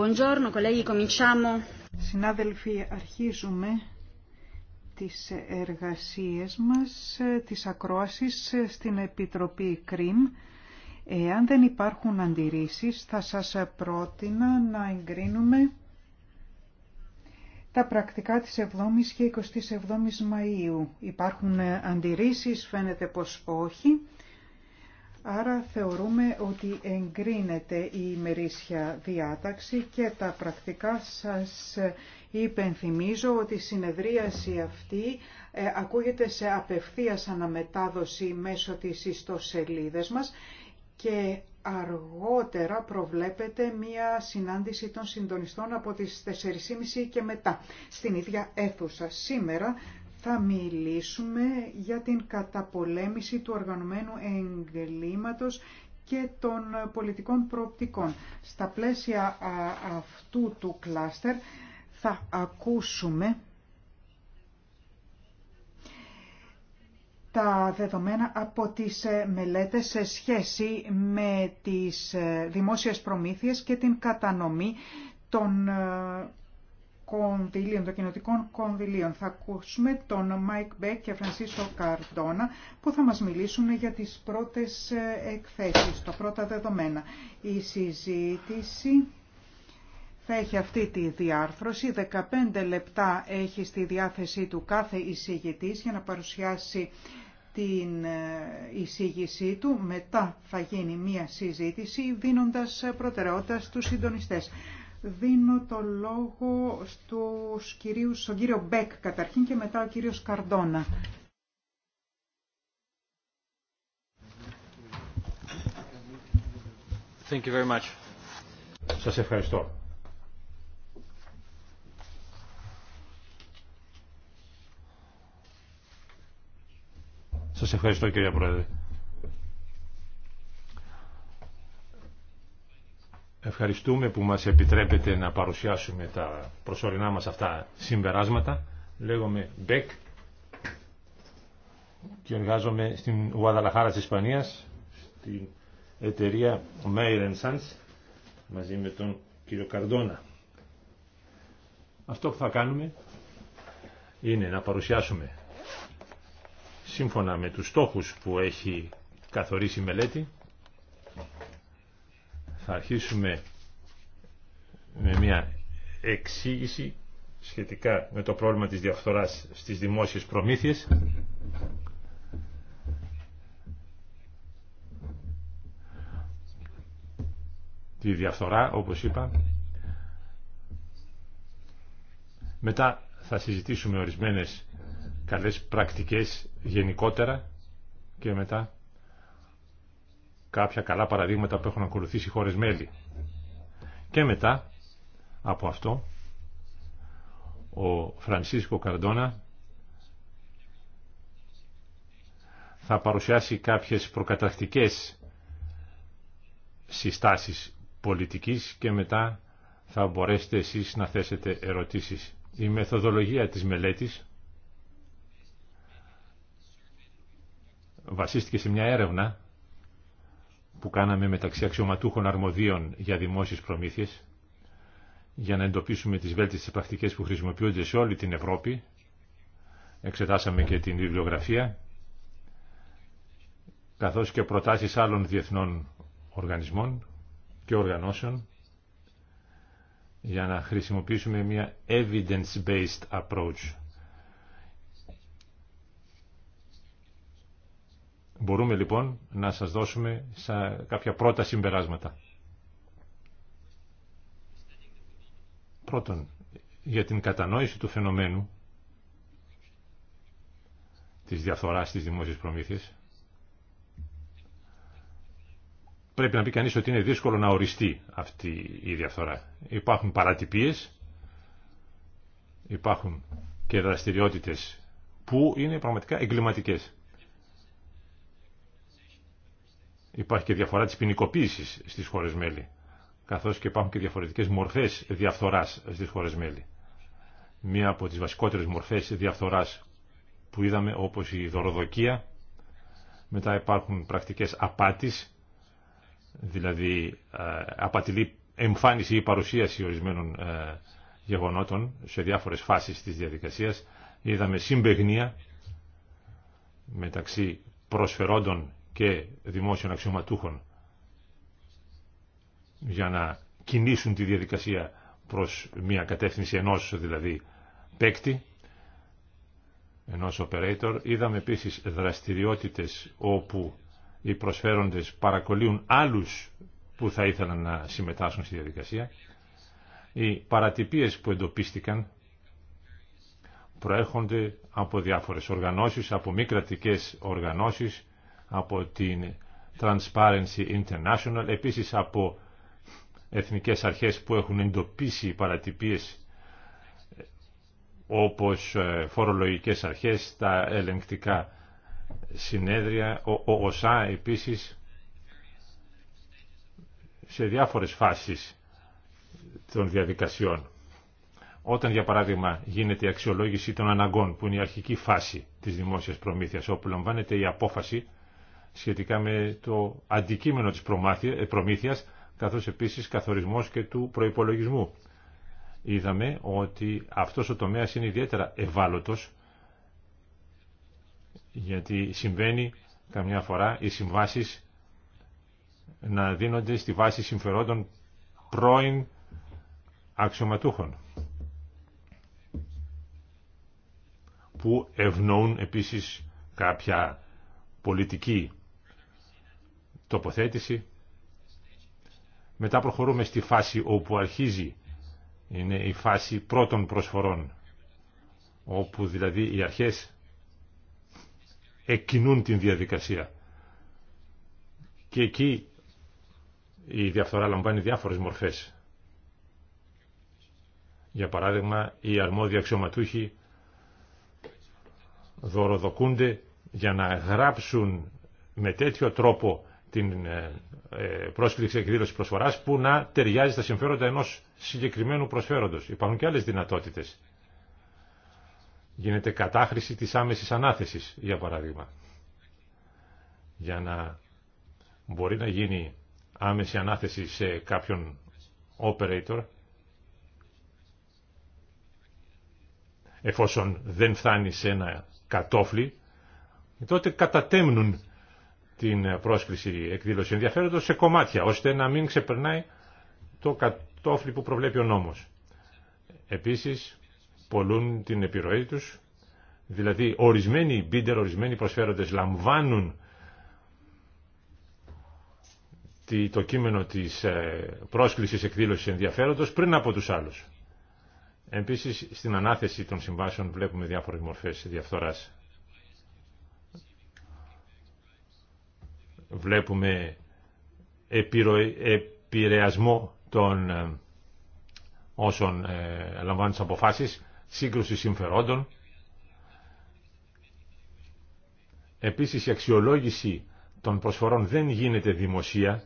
Buongiorno, colleghi, Συνάδελφοι, αρχίζουμε τις εργασίες μας, τις ακρόασεις στην Επιτροπή ΚΡΙΜ. Εάν δεν υπάρχουν αντιρρήσεις, θα σας πρότεινα να εγκρίνουμε τα πρακτικά της 7ης και 27ης Μαΐου. Υπάρχουν αντιρρήσεις, φαίνεται πως όχι. Άρα θεωρούμε ότι εγκρίνεται η ημερήσια διάταξη και τα πρακτικά σας υπενθυμίζω ότι η συνεδρίαση αυτή ε, ακούγεται σε απευθείας αναμετάδοση μέσω της ιστοσελίδας μας και αργότερα προβλέπεται μία συνάντηση των συντονιστών από τις 4.30 και μετά στην ίδια αίθουσα. Σήμερα θα μιλήσουμε για την καταπολέμηση του οργανωμένου εγκλήματος και των πολιτικών προοπτικών. Στα πλαίσια αυτού του κλάστερ θα ακούσουμε τα δεδομένα από τις ε, μελέτες σε σχέση με τις ε, δημόσιες προμήθειες και την κατανομή των ε, κονδυλίων, των κοινοτικών κονδυλίων. Θα ακούσουμε τον Μάικ Μπέκ και Φρανσίσο Καρντόνα που θα μας μιλήσουν για τις πρώτες ε, εκθέσεις, τα πρώτα δεδομένα. Η συζήτηση θα έχει αυτή τη διάρθρωση. 15 λεπτά έχει στη διάθεσή του κάθε εισηγητής για να παρουσιάσει την ε, εισήγησή του. Μετά θα γίνει μία συζήτηση δίνοντας ε, προτεραιότητα στους συντονιστές. Δίνω το λόγο στους κυρίους, στον κύριο Μπέκ καταρχήν και μετά ο κύριος Καρδόνα. Thank you very much. Σας ευχαριστώ. Σας ευχαριστώ κύριε Πρόεδρε. Ευχαριστούμε που μας επιτρέπετε να παρουσιάσουμε τα προσωρινά μας αυτά συμπεράσματα. Λέγομαι Μπέκ και εργάζομαι στην Ουαδαλαχάρα της Ισπανίας, στην εταιρεία Mayer Sons, μαζί με τον κύριο Καρδόνα. Αυτό που θα κάνουμε είναι να παρουσιάσουμε σύμφωνα με τους στόχους που έχει καθορίσει η μελέτη θα αρχίσουμε με μια εξήγηση σχετικά με το πρόβλημα της διαφθοράς στις δημόσιες προμήθειες. Τη διαφθορά, όπως είπα. Μετά θα συζητήσουμε ορισμένες καλές πρακτικές γενικότερα και μετά κάποια καλά παραδείγματα που έχουν ακολουθήσει οι χώρες μέλη. Και μετά από αυτό ο Φρανσίσκο Καρντόνα θα παρουσιάσει κάποιες προκαταρκτικές συστάσεις πολιτικής και μετά θα μπορέσετε εσείς να θέσετε ερωτήσεις. Η μεθοδολογία της μελέτης βασίστηκε σε μια έρευνα που κάναμε μεταξύ αξιωματούχων αρμοδίων για δημόσιες προμήθειες για να εντοπίσουμε τις βέλτιστες πρακτικές που χρησιμοποιούνται σε όλη την Ευρώπη. Εξετάσαμε και την βιβλιογραφία καθώς και προτάσεις άλλων διεθνών οργανισμών και οργανώσεων για να χρησιμοποιήσουμε μια evidence-based approach Μπορούμε λοιπόν να σας δώσουμε κάποια πρώτα συμπεράσματα. Πρώτον, για την κατανόηση του φαινομένου της διαφθοράς της δημόσιας προμήθειας πρέπει να πει κανείς ότι είναι δύσκολο να οριστεί αυτή η διαφθορά. Υπάρχουν παρατυπίες, υπάρχουν και δραστηριότητες που είναι πραγματικά εγκληματικές. Υπάρχει και διαφορά της ποινικοποίηση στις χώρες μέλη, καθώς και υπάρχουν και διαφορετικές μορφές διαφθοράς στις χώρες μέλη. Μία από τις βασικότερες μορφές διαφθοράς που είδαμε όπως η δωροδοκία, μετά υπάρχουν πρακτικές απάτης, δηλαδή ε, απατηλή εμφάνιση ή παρουσίαση ορισμένων ε, γεγονότων σε διάφορες φάσεις της διαδικασίας. Είδαμε συμπεγνία μεταξύ προσφερόντων και δημόσιων αξιωματούχων για να κινήσουν τη διαδικασία προς μια κατεύθυνση ενός δηλαδή παίκτη, ενός operator. Είδαμε επίσης δραστηριότητες όπου οι προσφέροντες παρακολύουν άλλους που θα ήθελαν να συμμετάσχουν στη διαδικασία. Οι παρατυπίες που εντοπίστηκαν προέρχονται από διάφορες οργανώσεις, από μη κρατικές οργανώσεις, από την Transparency International, επίσης από εθνικές αρχές που έχουν εντοπίσει παρατυπίες όπως ε, φορολογικές αρχές, τα ελεγκτικά συνέδρια, ο ΟΣΑ επίσης σε διάφορες φάσεις των διαδικασιών. Όταν για παράδειγμα γίνεται η αξιολόγηση των αναγκών που είναι η αρχική φάση της δημόσιας προμήθειας όπου λαμβάνεται η απόφαση σχετικά με το αντικείμενο της ε, προμήθειας, καθώς επίσης καθορισμός και του προϋπολογισμού. Είδαμε ότι αυτός ο τομέας είναι ιδιαίτερα ευάλωτος, γιατί συμβαίνει καμιά φορά οι συμβάσεις να δίνονται στη βάση συμφερόντων πρώην αξιωματούχων που ευνοούν επίσης κάποια πολιτική τοποθέτηση. Μετά προχωρούμε στη φάση όπου αρχίζει, είναι η φάση πρώτων προσφορών, όπου δηλαδή οι αρχές εκκινούν την διαδικασία. Και εκεί η διαφθορά λαμβάνει διάφορες μορφές. Για παράδειγμα, οι αρμόδιοι αξιωματούχοι δωροδοκούνται για να γράψουν με τέτοιο τρόπο την ε, ε, πρόσκληση εκδήλωση προσφορά που να ταιριάζει στα συμφέροντα ενός συγκεκριμένου προσφέροντος. Υπάρχουν και άλλε δυνατότητες. Γίνεται κατάχρηση της άμεσης ανάθεσης, για παράδειγμα. Για να μπορεί να γίνει άμεση ανάθεση σε κάποιον operator, εφόσον δεν φτάνει σε ένα κατόφλι, τότε κατατέμνουν την πρόσκληση εκδήλωση ενδιαφέροντος σε κομμάτια, ώστε να μην ξεπερνάει το κατόφλι που προβλέπει ο νόμος. Επίσης, πολλούν την επιρροή τους, δηλαδή ορισμένοι μπίντερ, ορισμένοι προσφέροντες λαμβάνουν το κείμενο της ε, πρόσκλησης εκδήλωσης ενδιαφέροντος πριν από τους άλλους. Επίσης, στην ανάθεση των συμβάσεων βλέπουμε διάφορες μορφές διαφθοράς. βλέπουμε επηρεασμό των ε, όσων ε, λαμβάνουν τις αποφάσεις, σύγκρουση συμφερόντων. Επίσης η αξιολόγηση των προσφορών δεν γίνεται δημοσία,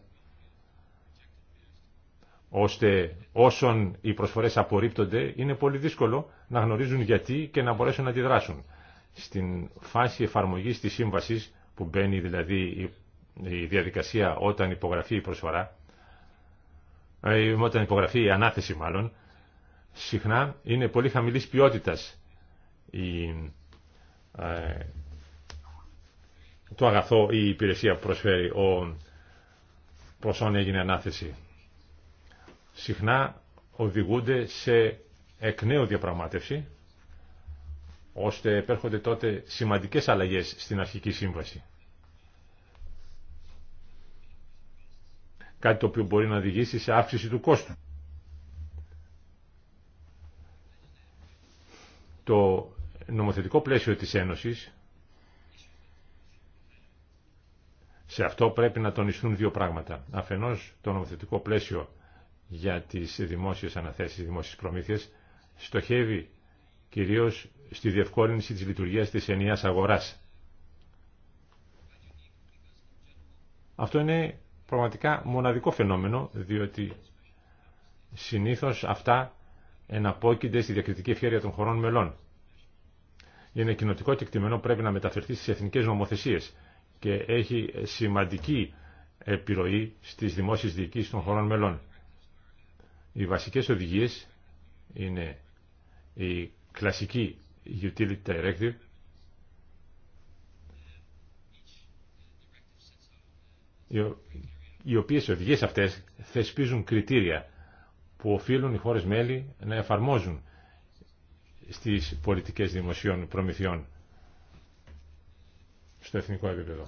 ώστε όσων οι προσφορές απορρίπτονται είναι πολύ δύσκολο να γνωρίζουν γιατί και να μπορέσουν να αντιδράσουν. Στην φάση εφαρμογής της σύμβασης που μπαίνει δηλαδή η η διαδικασία όταν υπογραφεί η προσφορά, ε, όταν υπογραφεί η ανάθεση μάλλον, συχνά είναι πολύ χαμηλής ποιότητας η, ε, το αγαθό ή η υπηρεσία που προσφέρει ο προσόν έγινε ανάθεση. Συχνά οδηγούνται σε εκ νέου διαπραγμάτευση, ώστε επέρχονται τότε σημαντικές αλλαγές στην αρχική σύμβαση. κάτι το οποίο μπορεί να οδηγήσει σε αύξηση του κόστου. Το νομοθετικό πλαίσιο της Ένωσης σε αυτό πρέπει να τονιστούν δύο πράγματα. Αφενός το νομοθετικό πλαίσιο για τις δημόσιες αναθέσεις, δημόσιες προμήθειες στοχεύει κυρίως στη διευκόλυνση της λειτουργίας της ενιαίας αγοράς. Αυτό είναι πραγματικά μοναδικό φαινόμενο, διότι συνήθως αυτά εναπόκεινται στη διακριτική ευχαίρεια των χωρών μελών. Είναι κοινοτικό κεκτημένο πρέπει να μεταφερθεί στις εθνικές νομοθεσίες και έχει σημαντική επιρροή στις δημόσιες διοικήσεις των χωρών μελών. Οι βασικές οδηγίες είναι η κλασική Utility Directive, η οι οποίες οδηγίε αυτές θεσπίζουν κριτήρια που οφείλουν οι χώρες μέλη να εφαρμόζουν στις πολιτικές δημοσίων προμηθειών στο εθνικό επίπεδο.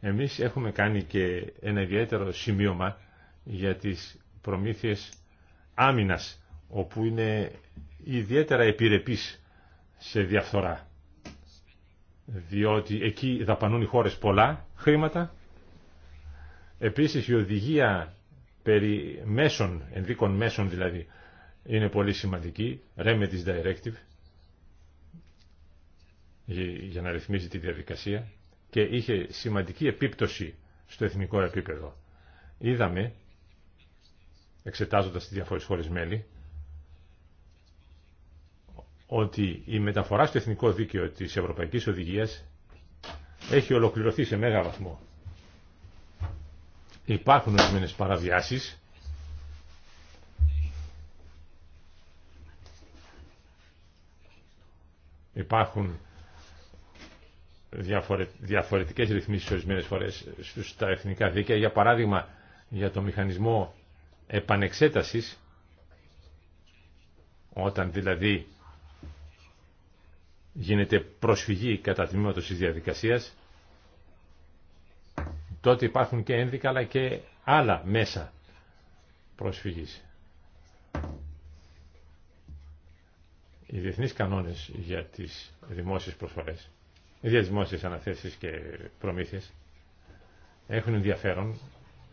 Εμείς έχουμε κάνει και ένα ιδιαίτερο σημείωμα για τις προμήθειες άμυνας, όπου είναι ιδιαίτερα επιρρεπής σε διαφθορά. Διότι εκεί δαπανούν οι χώρες πολλά χρήματα Επίσης η οδηγία περί μέσων, ενδίκων μέσων δηλαδή, είναι πολύ σημαντική, Remedies Directive, για να ρυθμίζει τη διαδικασία και είχε σημαντική επίπτωση στο εθνικό επίπεδο. Είδαμε, εξετάζοντας τις διαφορές χώρες μέλη, ότι η μεταφορά στο εθνικό δίκαιο της Ευρωπαϊκής Οδηγίας έχει ολοκληρωθεί σε μέγα βαθμό. Υπάρχουν ορισμένε παραβιάσεις. Υπάρχουν διαφορετικές ρυθμίσεις ορισμένες φορές στα εθνικά δίκαια. Για παράδειγμα, για το μηχανισμό επανεξέτασης, όταν δηλαδή γίνεται προσφυγή κατά τμήματος της διαδικασίας, τότε υπάρχουν και ένδικα αλλά και άλλα μέσα προσφυγής. Οι διεθνείς κανόνες για τις δημόσιες προσφορές, για τις δημόσιες αναθέσεις και προμήθειες έχουν ενδιαφέρον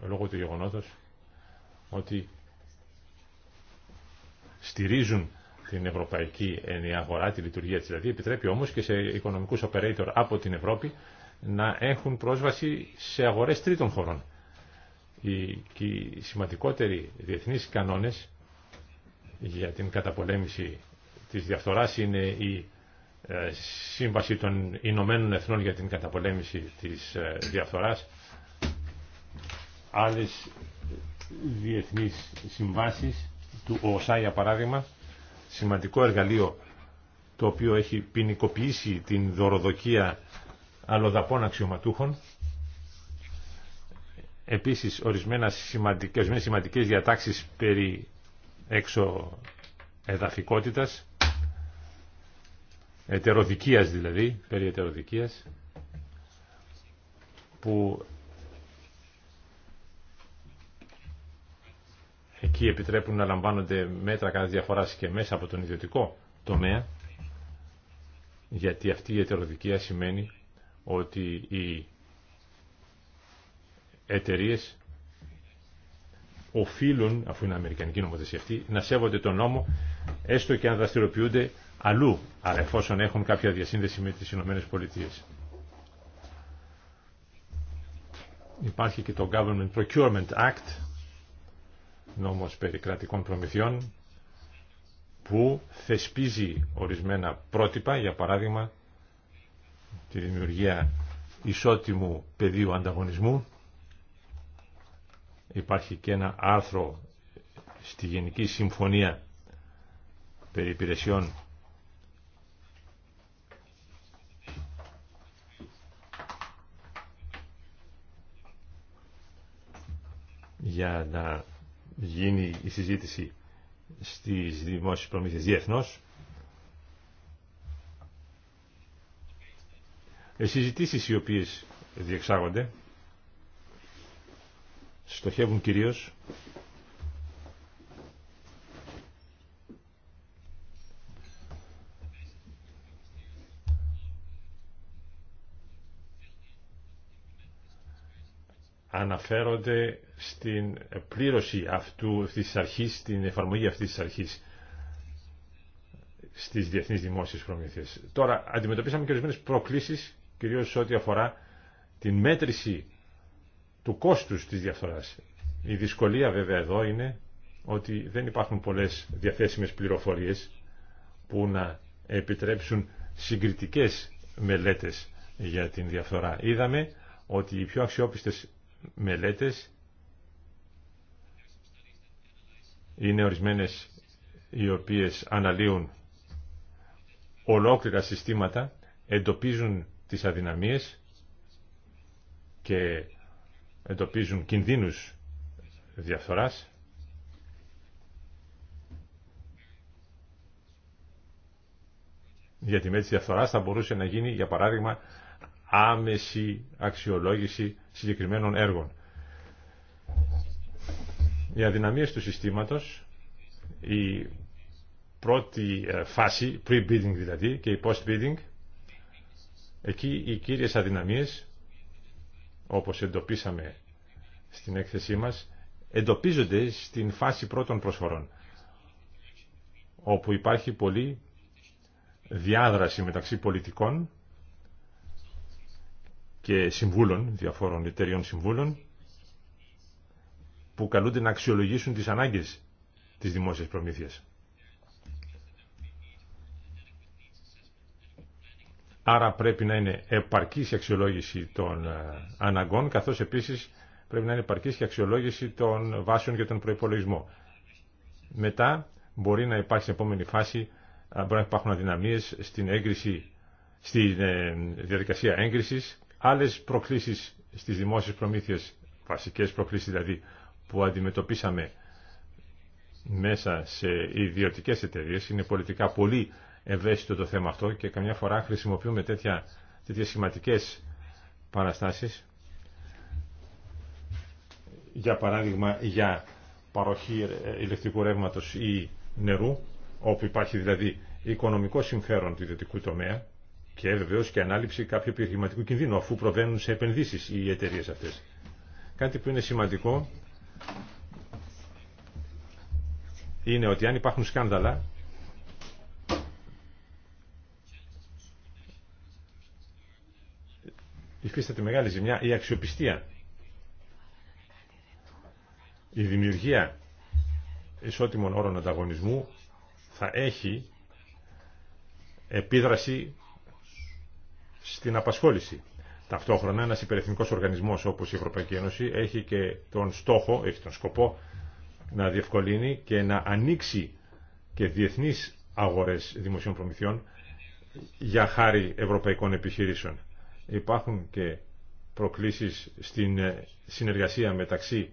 λόγω του γεγονότος ότι στηρίζουν την ευρωπαϊκή ενιαία αγορά, τη λειτουργία της δηλαδή, επιτρέπει όμως και σε οικονομικούς operator από την Ευρώπη να έχουν πρόσβαση σε αγορές τρίτων χωρών. Οι, σημαντικότεροι διεθνείς κανόνες για την καταπολέμηση της διαφθοράς είναι η ε, Σύμβαση των Ηνωμένων Εθνών για την καταπολέμηση της ε, διαφθοράς, άλλες διεθνείς συμβάσεις του ΟΣΑ για παράδειγμα, σημαντικό εργαλείο το οποίο έχει ποινικοποιήσει την δωροδοκία αλλοδαπών αξιωματούχων. Επίσης, ορισμένα σημαντικές, ορισμένες σημαντικές διατάξεις περί έξω εδαφικότητας, ετεροδικίας δηλαδή, περί ετεροδικίας, που εκεί επιτρέπουν να λαμβάνονται μέτρα κατά διαφορά και μέσα από τον ιδιωτικό τομέα, γιατί αυτή η ετεροδικία σημαίνει ότι οι εταιρείε οφείλουν, αφού είναι αμερικανική νομοθεσία αυτή, να σέβονται τον νόμο έστω και αν δραστηριοποιούνται αλλού, αλλά εφόσον έχουν κάποια διασύνδεση με τις Ηνωμένες Πολιτείες. Υπάρχει και το Government Procurement Act, νόμος περί κρατικών προμηθειών, που θεσπίζει ορισμένα πρότυπα, για παράδειγμα τη δημιουργία ισότιμου πεδίου ανταγωνισμού. Υπάρχει και ένα άρθρο στη Γενική Συμφωνία περί για να γίνει η συζήτηση στις δημόσιες προμήθειες διεθνώς. Ε, συζητήσεις οι οποίες διεξάγονται στοχεύουν κυρίως αναφέρονται στην πλήρωση αυτού, αυτής της αρχής, στην εφαρμογή αυτής της αρχής στις διεθνείς δημόσιες προμήθειες. Τώρα, αντιμετωπίσαμε και ορισμένες προκλήσεις κυρίως σε ό,τι αφορά την μέτρηση του κόστους της διαφθοράς. Η δυσκολία βέβαια εδώ είναι ότι δεν υπάρχουν πολλές διαθέσιμες πληροφορίες που να επιτρέψουν συγκριτικές μελέτες για την διαφθορά. Είδαμε ότι οι πιο αξιόπιστες μελέτες είναι ορισμένες οι οποίες αναλύουν ολόκληρα συστήματα, εντοπίζουν τις αδυναμίες και εντοπίζουν κινδύνους διαφθοράς. Γιατί με τη διαφθοράς θα μπορούσε να γίνει, για παράδειγμα, άμεση αξιολόγηση συγκεκριμένων έργων. Οι αδυναμίες του συστήματος, η πρώτη ε, φάση, pre-bidding δηλαδή και η post-bidding, Εκεί οι κύριες αδυναμίες, όπως εντοπίσαμε στην έκθεσή μας, εντοπίζονται στην φάση πρώτων προσφορών, όπου υπάρχει πολλή διάδραση μεταξύ πολιτικών και συμβούλων, διαφόρων εταιριών συμβούλων, που καλούνται να αξιολογήσουν τις ανάγκες της δημόσιας προμήθειας. Άρα πρέπει να είναι επαρκής η αξιολόγηση των ε, αναγκών, καθώς επίσης πρέπει να είναι επαρκής η αξιολόγηση των βάσεων για τον προϋπολογισμό. Μετά μπορεί να υπάρχει στην επόμενη φάση, ε, μπορεί να υπάρχουν αδυναμίες στην έγκριση, στη ε, διαδικασία έγκρισης, άλλες προκλήσεις στις δημόσιες προμήθειες, βασικές προκλήσεις δηλαδή, που αντιμετωπίσαμε μέσα σε ιδιωτικές εταιρείες, είναι πολιτικά πολύ ευαίσθητο το θέμα αυτό και καμιά φορά χρησιμοποιούμε τέτοια, τέτοιες σχηματικές παραστάσεις για παράδειγμα για παροχή ε, ηλεκτρικού ρεύματος ή νερού όπου υπάρχει δηλαδή οικονομικό συμφέρον του ιδιωτικού τομέα και βεβαίω και ανάληψη κάποιου επιχειρηματικού κινδύνου αφού προβαίνουν σε επενδύσεις οι εταιρείε αυτές. Κάτι που είναι σημαντικό είναι ότι αν υπάρχουν σκάνδαλα υφίσταται μεγάλη ζημιά η αξιοπιστία. Η δημιουργία ισότιμων όρων ανταγωνισμού θα έχει επίδραση στην απασχόληση. Ταυτόχρονα ένας υπερεθνικός οργανισμός όπως η Ευρωπαϊκή Ένωση έχει και τον στόχο, έχει τον σκοπό να διευκολύνει και να ανοίξει και διεθνείς αγορές δημοσίων προμηθειών για χάρη ευρωπαϊκών επιχειρήσεων. Υπάρχουν και προκλήσεις στην ε, συνεργασία μεταξύ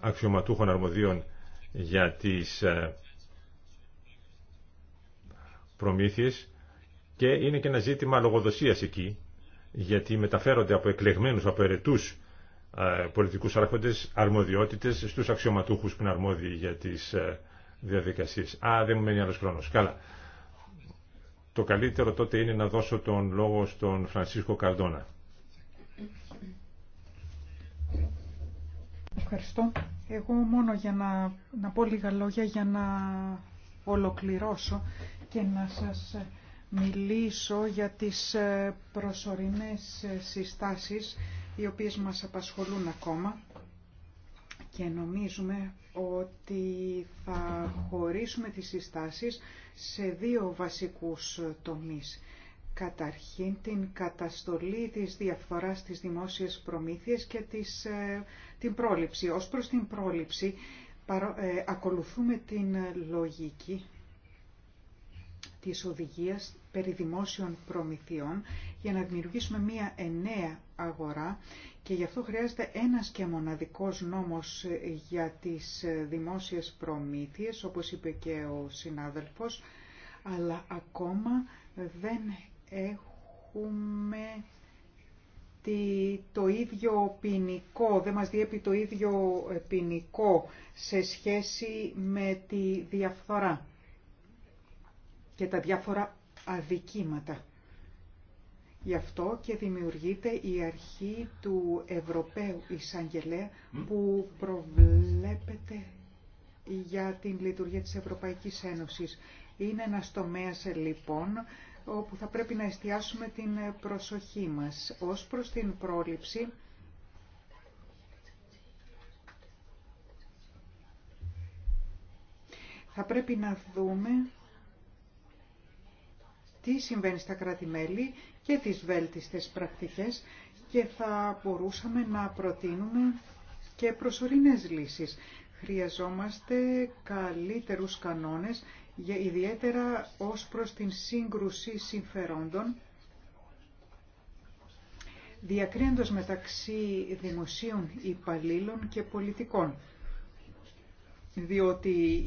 αξιωματούχων αρμοδίων για τις ε, προμήθειες και είναι και ένα ζήτημα λογοδοσίας εκεί γιατί μεταφέρονται από εκλεγμένους, από ερετούς ε, πολιτικούς άρχοντες αρμοδιότητες στους αξιωματούχους που είναι αρμόδιοι για τις διαδικασίες. Α, δεν μου μένει χρόνος. Καλά το καλύτερο τότε είναι να δώσω τον λόγο στον Φρανσίσκο Καρδόνα. Ευχαριστώ. Εγώ μόνο για να, να πω λίγα λόγια για να ολοκληρώσω και να σας μιλήσω για τις ε, προσωρινές ε, συστάσεις οι οποίες μας απασχολούν ακόμα και νομίζουμε ότι θα χωρίσουμε τις συστάσεις σε δύο βασικούς τομείς. Καταρχήν την καταστολή της διαφθοράς της δημόσιας προμήθειας και της, ε, την πρόληψη. Ως προς την πρόληψη ε, ακολουθούμε την λογική της οδηγίας περί δημόσιων προμηθειών για να δημιουργήσουμε μία εννέα αγορά και γι' αυτό χρειάζεται ένας και μοναδικός νόμος ε, για τις ε, δημόσιες προμήθειες, όπως είπε και ο συνάδελφος, αλλά ακόμα δεν έχουμε το ίδιο ποινικό, δεν μας διέπει το ίδιο ε, ποινικό σε σχέση με τη διαφθορά και τα διάφορα αδικήματα. Γι' αυτό και δημιουργείται η αρχή του Ευρωπαίου Ισαγγελέα που προβλέπεται για την λειτουργία της Ευρωπαϊκής Ένωσης. Είναι ένας τομέας λοιπόν όπου θα πρέπει να εστιάσουμε την προσοχή μας ως προς την πρόληψη θα πρέπει να δούμε τι συμβαίνει στα κράτη-μέλη και τις βέλτιστες πρακτικές και θα μπορούσαμε να προτείνουμε και προσωρινές λύσεις. Χρειαζόμαστε καλύτερους κανόνες, για ιδιαίτερα ως προς την σύγκρουση συμφερόντων, διακρίνοντας μεταξύ δημοσίων υπαλλήλων και πολιτικών διότι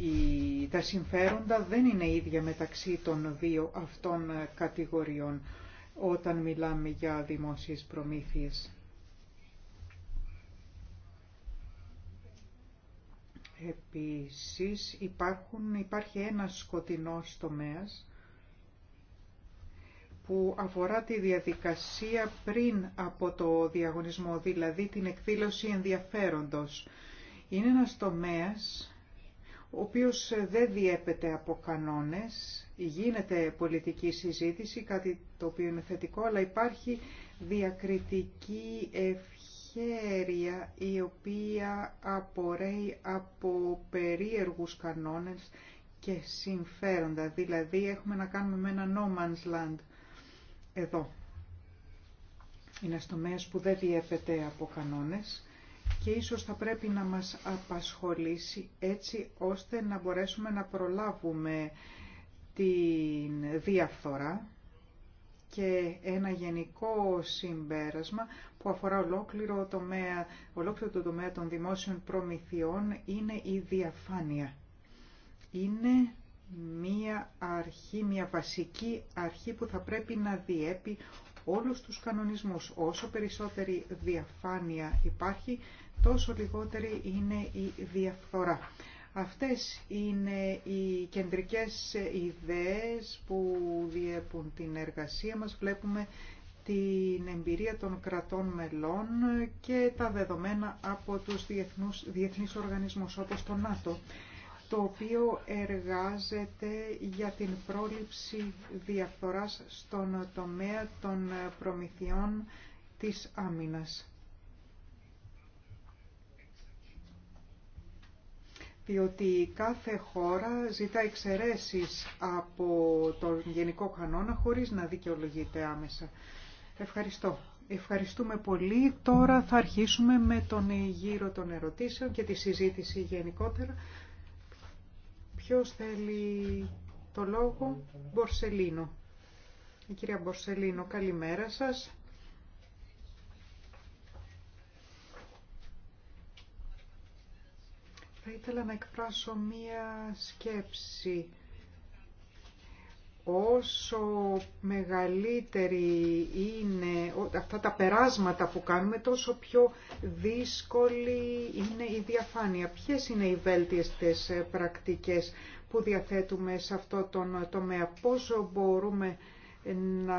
τα συμφέροντα δεν είναι ίδια μεταξύ των δύο αυτών κατηγοριών όταν μιλάμε για δημόσιες προμήθειες. Επίσης υπάρχουν, υπάρχει ένα σκοτεινό τομέας που αφορά τη διαδικασία πριν από το διαγωνισμό, δηλαδή την εκδήλωση ενδιαφέροντος. Είναι ένας τομέας ο οποίος ε, δεν διέπεται από κανόνες, γίνεται πολιτική συζήτηση, κάτι το οποίο είναι θετικό, αλλά υπάρχει διακριτική ευχέρεια η οποία απορρέει από περίεργους κανόνες και συμφέροντα. Δηλαδή έχουμε να κάνουμε με ένα no man's land εδώ. Είναι στο που δεν διέπεται από κανόνες και ίσως θα πρέπει να μας απασχολήσει έτσι ώστε να μπορέσουμε να προλάβουμε την διαφθορά και ένα γενικό συμπέρασμα που αφορά ολόκληρο, τομέα, ολόκληρο το τομέα των δημόσιων προμηθειών είναι η διαφάνεια. Είναι μία αρχή, μία βασική αρχή που θα πρέπει να διέπει όλους τους κανονισμούς. Όσο περισσότερη διαφάνεια υπάρχει, τόσο λιγότερη είναι η διαφθορά. Αυτές είναι οι κεντρικές ιδέες που διέπουν την εργασία μας. Βλέπουμε την εμπειρία των κρατών μελών και τα δεδομένα από τους διεθνούς, διεθνείς οργανισμούς όπως το ΝΑΤΟ, το οποίο εργάζεται για την πρόληψη διαφθοράς στον τομέα των προμηθειών της άμυνας. διότι κάθε χώρα ζητά εξαιρέσεις από τον γενικό κανόνα χωρίς να δικαιολογείται άμεσα. Ευχαριστώ. Ευχαριστούμε πολύ. Τώρα θα αρχίσουμε με τον γύρο των ερωτήσεων και τη συζήτηση γενικότερα. Ποιος θέλει το λόγο, Μπορσελίνο. Η κυρία Μπορσελίνο, καλημέρα σας. Θα ήθελα να εκφράσω μία σκέψη. Όσο μεγαλύτερη είναι αυτά τα περάσματα που κάνουμε, τόσο πιο δύσκολη είναι η διαφάνεια. Ποιες είναι οι βέλτιστες πρακτικές που διαθέτουμε σε αυτό τον τομέα. Πόσο μπορούμε να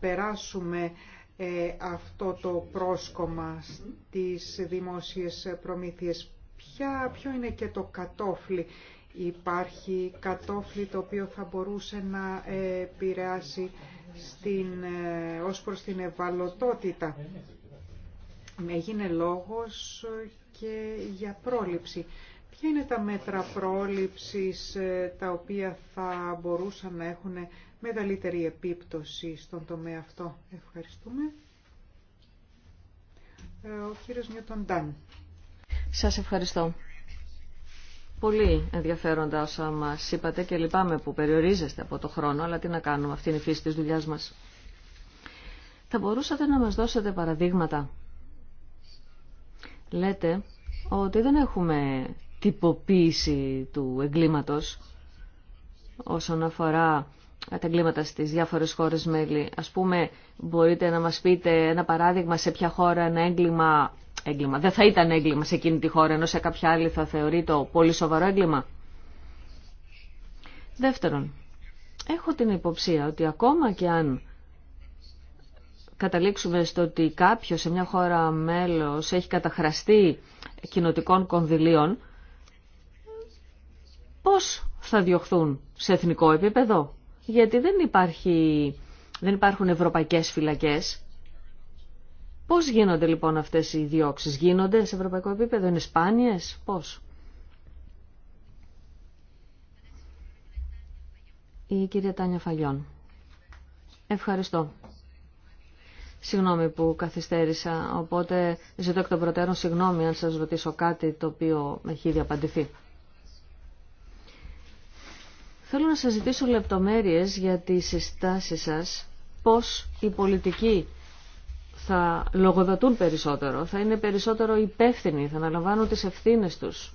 περάσουμε ε, αυτό το πρόσκομα στις δημόσιες προμήθειες ποια, ποιο είναι και το κατόφλι. Υπάρχει κατόφλι το οποίο θα μπορούσε να επηρεάσει στην, ε, ως προς την ευαλωτότητα. Έγινε λόγος και για πρόληψη. Ποια είναι τα μέτρα πρόληψης ε, τα οποία θα μπορούσαν να έχουν μεγαλύτερη επίπτωση στον τομέα αυτό. Ευχαριστούμε. Ε, ο κύριος Νιωτοντάν. Σας ευχαριστώ. Πολύ ενδιαφέροντα όσα μας είπατε και λυπάμαι που περιορίζεστε από το χρόνο, αλλά τι να κάνουμε, αυτή είναι η φύση της δουλειάς μας. Θα μπορούσατε να μας δώσετε παραδείγματα. Λέτε ότι δεν έχουμε τυποποίηση του εγκλήματος όσον αφορά τα εγκλήματα στις διάφορες χώρες μέλη. Ας πούμε, μπορείτε να μας πείτε ένα παράδειγμα σε ποια χώρα ένα έγκλημα έγκλημα. Δεν θα ήταν έγκλημα σε εκείνη τη χώρα, ενώ σε κάποια άλλη θα θεωρεί το πολύ σοβαρό έγκλημα. Δεύτερον, έχω την υποψία ότι ακόμα και αν καταλήξουμε στο ότι κάποιο σε μια χώρα μέλος έχει καταχραστεί κοινοτικών κονδυλίων, πώς θα διωχθούν σε εθνικό επίπεδο. Γιατί δεν, υπάρχει, δεν υπάρχουν ευρωπαϊκές φυλακές. Πώς γίνονται λοιπόν αυτές οι διώξεις, γίνονται σε ευρωπαϊκό επίπεδο, είναι σπάνιες, πώς. Η κυρία Τάνια Φαγιών. Ευχαριστώ. Συγγνώμη που καθυστέρησα, οπότε ζητώ εκ των προτέρων συγγνώμη αν σας ρωτήσω κάτι το οποίο έχει ήδη απαντηθεί. Θέλω να σας ζητήσω λεπτομέρειες για τις συστάσεις σας, πώς η πολιτική θα λογοδοτούν περισσότερο, θα είναι περισσότερο υπεύθυνοι, θα αναλαμβάνουν τις ευθύνες τους.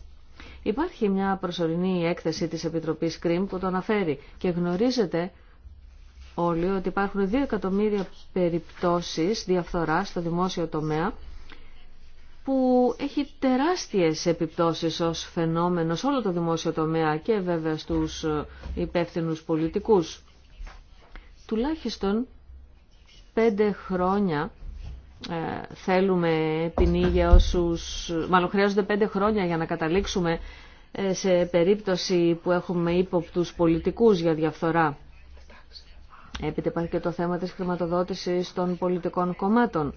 Υπάρχει μια προσωρινή έκθεση της Επιτροπής ΚΡΙΜ που το αναφέρει και γνωρίζετε όλοι ότι υπάρχουν 2 εκατομμύρια περιπτώσεις διαφθοράς στο δημόσιο τομέα που έχει τεράστιες επιπτώσεις ως φαινόμενο σε όλο το δημόσιο τομέα και βέβαια στους υπεύθυνους πολιτικούς. Τουλάχιστον πέντε χρόνια ε, θέλουμε ποινή για όσους... Μάλλον χρειάζονται πέντε χρόνια για να καταλήξουμε ε, σε περίπτωση που έχουμε ύποπτους πολιτικούς για διαφθορά. Έπειτα υπάρχει και το θέμα της χρηματοδότησης των πολιτικών κομμάτων.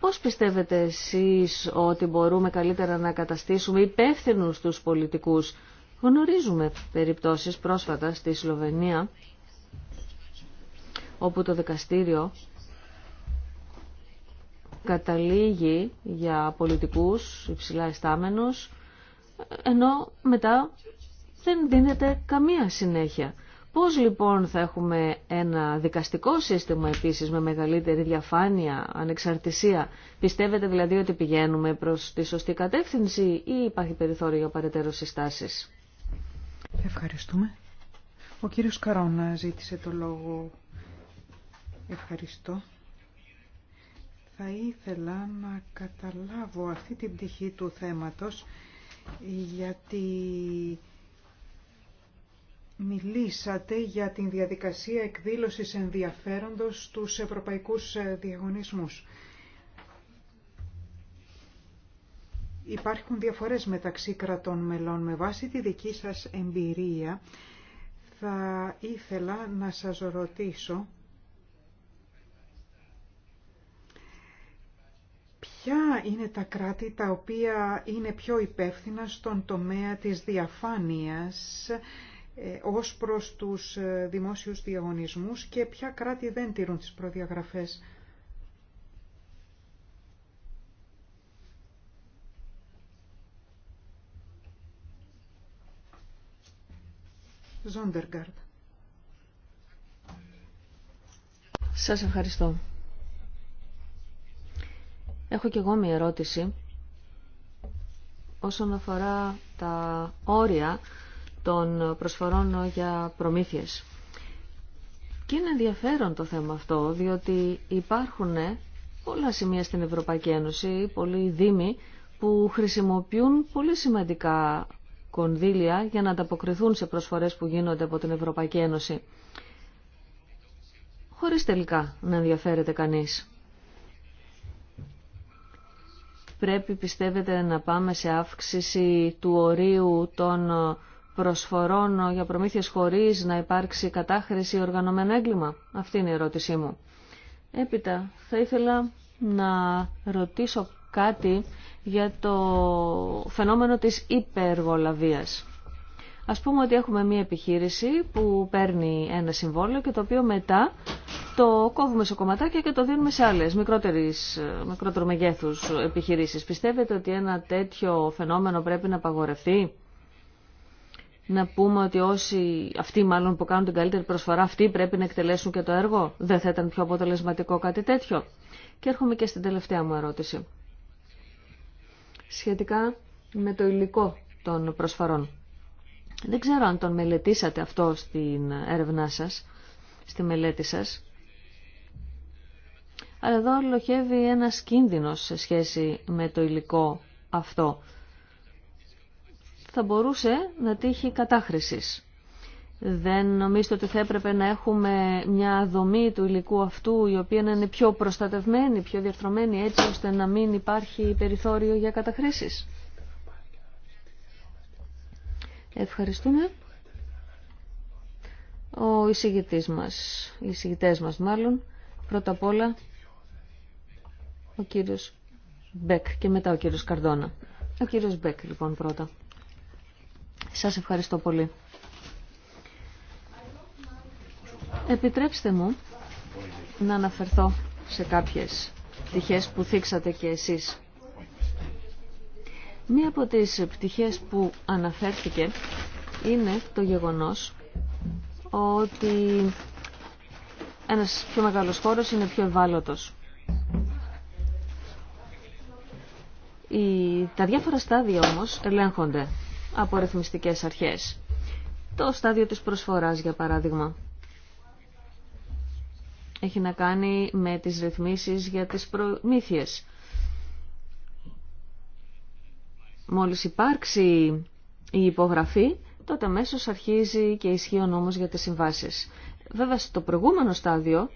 Πώς πιστεύετε εσείς ότι μπορούμε καλύτερα να καταστήσουμε υπεύθυνου τους πολιτικούς. Γνωρίζουμε περιπτώσεις πρόσφατα στη Σλοβενία, όπου το δικαστήριο καταλήγει για πολιτικούς υψηλά ιστάμενους, ενώ μετά δεν δίνεται καμία συνέχεια. Πώς λοιπόν θα έχουμε ένα δικαστικό σύστημα επίσης με μεγαλύτερη διαφάνεια, ανεξαρτησία. Πιστεύετε δηλαδή ότι πηγαίνουμε προς τη σωστή κατεύθυνση ή υπάρχει περιθώριο για παρετέρω Ευχαριστούμε. Ο κύριος Καρόνα ζήτησε το λόγο. Ευχαριστώ. Θα ήθελα να καταλάβω αυτή την πτυχή του θέματος γιατί μιλήσατε για την διαδικασία εκδήλωσης ενδιαφέροντος στους ευρωπαϊκούς διαγωνισμούς. Υπάρχουν διαφορές μεταξύ κρατών μελών. Με βάση τη δική σας εμπειρία θα ήθελα να σας ρωτήσω Ποια είναι τα κράτη τα οποία είναι πιο υπεύθυνα στον τομέα της διαφάνειας ε, ως προς τους ε, δημόσιους διαγωνισμούς και ποια κράτη δεν τηρούν τις προδιαγραφές. Ζόντεργαρντ. Σας ευχαριστώ. Έχω και εγώ μια ερώτηση όσον αφορά τα όρια των προσφορών για προμήθειες. Και είναι ενδιαφέρον το θέμα αυτό, διότι υπάρχουν πολλά σημεία στην Ευρωπαϊκή Ένωση, πολλοί δήμοι, που χρησιμοποιούν πολύ σημαντικά κονδύλια για να ανταποκριθούν σε προσφορές που γίνονται από την Ευρωπαϊκή Ένωση. Χωρίς τελικά να ενδιαφέρεται κανείς πρέπει πιστεύετε να πάμε σε αύξηση του ορίου των προσφορών για προμήθειες χωρίς να υπάρξει κατάχρηση οργανωμένο έγκλημα. Αυτή είναι η ερώτησή μου. Έπειτα θα ήθελα να ρωτήσω κάτι για το φαινόμενο της υπεργολαβίας. Ας πούμε ότι έχουμε μία επιχείρηση που παίρνει ένα συμβόλαιο και το οποίο μετά το κόβουμε σε κομματάκια και το δίνουμε σε άλλες μικρότερου μεγέθους επιχειρήσεις. Πιστεύετε ότι ένα τέτοιο φαινόμενο πρέπει να απαγορευτεί? Να πούμε ότι όσοι, αυτοί μάλλον που κάνουν την καλύτερη προσφορά, αυτοί πρέπει να εκτελέσουν και το έργο. Δεν θα ήταν πιο αποτελεσματικό κάτι τέτοιο. Και έρχομαι και στην τελευταία μου ερώτηση. Σχετικά με το υλικό των προσφορών. Δεν ξέρω αν τον μελετήσατε αυτό στην έρευνά σας, στη μελέτη σας. Αλλά εδώ λοχεύει ένας κίνδυνος σε σχέση με το υλικό αυτό. Θα μπορούσε να τύχει κατάχρησης. Δεν νομίζω ότι θα έπρεπε να έχουμε μια δομή του υλικού αυτού η οποία να είναι πιο προστατευμένη, πιο διαρθρωμένη έτσι ώστε να μην υπάρχει περιθώριο για καταχρήσεις. Ευχαριστούμε. Ο εισηγητής μας, οι εισηγητές μας μάλλον, πρώτα απ' όλα ο κύριος Μπέκ και μετά ο κύριος Καρδόνα. Ο κύριος Μπέκ λοιπόν πρώτα. Σας ευχαριστώ πολύ. Επιτρέψτε μου να αναφερθώ σε κάποιες πτυχές που θίξατε και εσείς. Μία από τις πτυχές που αναφέρθηκε είναι το γεγονός ότι ένας πιο μεγάλος χώρος είναι πιο ευάλωτος. Οι... Τα διάφορα στάδια όμως ελέγχονται από ρυθμιστικές αρχές. Το στάδιο της προσφοράς για παράδειγμα έχει να κάνει με τις ρυθμίσεις για τις προμήθειες. Μόλις υπάρξει η υπογραφή, τότε αμέσω αρχίζει και ισχύει ο νόμος για τις συμβάσεις. Βέβαια, στο προηγούμενο στάδιο,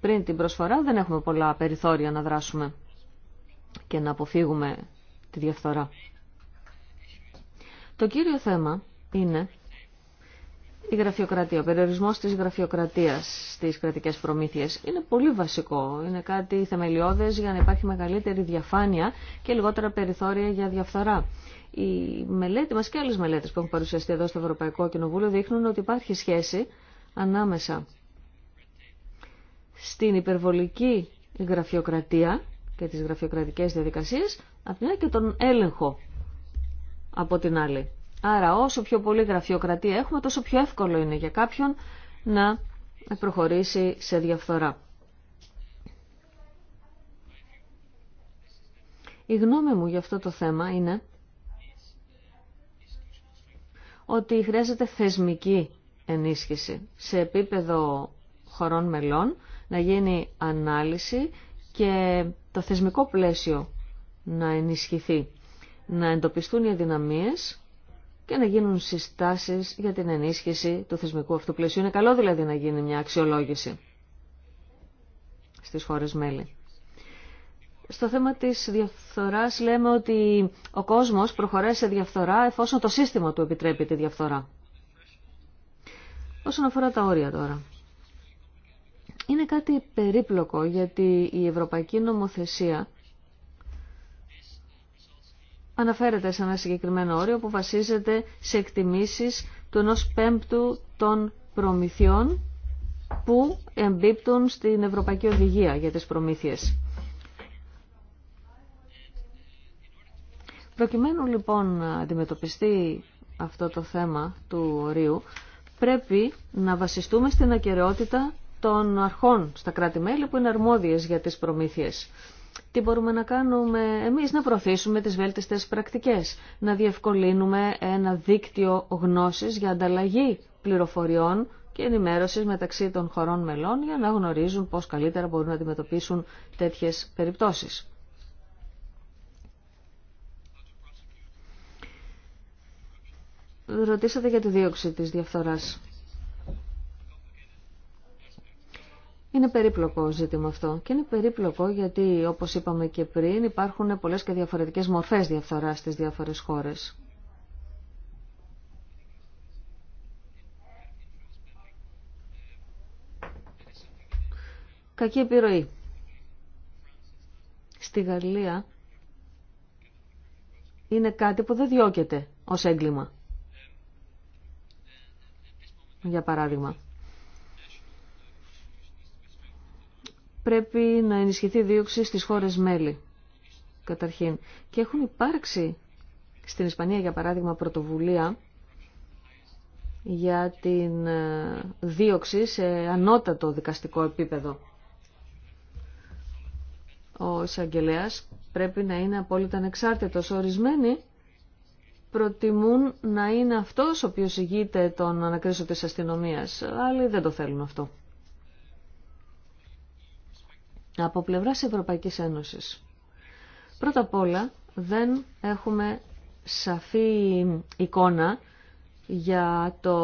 πριν την προσφορά, δεν έχουμε πολλά περιθώρια να δράσουμε και να αποφύγουμε τη διαφθορά. Το κύριο θέμα είναι η γραφειοκρατία, ο περιορισμό τη γραφειοκρατίας στι κρατικέ προμήθειε είναι πολύ βασικό. Είναι κάτι θεμελιώδε για να υπάρχει μεγαλύτερη διαφάνεια και λιγότερα περιθώρια για διαφθορά. Οι μελέτη μα και άλλε μελέτε που έχουν παρουσιαστεί εδώ στο Ευρωπαϊκό Κοινοβούλιο δείχνουν ότι υπάρχει σχέση ανάμεσα στην υπερβολική γραφειοκρατία και τις γραφειοκρατικές διαδικασίες, από την και τον έλεγχο από την άλλη. Άρα όσο πιο πολύ γραφειοκρατία έχουμε, τόσο πιο εύκολο είναι για κάποιον να προχωρήσει σε διαφθορά. Η γνώμη μου για αυτό το θέμα είναι ότι χρειάζεται θεσμική ενίσχυση σε επίπεδο χωρών μελών, να γίνει ανάλυση και το θεσμικό πλαίσιο να ενισχυθεί, να εντοπιστούν οι αδυναμίες και να γίνουν συστάσεις για την ενίσχυση του θεσμικού αυτού πλαισίου. Είναι καλό δηλαδή να γίνει μια αξιολόγηση στις χώρες μέλη. Στο θέμα της διαφθοράς λέμε ότι ο κόσμος προχωράει σε διαφθορά εφόσον το σύστημα του επιτρέπει τη διαφθορά. Όσον αφορά τα όρια τώρα. Είναι κάτι περίπλοκο γιατί η ευρωπαϊκή νομοθεσία αναφέρεται σε ένα συγκεκριμένο όριο που βασίζεται σε εκτιμήσεις του ενός πέμπτου των προμηθειών που εμπίπτουν στην Ευρωπαϊκή Οδηγία για τις προμήθειες. Προκειμένου λοιπόν να αντιμετωπιστεί αυτό το θέμα του ορίου, πρέπει να βασιστούμε στην ακαιρεότητα των αρχών στα κράτη-μέλη που είναι αρμόδιες για τις προμήθειες. Τι μπορούμε να κάνουμε εμείς να προωθήσουμε τις βέλτιστες πρακτικές, να διευκολύνουμε ένα δίκτυο γνώσης για ανταλλαγή πληροφοριών και ενημέρωσης μεταξύ των χωρών μελών για να γνωρίζουν πώς καλύτερα μπορούν να αντιμετωπίσουν τέτοιες περιπτώσεις. Ρωτήσατε για τη δίωξη της διαφθοράς. Είναι περίπλοκο ζήτημα αυτό και είναι περίπλοκο γιατί όπως είπαμε και πριν υπάρχουν πολλές και διαφορετικές μορφές διαφθοράς στις διάφορες χώρες. Κακή επιρροή. Στη Γαλλία είναι κάτι που δεν διώκεται ως έγκλημα. Για παράδειγμα. πρέπει να ενισχυθεί δίωξη στις χώρες μέλη, καταρχήν. Και έχουν υπάρξει στην Ισπανία, για παράδειγμα, πρωτοβουλία για την ε, δίωξη σε ανώτατο δικαστικό επίπεδο. Ο εισαγγελέα πρέπει να είναι απόλυτα ανεξάρτητος. Ορισμένοι προτιμούν να είναι αυτός ο οποίος ηγείται τον ανακρίσιο της αστυνομίας. Άλλοι δεν το θέλουν αυτό από πλευράς Ευρωπαϊκής Ένωσης. Πρώτα απ' όλα δεν έχουμε σαφή εικόνα για το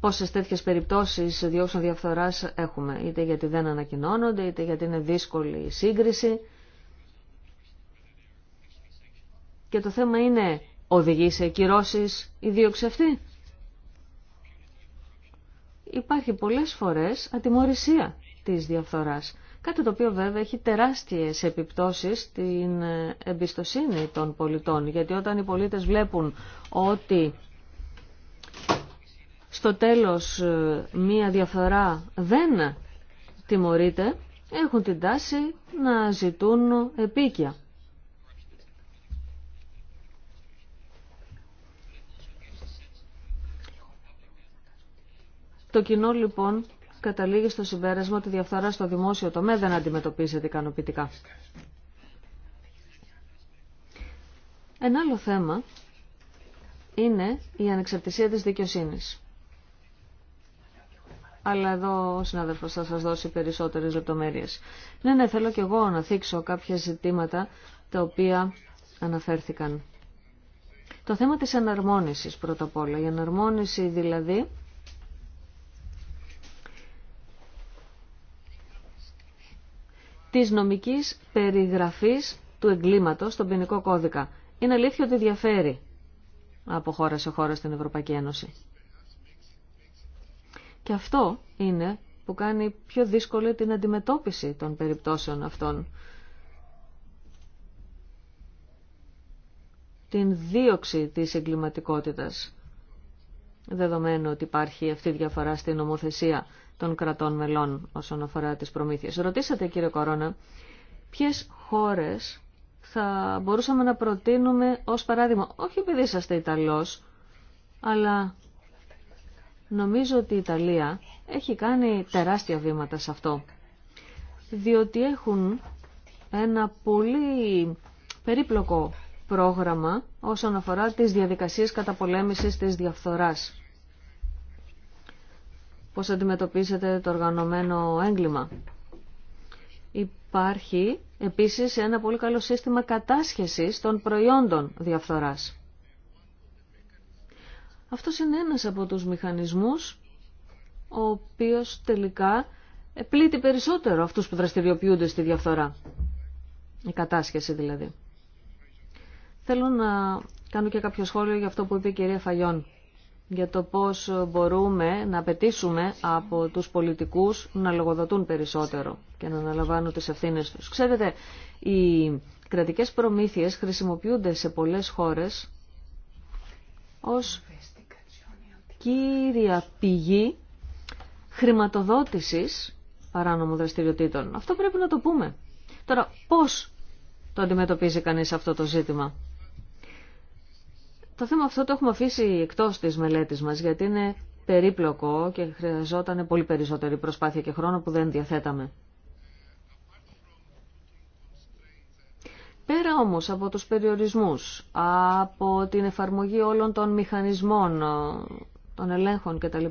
πόσες τέτοιες περιπτώσεις διώξεων διαφθοράς έχουμε, είτε γιατί δεν ανακοινώνονται, είτε γιατί είναι δύσκολη η σύγκριση. Και το θέμα είναι, οδηγεί σε κυρώσεις η δίωξη αυτή. Υπάρχει πολλές φορές ατιμορρησία της διαφθοράς. Κάτι το οποίο βέβαια έχει τεράστιες επιπτώσεις στην εμπιστοσύνη των πολιτών. Γιατί όταν οι πολίτες βλέπουν ότι στο τέλος ε, μία διαφορά δεν τιμωρείται, έχουν την τάση να ζητούν επίκαια. Το κοινό λοιπόν καταλήγει στο συμπέρασμα ότι η διαφθορά στο δημόσιο τομέα δεν αντιμετωπίζεται ικανοποιητικά. Ένα άλλο θέμα είναι η ανεξαρτησία της δικαιοσύνης. Αλλά εδώ ο συνάδελφος θα σας δώσει περισσότερες λεπτομέρειες. Ναι, ναι, θέλω και εγώ να θίξω κάποια ζητήματα τα οποία αναφέρθηκαν. Το θέμα της εναρμόνισης πρώτα απ' όλα. Η εναρμόνιση δηλαδή της νομικής περιγραφής του εγκλήματος στον ποινικό κώδικα. Είναι αλήθεια ότι διαφέρει από χώρα σε χώρα στην Ευρωπαϊκή Ένωση. Και αυτό είναι που κάνει πιο δύσκολη την αντιμετώπιση των περιπτώσεων αυτών. Την δίωξη της εγκληματικότητας, δεδομένου ότι υπάρχει αυτή η διαφορά στην νομοθεσία των κρατών μελών όσον αφορά τις προμήθειες. Ρωτήσατε κύριε Κορώνα, ποιες χώρες θα μπορούσαμε να προτείνουμε ως παράδειγμα, όχι επειδή είσαστε Ιταλός, αλλά νομίζω ότι η Ιταλία έχει κάνει τεράστια βήματα σε αυτό. Διότι έχουν ένα πολύ περίπλοκο πρόγραμμα όσον αφορά τις διαδικασίες καταπολέμησης της διαφθοράς πώς αντιμετωπίζετε το οργανωμένο έγκλημα. Υπάρχει επίσης ένα πολύ καλό σύστημα κατάσχεσης των προϊόντων διαφθοράς. Αυτό είναι ένας από τους μηχανισμούς ο οποίος τελικά πλήττει περισσότερο αυτούς που δραστηριοποιούνται στη διαφθορά. Η κατάσχεση δηλαδή. Θέλω να κάνω και κάποιο σχόλιο για αυτό που είπε η κυρία Φαγιόν για το πώς μπορούμε να απαιτήσουμε από τους πολιτικούς να λογοδοτούν περισσότερο και να αναλαμβάνουν τις ευθύνες τους. Ξέρετε, οι κρατικές προμήθειες χρησιμοποιούνται σε πολλές χώρες ως κύρια πηγή χρηματοδότησης παράνομων δραστηριοτήτων. Αυτό πρέπει να το πούμε. Τώρα, πώς το αντιμετωπίζει κανείς αυτό το ζήτημα. Το θέμα αυτό το έχουμε αφήσει εκτός της μελέτης μας γιατί είναι περίπλοκο και χρειαζόταν πολύ περισσότερη προσπάθεια και χρόνο που δεν διαθέταμε. Πέρα όμως από τους περιορισμούς, από την εφαρμογή όλων των μηχανισμών, των ελέγχων κτλ,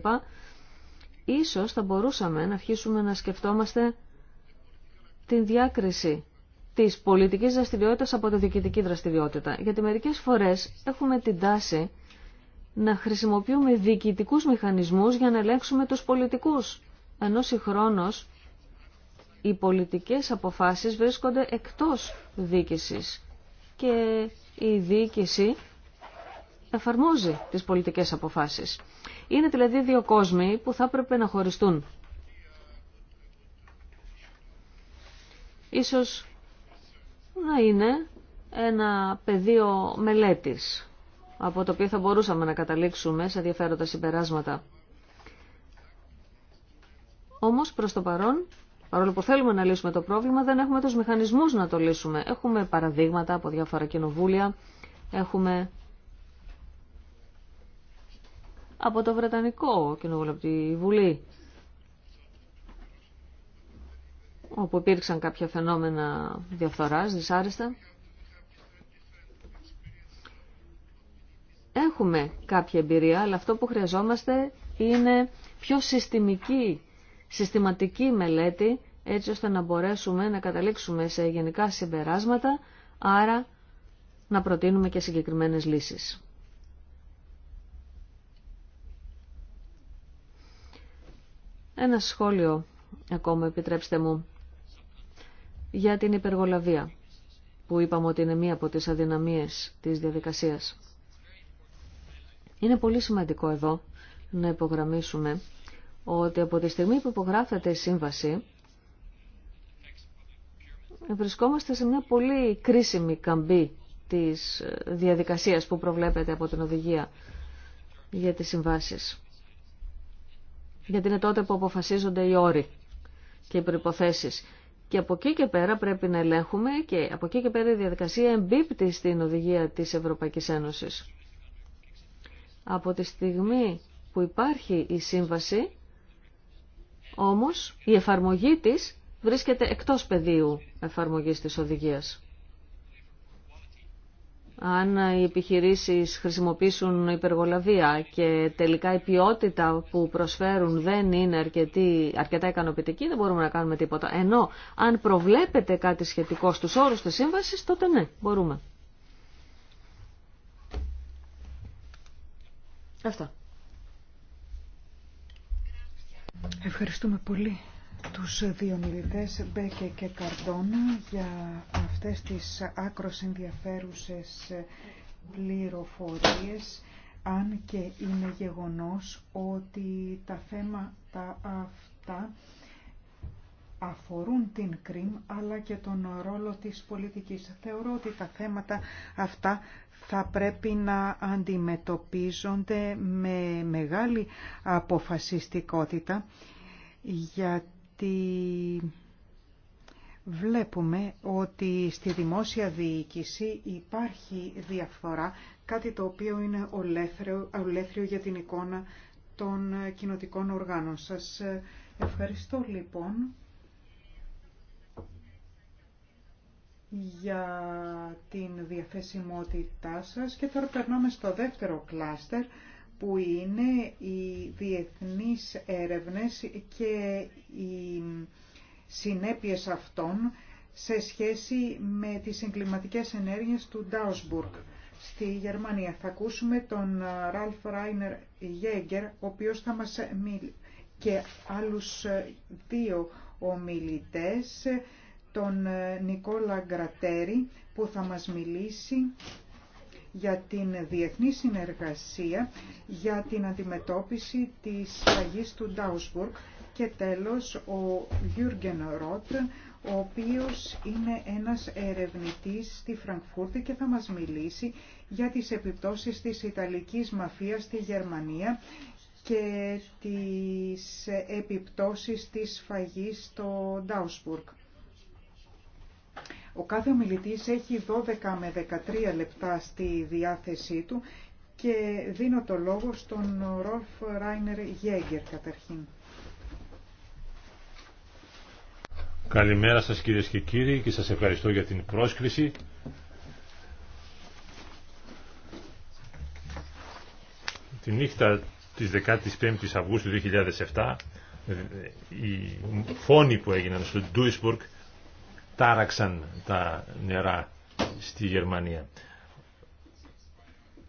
ίσως θα μπορούσαμε να αρχίσουμε να σκεφτόμαστε την διάκριση Τη πολιτική δραστηριότητα από τη διοικητική δραστηριότητα. Γιατί μερικέ φορές έχουμε την τάση να χρησιμοποιούμε διοικητικού μηχανισμούς για να ελέγξουμε τους πολιτικούς. Ενώ συγχρόνω οι πολιτικές αποφάσεις βρίσκονται εκτός διοίκηση. και η διοίκηση εφαρμόζει τις πολιτικές αποφάσεις. Είναι δηλαδή δύο κόσμοι που θα έπρεπε να χωριστούν. Ίσως να είναι ένα πεδίο μελέτης από το οποίο θα μπορούσαμε να καταλήξουμε σε ενδιαφέροντα συμπεράσματα. Όμως προς το παρόν, παρόλο που θέλουμε να λύσουμε το πρόβλημα, δεν έχουμε τους μηχανισμούς να το λύσουμε. Έχουμε παραδείγματα από διάφορα κοινοβούλια, έχουμε από το Βρετανικό Κοινοβούλιο, από τη Βουλή, όπου υπήρξαν κάποια φαινόμενα διαφθοράς, δυσάρεστα. Έχουμε κάποια εμπειρία, αλλά αυτό που χρειαζόμαστε είναι πιο συστημική, συστηματική μελέτη, έτσι ώστε να μπορέσουμε να καταλήξουμε σε γενικά συμπεράσματα, άρα να προτείνουμε και συγκεκριμένες λύσεις. Ένα σχόλιο ακόμα επιτρέψτε μου για την υπεργολαβία, που είπαμε ότι είναι μία από τις αδυναμίες της διαδικασίας. Είναι πολύ σημαντικό εδώ να υπογραμμίσουμε ότι από τη στιγμή που υπογράφεται η σύμβαση, βρισκόμαστε σε μια πολύ κρίσιμη καμπή της διαδικασίας που προβλέπεται από την οδηγία για τις συμβάσεις. Γιατί είναι τότε που αποφασίζονται οι όροι και οι προϋποθέσεις. Και από εκεί και πέρα πρέπει να ελέγχουμε και από εκεί και πέρα η διαδικασία εμπίπτει στην οδηγία της Ευρωπαϊκής Ένωσης. Από τη στιγμή που υπάρχει η σύμβαση, όμως η εφαρμογή της βρίσκεται εκτός πεδίου εφαρμογής της οδηγίας αν οι επιχειρήσεις χρησιμοποιήσουν υπεργολαβία και τελικά η ποιότητα που προσφέρουν δεν είναι αρκετή, αρκετά ικανοποιητική, δεν μπορούμε να κάνουμε τίποτα. Ενώ αν προβλέπετε κάτι σχετικό στους όρους της σύμβασης, τότε ναι, μπορούμε. Αυτά. Ευχαριστούμε πολύ τους δύο μιλητές Μπέκε και Καρδόνα για αυτές τις άκρος ενδιαφέρουσες πληροφορίες αν και είναι γεγονός ότι τα θέματα αυτά αφορούν την ΚΡΙΜ αλλά και τον ρόλο της πολιτικής. Θεωρώ ότι τα θέματα αυτά θα πρέπει να αντιμετωπίζονται με μεγάλη αποφασιστικότητα γιατί ότι βλέπουμε ότι στη δημόσια διοίκηση υπάρχει διαφθορά, κάτι το οποίο είναι ολέθριο, για την εικόνα των κοινοτικών οργάνων. Σας ευχαριστώ λοιπόν για την διαθέσιμότητά σας και τώρα περνάμε στο δεύτερο κλάστερ που είναι οι διεθνείς έρευνες και οι συνέπειες αυτών σε σχέση με τις εγκληματικές ενέργειες του Ντάουσμπουργκ στη Γερμανία. Θα ακούσουμε τον Ραλφ Ράινερ Γέγκερ, ο οποίος θα μας μιλήσει και άλλους δύο ομιλητές, τον Νικόλα Γκρατέρη που θα μας μιλήσει για την διεθνή συνεργασία για την αντιμετώπιση της φαγής του Ντάουσμπουργκ και τέλος ο Γιούργεν Ρότ, ο οποίος είναι ένας ερευνητής στη Φραγκφούρτη και θα μας μιλήσει για τις επιπτώσεις της Ιταλικής μαφίας στη Γερμανία και τις επιπτώσεις της φαγής στο Ντάουσμπουργκ. Ο κάθε ομιλητής έχει 12 με 13 λεπτά στη διάθεσή του και δίνω το λόγο στον Ρολφ Ράινερ Γέγκερ καταρχήν. Καλημέρα σας κυρίες και κύριοι και σας ευχαριστώ για την πρόσκληση. Τη νύχτα της 15ης Αυγούστου 2007 οι φόνοι που έγιναν στο Ντουισμπουργκ τάραξαν τα νερά στη Γερμανία.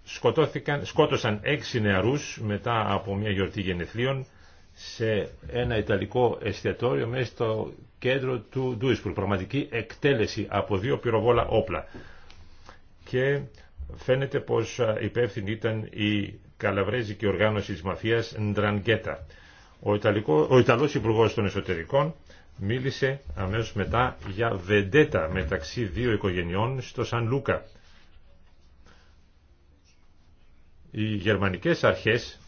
Σκοτώθηκαν, σκότωσαν έξι νεαρούς μετά από μια γιορτή γενεθλίων σε ένα ιταλικό εστιατόριο μέσα στο κέντρο του Ντουίσπουρ. Πραγματική εκτέλεση από δύο πυροβόλα όπλα. Και φαίνεται πως υπεύθυνη ήταν η καλαβρέζικη οργάνωση της μαφίας Ντρανγκέτα. Ο, Ιταλικό, ο Ιταλός Υπουργός των Εσωτερικών μίλησε αμέσως μετά για βεντέτα μεταξύ δύο οικογενειών στο Σαν Λούκα. Οι γερμανικές αρχές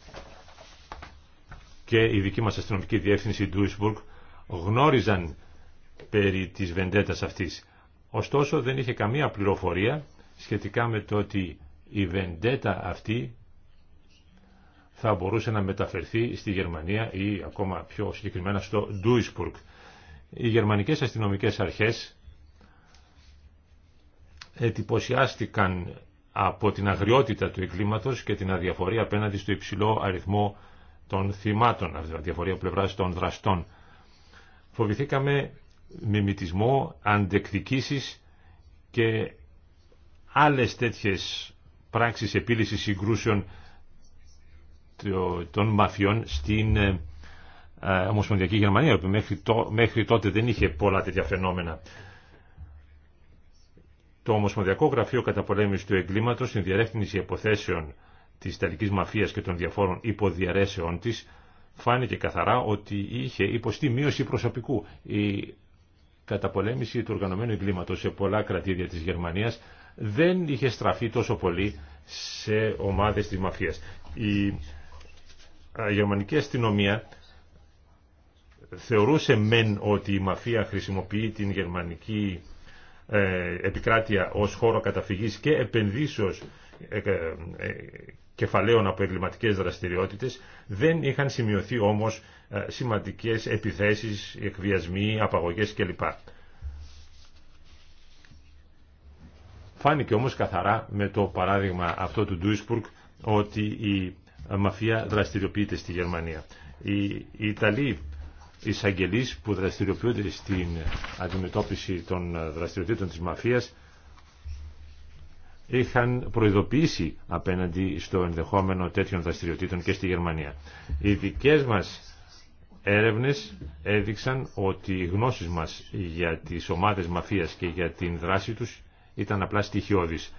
και η δική μας αστυνομική διεύθυνση Duisburg γνώριζαν περί της βεντέτας αυτής. Ωστόσο δεν είχε καμία πληροφορία σχετικά με το ότι η βεντέτα αυτή θα μπορούσε να μεταφερθεί στη Γερμανία ή ακόμα πιο συγκεκριμένα στο Duisburg οι γερμανικές αστυνομικές αρχές εντυπωσιάστηκαν από την αγριότητα του εγκλήματος και την αδιαφορία απέναντι στο υψηλό αριθμό των θυμάτων, αδιαφορία πλευράς των δραστών. Φοβηθήκαμε μιμητισμό, αντεκδικήσεις και άλλες τέτοιες πράξεις επίλυσης συγκρούσεων των μαφιών στην ε, ε, Ομοσπονδιακή Γερμανία, που μέχρι, μέχρι τότε δεν είχε πολλά τέτοια φαινόμενα. Το Ομοσπονδιακό Γραφείο Καταπολέμησης του Εγκλήματος στην διαρρεύνηση υποθέσεων της Ιταλικής Μαφίας και των διαφόρων υποδιαρέσεών της φάνηκε καθαρά ότι είχε υποστεί μείωση προσωπικού. Η καταπολέμηση του οργανωμένου εγκλήματος σε πολλά κρατήδια της Γερμανίας δεν είχε στραφεί τόσο πολύ σε ομάδες της μαφίας. Η ε, γερμανική αστυνομία θεωρούσε μεν ότι η μαφία χρησιμοποιεί την γερμανική ε, επικράτεια ως χώρο καταφυγής και επενδύσεως ε, ε, κεφαλαίων από εγκληματικέ δραστηριότητες δεν είχαν σημειωθεί όμως σημαντικές επιθέσεις, εκβιασμοί, απαγωγές κλπ. Φάνηκε όμως καθαρά με το παράδειγμα αυτό του Ντουίσπουργκ ότι η μαφία δραστηριοποιείται στη Γερμανία. Οι Ιταλοί εισαγγελείς που δραστηριοποιούνται στην αντιμετώπιση των δραστηριοτήτων της μαφίας είχαν προειδοποιήσει απέναντι στο ενδεχόμενο τέτοιων δραστηριοτήτων και στη Γερμανία. Οι δικές μας έρευνες έδειξαν ότι οι γνώσεις μας για τις ομάδες μαφίας και για την δράση τους ήταν απλά στοιχειώδεις.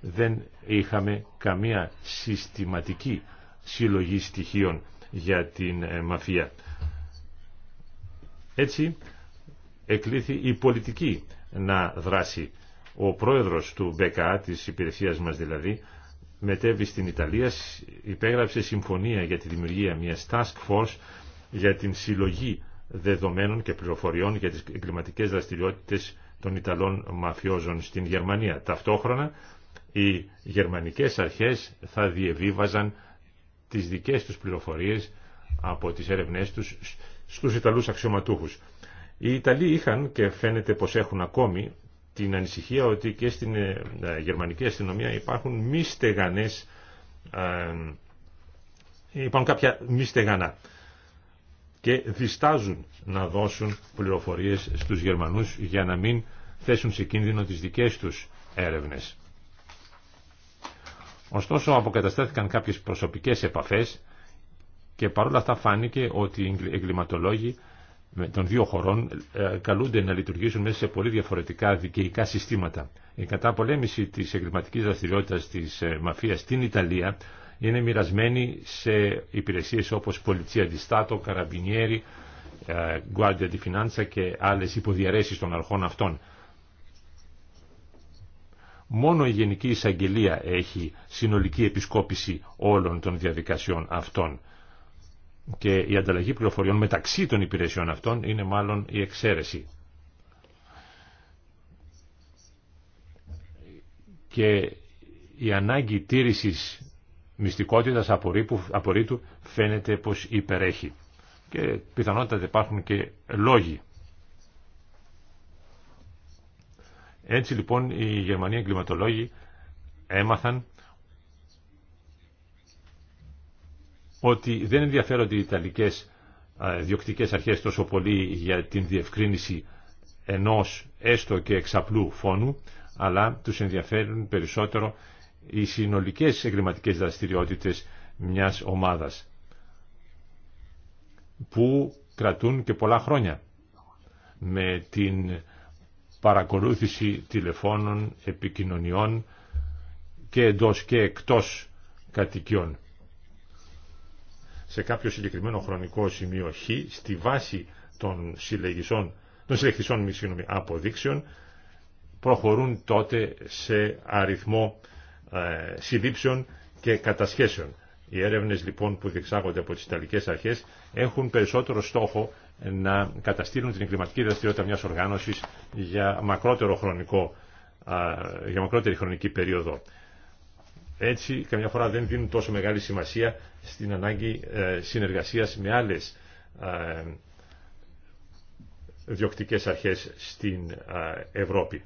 Δεν είχαμε καμία συστηματική συλλογή στοιχείων για την ε, μαφία. Έτσι εκλήθη η πολιτική να δράσει. Ο πρόεδρος του ΜΠΚΑ, της υπηρεσίας μας δηλαδή, μετέβη στην Ιταλία, υπέγραψε συμφωνία για τη δημιουργία μιας task force για την συλλογή δεδομένων και πληροφοριών για τις εγκληματικές δραστηριότητες των Ιταλών μαφιόζων στην Γερμανία. Ταυτόχρονα οι γερμανικές αρχές θα διεβίβαζαν τις δικές τους πληροφορίες από τις έρευνές τους στους Ιταλούς αξιωματούχους. Οι Ιταλοί είχαν και φαίνεται πως έχουν ακόμη την ανησυχία ότι και στην ε, ε, γερμανική αστυνομία υπάρχουν μη στεγανές, ε, υπάρχουν κάποια μη στεγανά και διστάζουν να δώσουν πληροφορίες στους Γερμανούς για να μην θέσουν σε κίνδυνο τις δικές τους έρευνες. Ωστόσο αποκαταστάθηκαν κάποιες προσωπικές επαφές και παρόλα αυτά φάνηκε ότι οι εγκληματολόγοι των δύο χωρών ε, καλούνται να λειτουργήσουν μέσα σε πολύ διαφορετικά δικαιικά συστήματα. Η καταπολέμηση της εγκληματικής δραστηριότητας της ε, μαφίας στην Ιταλία είναι μοιρασμένη σε υπηρεσίες όπως Πολιτσία Διστάτο, Καραμπινιέρι, Guardia di Finanza και άλλες υποδιαρέσεις των αρχών αυτών. Μόνο η Γενική Εισαγγελία έχει συνολική επισκόπηση όλων των διαδικασιών αυτών και η ανταλλαγή πληροφοριών μεταξύ των υπηρεσιών αυτών είναι μάλλον η εξαίρεση. Και η ανάγκη τήρησης μυστικότητας απορρίτου φαίνεται πως υπερέχει. Και πιθανότατα υπάρχουν και λόγοι. Έτσι λοιπόν οι Γερμανοί εγκληματολόγοι έμαθαν ότι δεν ενδιαφέρονται οι Ιταλικές διοκτικές αρχές τόσο πολύ για την διευκρίνηση ενός έστω και εξαπλού φόνου, αλλά τους ενδιαφέρουν περισσότερο οι συνολικές εγκληματικές δραστηριότητες μιας ομάδας που κρατούν και πολλά χρόνια με την παρακολούθηση τηλεφώνων, επικοινωνιών και εντός και εκτός κατοικιών σε κάποιο συγκεκριμένο χρονικό σημείο χ, στη βάση των, των μη αποδείξεων, προχωρούν τότε σε αριθμό ε, συλλήψεων και κατασχέσεων. Οι έρευνες λοιπόν που διεξάγονται από τις Ιταλικές Αρχές έχουν περισσότερο στόχο να καταστήλουν την εγκληματική δραστηριότητα μιας οργάνωσης για, μακρότερο χρονικό, ε, για μακρότερη χρονική περίοδο. Έτσι, καμιά φορά δεν δίνουν τόσο μεγάλη σημασία στην ανάγκη ε, συνεργασίας με άλλες ε, διοκτικές αρχές στην ε, Ευρώπη.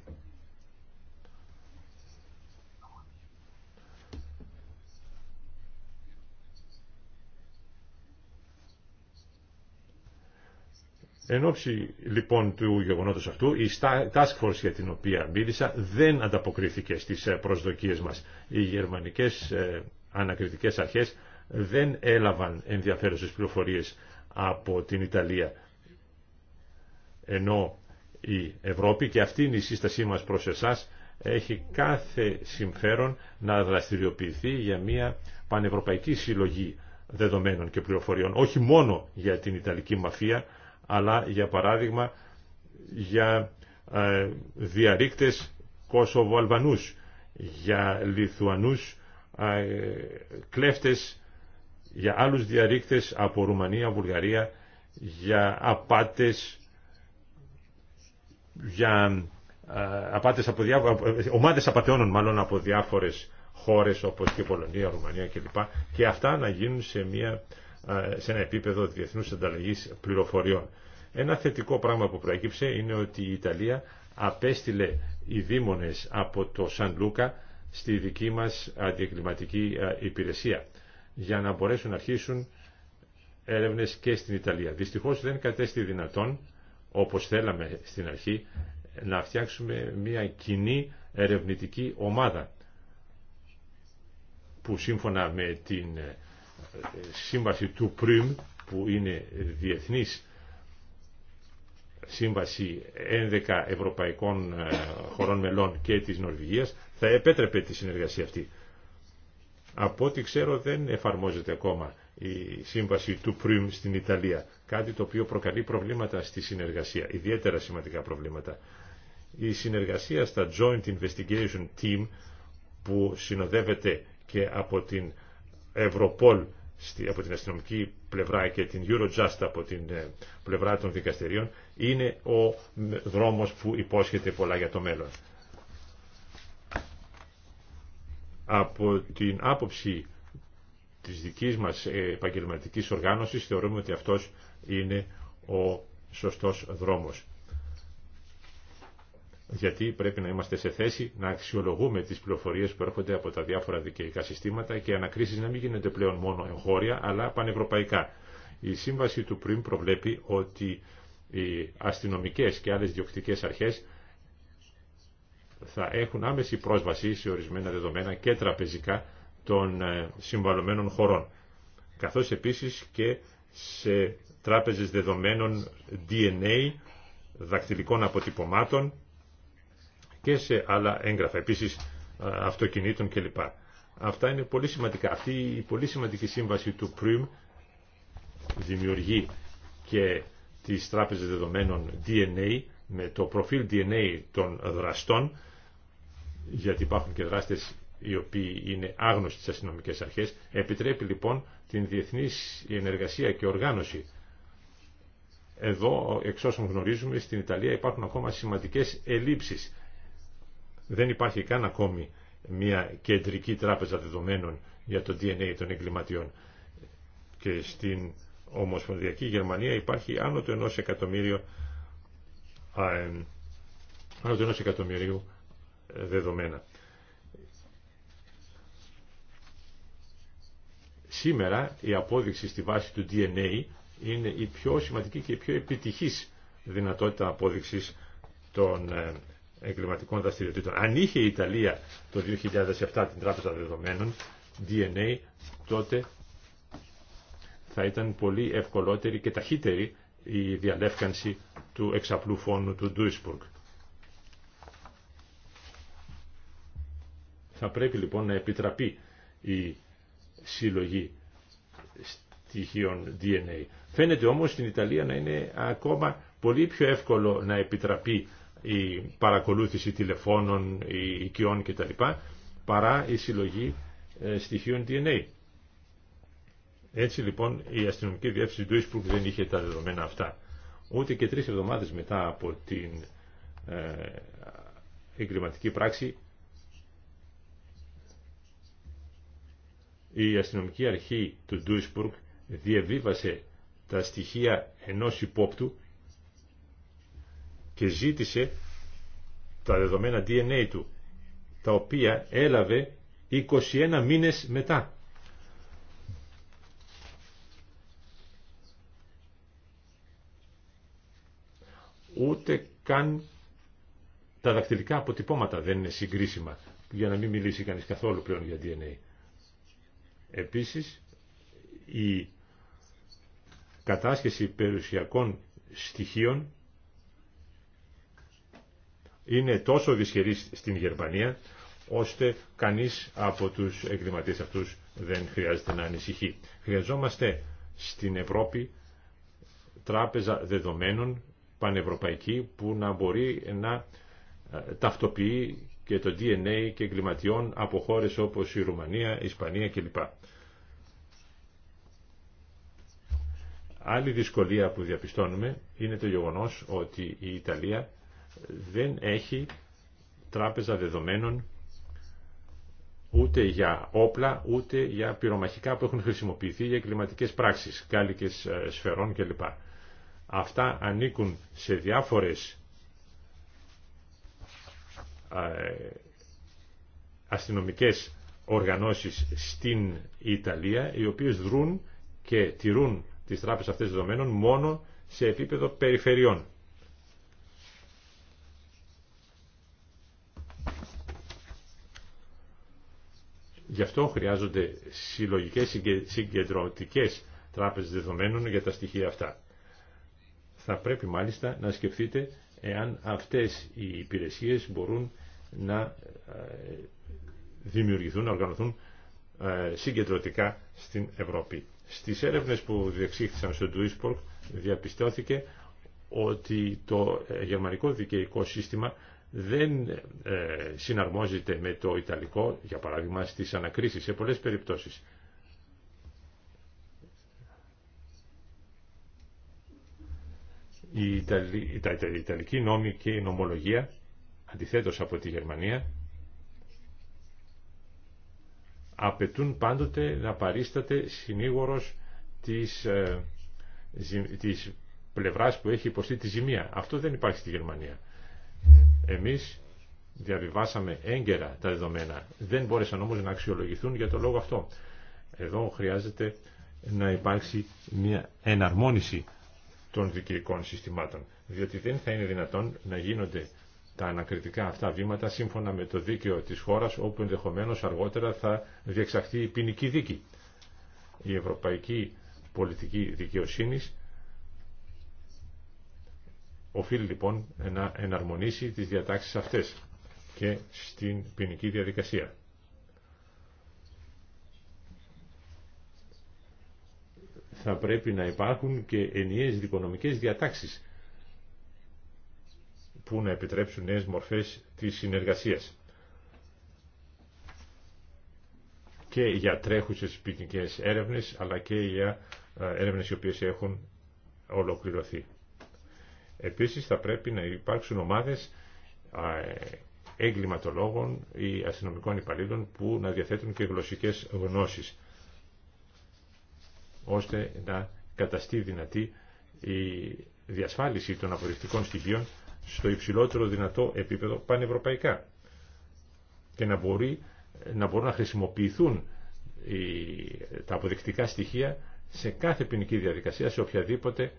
Εν ώψη λοιπόν του γεγονότος αυτού, η task force για την οποία μίλησα δεν ανταποκρίθηκε στις ε, προσδοκίες μας. Οι γερμανικές ε, ανακριτικές αρχές δεν έλαβαν ενδιαφέρουσες πληροφορίες από την Ιταλία. Ενώ η Ευρώπη, και αυτή είναι η σύστασή μας προς εσάς, έχει κάθε συμφέρον να δραστηριοποιηθεί για μια πανευρωπαϊκή συλλογή δεδομένων και πληροφοριών, όχι μόνο για την Ιταλική μαφία, αλλά για παράδειγμα για ε, διαρρήκτες Κόσοβο-Αλβανούς, για Λιθουανούς ε, κλέφτες, για άλλους διαρρήκτες από Ρουμανία, Βουλγαρία, για απάτες, για ε, απάτες από ε, ομάδες απαταιώνων μάλλον από διάφορες χώρες όπως και Πολωνία, Ρουμανία κλπ. Και αυτά να γίνουν σε μια σε ένα επίπεδο διεθνούς ανταλλαγής πληροφοριών. Ένα θετικό πράγμα που προέκυψε είναι ότι η Ιταλία απέστειλε οι δήμονες από το Σαν Λούκα στη δική μας αντιεκκληματική υπηρεσία για να μπορέσουν να αρχίσουν έρευνες και στην Ιταλία. Δυστυχώς δεν κατέστη δυνατόν, όπως θέλαμε στην αρχή, να φτιάξουμε μια κοινή ερευνητική ομάδα που σύμφωνα με την σύμβαση του ΠΡΙΜ που είναι διεθνής σύμβαση 11 ευρωπαϊκών ε, χωρών μελών και της Νορβηγίας θα επέτρεπε τη συνεργασία αυτή. Από ό,τι ξέρω δεν εφαρμόζεται ακόμα η σύμβαση του ΠΡΙΜ στην Ιταλία, κάτι το οποίο προκαλεί προβλήματα στη συνεργασία, ιδιαίτερα σημαντικά προβλήματα. Η συνεργασία στα Joint Investigation Team που συνοδεύεται και από την Ευρωπόλ από την αστυνομική πλευρά και την Eurojust από την ε, πλευρά των δικαστηρίων είναι ο δρόμος που υπόσχεται πολλά για το μέλλον. Από την άποψη της δικής μας ε, επαγγελματικής οργάνωσης θεωρούμε ότι αυτός είναι ο σωστός δρόμος γιατί πρέπει να είμαστε σε θέση να αξιολογούμε τις πληροφορίες που έρχονται από τα διάφορα δικαιϊκά συστήματα και οι ανακρίσεις να μην γίνονται πλέον μόνο εγχώρια, αλλά πανευρωπαϊκά. Η σύμβαση του πριν προβλέπει ότι οι αστυνομικές και άλλες διοκτικές αρχές θα έχουν άμεση πρόσβαση σε ορισμένα δεδομένα και τραπεζικά των ε, συμβαλωμένων χωρών, καθώς επίσης και σε τράπεζες δεδομένων DNA, δακτυλικών αποτυπωμάτων, και σε άλλα έγγραφα, επίσης αυτοκινήτων κλπ. Αυτά είναι πολύ σημαντικά. Αυτή η πολύ σημαντική σύμβαση του ΠΡΙΜ δημιουργεί και τις τράπεζες δεδομένων DNA με το προφίλ DNA των δραστών γιατί υπάρχουν και δράστες οι οποίοι είναι άγνωστοι στις αστυνομικές αρχές επιτρέπει λοιπόν την διεθνή ενεργασία και οργάνωση εδώ εξ όσων γνωρίζουμε στην Ιταλία υπάρχουν ακόμα σημαντικές ελλείψεις δεν υπάρχει καν ακόμη μια κεντρική τράπεζα δεδομένων για το DNA των εγκληματιών. Και στην Ομοσπονδιακή Γερμανία υπάρχει άνω του ενός εκατομμύριου, άνω του ενός εκατομμυρίου ε, δεδομένα. Σήμερα η απόδειξη στη βάση του DNA είναι η πιο σημαντική και η πιο επιτυχής δυνατότητα απόδειξης των ε, εγκληματικών δραστηριοτήτων. Αν είχε η Ιταλία το 2007 την Τράπεζα Δεδομένων, DNA, τότε θα ήταν πολύ ευκολότερη και ταχύτερη η διαλεύκανση του εξαπλού φόνου του Duisburg. Θα πρέπει λοιπόν να επιτραπεί η συλλογή στοιχείων DNA. Φαίνεται όμως στην Ιταλία να είναι ακόμα πολύ πιο εύκολο να επιτραπεί η παρακολούθηση τηλεφώνων, η οικειών κτλ. παρά η συλλογή ε, στοιχείων DNA. Έτσι λοιπόν η αστυνομική διεύθυνση του Ίσπουργκ δεν είχε τα δεδομένα αυτά. Ούτε και τρεις εβδομάδες μετά από την ε, εγκληματική πράξη η αστυνομική αρχή του Ντούισπουργκ διαβίβασε τα στοιχεία ενός υπόπτου και ζήτησε τα δεδομένα DNA του, τα οποία έλαβε 21 μήνες μετά. Ούτε καν τα δακτυλικά αποτυπώματα δεν είναι συγκρίσιμα, για να μην μιλήσει κανείς καθόλου πλέον για DNA. Επίσης, η κατάσχεση περιουσιακών στοιχείων είναι τόσο δυσχερή στην Γερμανία ώστε κανείς από τους εγκληματίες αυτούς δεν χρειάζεται να ανησυχεί. Χρειαζόμαστε στην Ευρώπη τράπεζα δεδομένων πανευρωπαϊκή που να μπορεί να ε, ταυτοποιεί και το DNA και εγκληματιών από χώρες όπως η Ρουμανία, η Ισπανία κλπ. Άλλη δυσκολία που διαπιστώνουμε είναι το γεγονός ότι η Ιταλία δεν έχει τράπεζα δεδομένων ούτε για όπλα, ούτε για πυρομαχικά που έχουν χρησιμοποιηθεί για κλιματικές πράξεις, κάλικες ε, σφαιρών κλπ. Αυτά ανήκουν σε διάφορες ε, αστυνομικές οργανώσεις στην Ιταλία, οι οποίες δρούν και τηρούν τις τράπεζες αυτές δεδομένων μόνο σε επίπεδο περιφερειών. Γι' αυτό χρειάζονται συλλογικές συγκεντρωτικές τράπεζες δεδομένων για τα στοιχεία αυτά. Θα πρέπει μάλιστα να σκεφτείτε εάν αυτές οι υπηρεσίες μπορούν να ε, δημιουργηθούν, να οργανωθούν ε, συγκεντρωτικά στην Ευρώπη. Στις έρευνες που διεξήχθησαν στο Duisburg διαπιστώθηκε ότι το ε, γερμανικό δικαιικό σύστημα δεν ε, συναρμόζεται με το Ιταλικό, για παράδειγμα, στις ανακρίσεις σε πολλές περιπτώσεις. Η Ιταλική, τα νόμη και η νομολογία, αντιθέτως από τη Γερμανία, απαιτούν πάντοτε να παρίσταται συνήγορος της, ε, της πλευράς που έχει υποστεί τη ζημία. Αυτό δεν υπάρχει στη Γερμανία. Εμείς διαβιβάσαμε έγκαιρα τα δεδομένα. Δεν μπόρεσαν όμως να αξιολογηθούν για το λόγο αυτό. Εδώ χρειάζεται να υπάρξει μια εναρμόνιση των δικαιωτικών συστημάτων, διότι δεν θα είναι δυνατόν να γίνονται τα ανακριτικά αυτά βήματα σύμφωνα με το δίκαιο της χώρας όπου ενδεχομένως αργότερα θα διεξαχθεί η ποινική δίκη. Η ευρωπαϊκή πολιτική δικαιοσύνης Οφείλει λοιπόν να εναρμονίσει τις διατάξεις αυτές και στην ποινική διαδικασία. Θα πρέπει να υπάρχουν και ενιαίες δικονομικές διατάξεις που να επιτρέψουν νέες μορφές της συνεργασίας. και για τρέχουσες ποινικέ έρευνες αλλά και για ε, έρευνες οι οποίες έχουν ολοκληρωθεί. Επίσης θα πρέπει να υπάρξουν ομάδες εγκληματολόγων ή αστυνομικών υπαλλήλων που να διαθέτουν και γλωσσικές γνώσεις ώστε να καταστεί δυνατή η διασφάλιση των απορριφτικών στοιχείων στο υψηλότερο δυνατό επίπεδο πανευρωπαϊκά και να, μπορεί, να μπορούν να χρησιμοποιηθούν τα αποδεικτικά στοιχεία σε κάθε ποινική διαδικασία σε οποιαδήποτε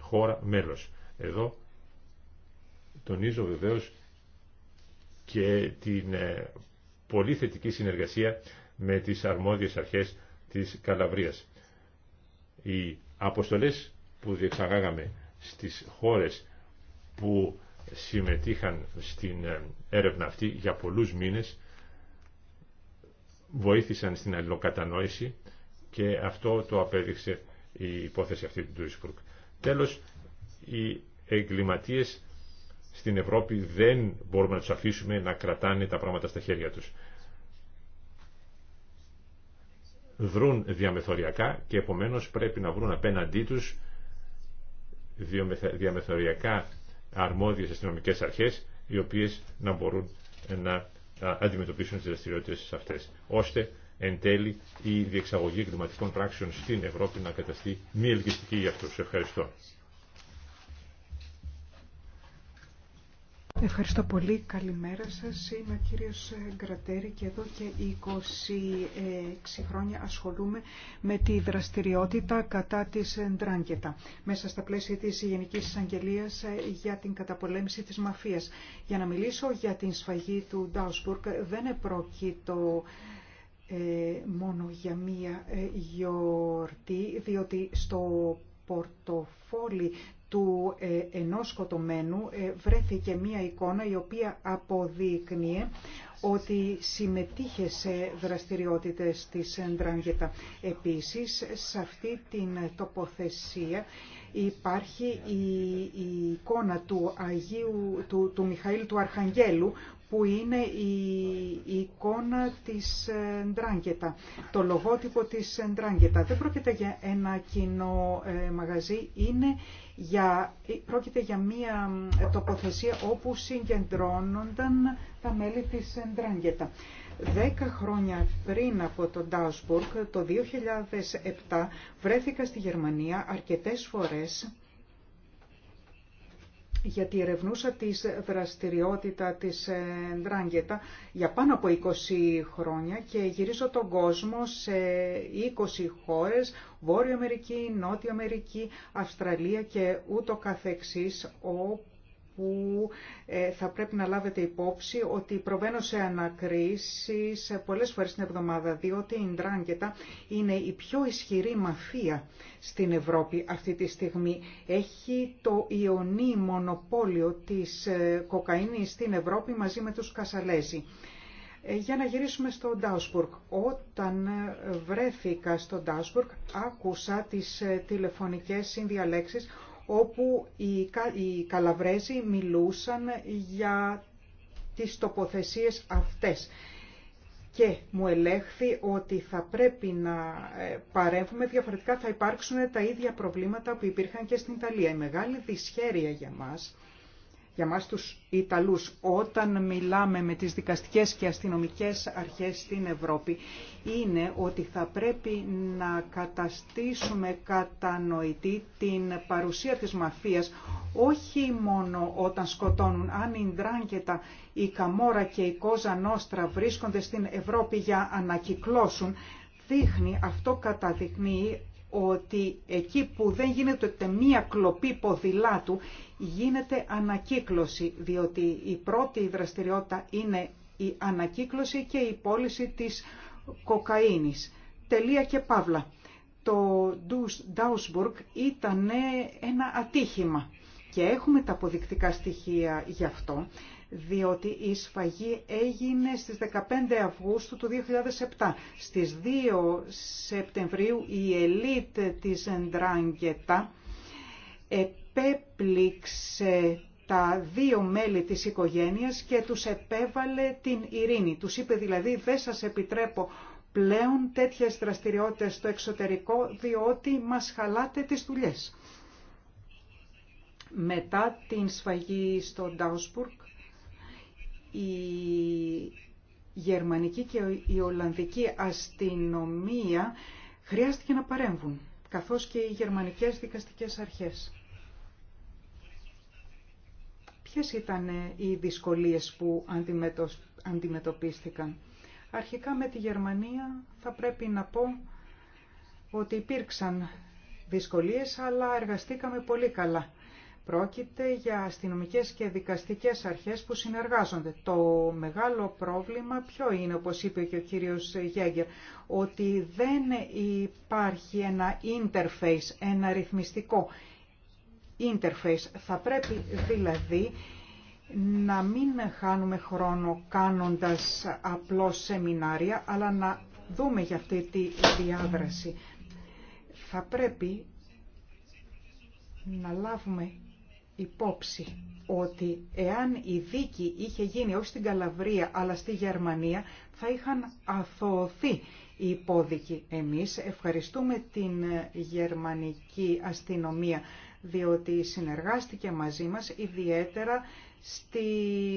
χώρα μέλος. Εδώ τονίζω βεβαίως και την ε, πολύ θετική συνεργασία με τις αρμόδιες αρχές της Καλαβρίας. Οι αποστολές που διεξαγάγαμε στις χώρες που συμμετείχαν στην ε, έρευνα αυτή για πολλούς μήνες βοήθησαν στην αλληλοκατανόηση και αυτό το απέδειξε η υπόθεση αυτή του Duisburg. Τέλος, η εγκληματίες στην Ευρώπη δεν μπορούμε να τους αφήσουμε να κρατάνε τα πράγματα στα χέρια τους. Δρούν διαμεθοριακά και επομένως πρέπει να βρουν απέναντί τους διαμεθοριακά αρμόδιες αστυνομικέ αρχές οι οποίες να μπορούν να αντιμετωπίσουν τις δραστηριότητες αυτές ώστε εν τέλει η διεξαγωγή εγκληματικών πράξεων στην Ευρώπη να καταστεί μη ελκυστική για αυτούς. Ευχαριστώ. Ευχαριστώ πολύ. Καλημέρα σας. Είμαι ο κύριος ε, Γκρατέρη και εδώ και 26 χρόνια ασχολούμαι με τη δραστηριότητα κατά της Ντράγκετα μέσα στα πλαίσια της Γενικής Εισαγγελίας ε, για την καταπολέμηση της μαφίας. Για να μιλήσω για την σφαγή του Ντάουσπουργκ δεν επρόκειτο ε, μόνο για μία γιορτή, διότι στο πορτοφόλι του ε, ενός σκοτωμένου ε, βρέθηκε μία εικόνα η οποία αποδείκνυε ότι συμμετείχε σε δραστηριότητες της Ντράγκετα. Επίσης, σε αυτή την τοποθεσία υπάρχει η, η εικόνα του, Αγίου, του, του Μιχαήλ του Αρχαγγέλου που είναι η εικόνα της ε, Ντράγκετα, το λογότυπο της ε, Ντράγκετα. Δεν πρόκειται για ένα κοινό ε, μαγαζί, είναι για, πρόκειται για μία τοποθεσία όπου συγκεντρώνονταν τα μέλη της Ντράγκετα. Δέκα χρόνια πριν από τον Ντάουσμπουργκ, το 2007, βρέθηκα στη Γερμανία αρκετές φορές γιατί ερευνούσα τη δραστηριότητα της ε, Ντράγκετα για πάνω από 20 χρόνια και γυρίζω τον κόσμο σε 20 χώρες, Βόρειο Αμερική, Νότιο Αμερική, Αυστραλία και ούτω καθεξής, όπου που ε, θα πρέπει να λάβετε υπόψη ότι προβαίνω σε ανακρίσεις πολλές φορές την εβδομάδα, διότι η Ντράγκετα είναι η πιο ισχυρή μαφία στην Ευρώπη αυτή τη στιγμή. Έχει το ιονί μονοπόλιο της ε, κοκαίνης στην Ευρώπη μαζί με τους Ε, Για να γυρίσουμε στο Ντάουσπουργκ. Όταν ε, βρέθηκα στο Ντάουσπουργκ άκουσα τις τηλεφωνικές συνδιαλέξεις όπου οι Καλαβρέζοι μιλούσαν για τις τοποθεσίες αυτές. Και μου ελέγχθη ότι θα πρέπει να ε, παρέμβουμε, διαφορετικά θα υπάρξουν τα ίδια προβλήματα που υπήρχαν και στην Ιταλία. Η μεγάλη δυσχέρεια για μας για μας τους Ιταλούς, όταν μιλάμε με τις δικαστικές και αστυνομικές αρχές στην Ευρώπη, είναι ότι θα πρέπει να καταστήσουμε κατανοητή την παρουσία της μαφίας, όχι μόνο όταν σκοτώνουν, αν η Ντράγκετα, η Καμόρα και η Κόζα Νόστρα βρίσκονται στην Ευρώπη για ανακυκλώσουν, δείχνει, αυτό καταδεικνύει ότι εκεί που δεν γίνεται μία κλοπή ποδηλάτου γίνεται ανακύκλωση, διότι η πρώτη δραστηριότητα είναι η ανακύκλωση και η πώληση της κοκαίνης. Τελεία και παύλα. Το Ντάουσμπουργκ ήταν ένα ατύχημα και έχουμε τα αποδεικτικά στοιχεία γι' αυτό διότι η σφαγή έγινε στις 15 Αυγούστου του 2007. Στις 2 Σεπτεμβρίου η ελίτ της Εντράγκετα επέπληξε τα δύο μέλη της οικογένειας και τους επέβαλε την ειρήνη. Τους είπε δηλαδή δεν σας επιτρέπω πλέον τέτοιες δραστηριότητες στο εξωτερικό διότι μας χαλάτε τις δουλειές. Μετά την σφαγή στο Ντάουσπουργκ η γερμανική και η ολλανδική αστυνομία χρειάστηκε να παρέμβουν, καθώς και οι γερμανικές δικαστικές αρχές. Ποιες ήταν ε, οι δυσκολίες που αντιμετωπίστηκαν. Αρχικά με τη Γερμανία θα πρέπει να πω ότι υπήρξαν δυσκολίες, αλλά εργαστήκαμε πολύ καλά. Πρόκειται για αστυνομικές και δικαστικές αρχές που συνεργάζονται. Το μεγάλο πρόβλημα ποιο είναι, όπως είπε και ο κύριος Γέγκερ, ότι δεν υπάρχει ένα interface, ένα ρυθμιστικό interface. Θα πρέπει δηλαδή να μην χάνουμε χρόνο κάνοντας απλώς σεμινάρια, αλλά να δούμε για αυτή τη διάδραση. Θα πρέπει να λάβουμε υπόψη ότι εάν η δίκη είχε γίνει όχι στην Καλαβρία αλλά στη Γερμανία θα είχαν αθωωθεί οι υπόδικοι. Εμείς ευχαριστούμε την γερμανική αστυνομία διότι συνεργάστηκε μαζί μας ιδιαίτερα στη,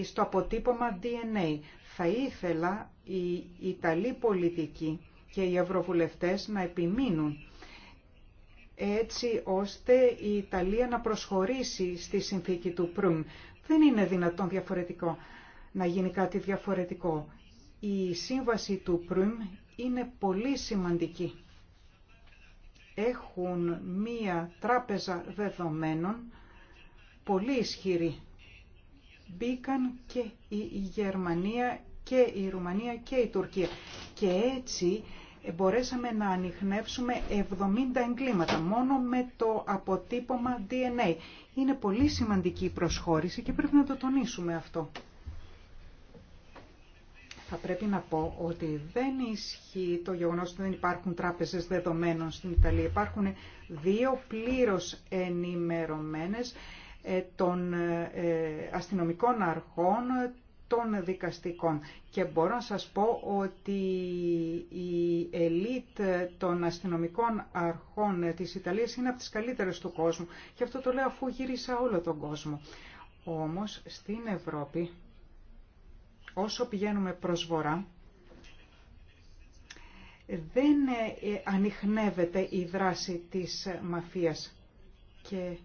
στο αποτύπωμα DNA. Θα ήθελα οι Ιταλοί πολιτικοί και οι Ευρωβουλευτές να επιμείνουν έτσι ώστε η Ιταλία να προσχωρήσει στη συνθήκη του ΠΡΟΥΜ. Δεν είναι δυνατόν διαφορετικό να γίνει κάτι διαφορετικό. Η σύμβαση του ΠΡΟΥΜ είναι πολύ σημαντική. Έχουν μία τράπεζα δεδομένων πολύ ισχυρή. Μπήκαν και η Γερμανία και η Ρουμανία και η Τουρκία. Και έτσι μπορέσαμε να ανοιχνεύσουμε 70 εγκλήματα μόνο με το αποτύπωμα DNA. Είναι πολύ σημαντική η προσχώρηση και πρέπει να το τονίσουμε αυτό. Θα πρέπει να πω ότι δεν ισχύει το γεγονός ότι δεν υπάρχουν τράπεζες δεδομένων στην Ιταλία. Υπάρχουν δύο πλήρως ενημερωμένες ε, των ε, ε, αστυνομικών αρχών, των δικαστικών. Και μπορώ να σας πω ότι η ελίτ των αστυνομικών αρχών της Ιταλίας είναι από τις καλύτερες του κόσμου. Και αυτό το λέω αφού γύρισα όλο τον κόσμο. Όμως στην Ευρώπη, όσο πηγαίνουμε προς βορρά, δεν ε, ανοιχνεύεται η δράση της μαφίας. Και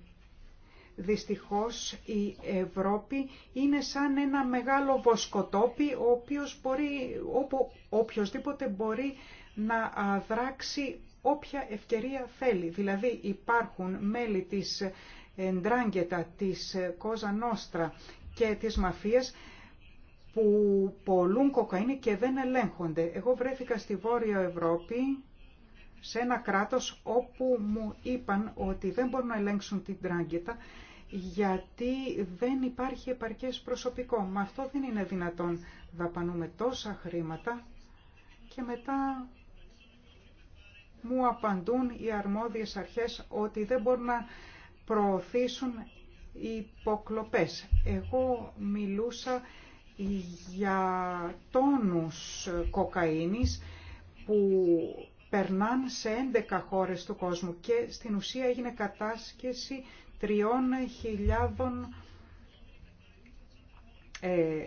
Δυστυχώς η Ευρώπη είναι σαν ένα μεγάλο βοσκοτόπι οποίος μπορεί, όπου οποιοδήποτε μπορεί να δράξει όποια ευκαιρία θέλει. Δηλαδή υπάρχουν μέλη της Ντράγκετα, της Κόζα Νόστρα και της μαφίας που πολλούν κοκαίνη και δεν ελέγχονται. Εγώ βρέθηκα στη Βόρεια Ευρώπη σε ένα κράτος όπου μου είπαν ότι δεν μπορούν να ελέγξουν την τράγκετα γιατί δεν υπάρχει επαρκές προσωπικό. Μα αυτό δεν είναι δυνατόν. Δαπανούμε τόσα χρήματα και μετά μου απαντούν οι αρμόδιες αρχές ότι δεν μπορούν να προωθήσουν υποκλοπές. Εγώ μιλούσα για τόνους κοκαίνης που περνάνε σε 11 χώρες του κόσμου και στην ουσία έγινε κατάσκεση 3.000 ε,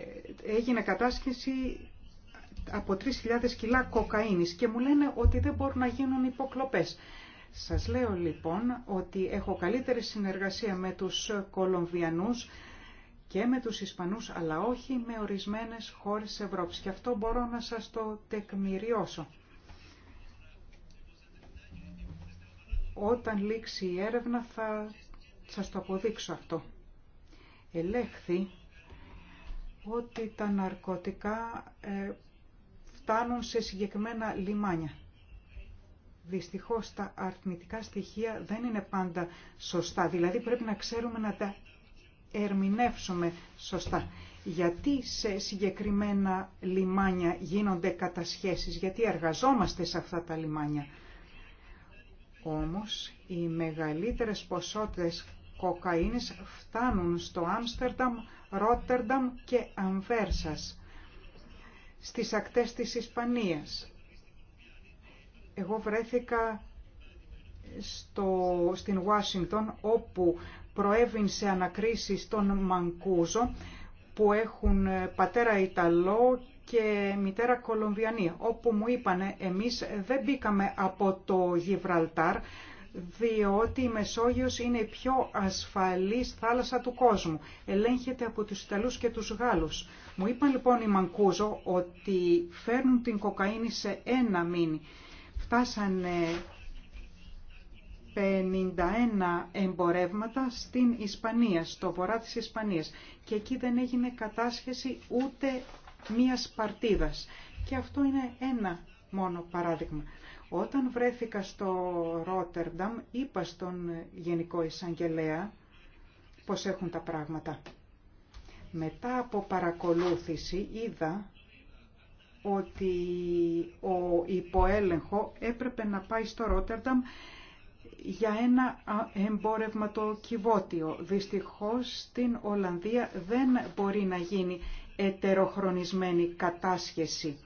έγινε κατάσχεση από 3.000 κιλά κοκαίνης και μου λένε ότι δεν μπορούν να γίνουν υποκλοπές. Σας λέω λοιπόν ότι έχω καλύτερη συνεργασία με τους Κολομβιανούς και με τους Ισπανούς, αλλά όχι με ορισμένες χώρες της Ευρώπης. Και αυτό μπορώ να σας το τεκμηριώσω. Όταν λήξει η έρευνα θα σας το αποδείξω αυτό. Ελέγχθη ότι τα ναρκωτικά ε, φτάνουν σε συγκεκριμένα λιμάνια. Δυστυχώς τα αρνητικά στοιχεία δεν είναι πάντα σωστά, δηλαδή πρέπει να ξέρουμε να τα ερμηνεύσουμε σωστά. Γιατί σε συγκεκριμένα λιμάνια γίνονται κατασχέσεις, γιατί εργαζόμαστε σε αυτά τα λιμάνια. Όμως οι μεγαλύτερες ποσότητες κοκαΐνης φτάνουν στο Άμστερνταμ, Ρότερνταμ και Αμβέρσας, στις ακτές της Ισπανίας. Εγώ βρέθηκα στο, στην Ουάσιγκτον όπου προέβην σε ανακρίσεις των Μανκούζο που έχουν ε, πατέρα Ιταλό και μητέρα Κολομβιανή, όπου μου είπανε εμείς δεν μπήκαμε από το Γιβραλτάρ, διότι η Μεσόγειος είναι η πιο ασφαλής θάλασσα του κόσμου. Ελέγχεται από τους Ιταλούς και τους Γάλλους. Μου είπαν λοιπόν οι Μανκούζο ότι φέρνουν την κοκαίνη σε ένα μήνυ. Φτάσανε 51 εμπορεύματα στην Ισπανία, στο βορρά της Ισπανίας. Και εκεί δεν έγινε κατάσχεση ούτε μίας παρτίδας. Και αυτό είναι ένα μόνο παράδειγμα. Όταν βρέθηκα στο Ρότερνταμ είπα στον Γενικό Εισαγγελέα πώς έχουν τα πράγματα. Μετά από παρακολούθηση είδα ότι ο υποέλεγχο έπρεπε να πάει στο Ρότερνταμ για ένα εμπόρευμα το κυβότιο. Δυστυχώς στην Ολλανδία δεν μπορεί να γίνει ετεροχρονισμένη κατάσχεση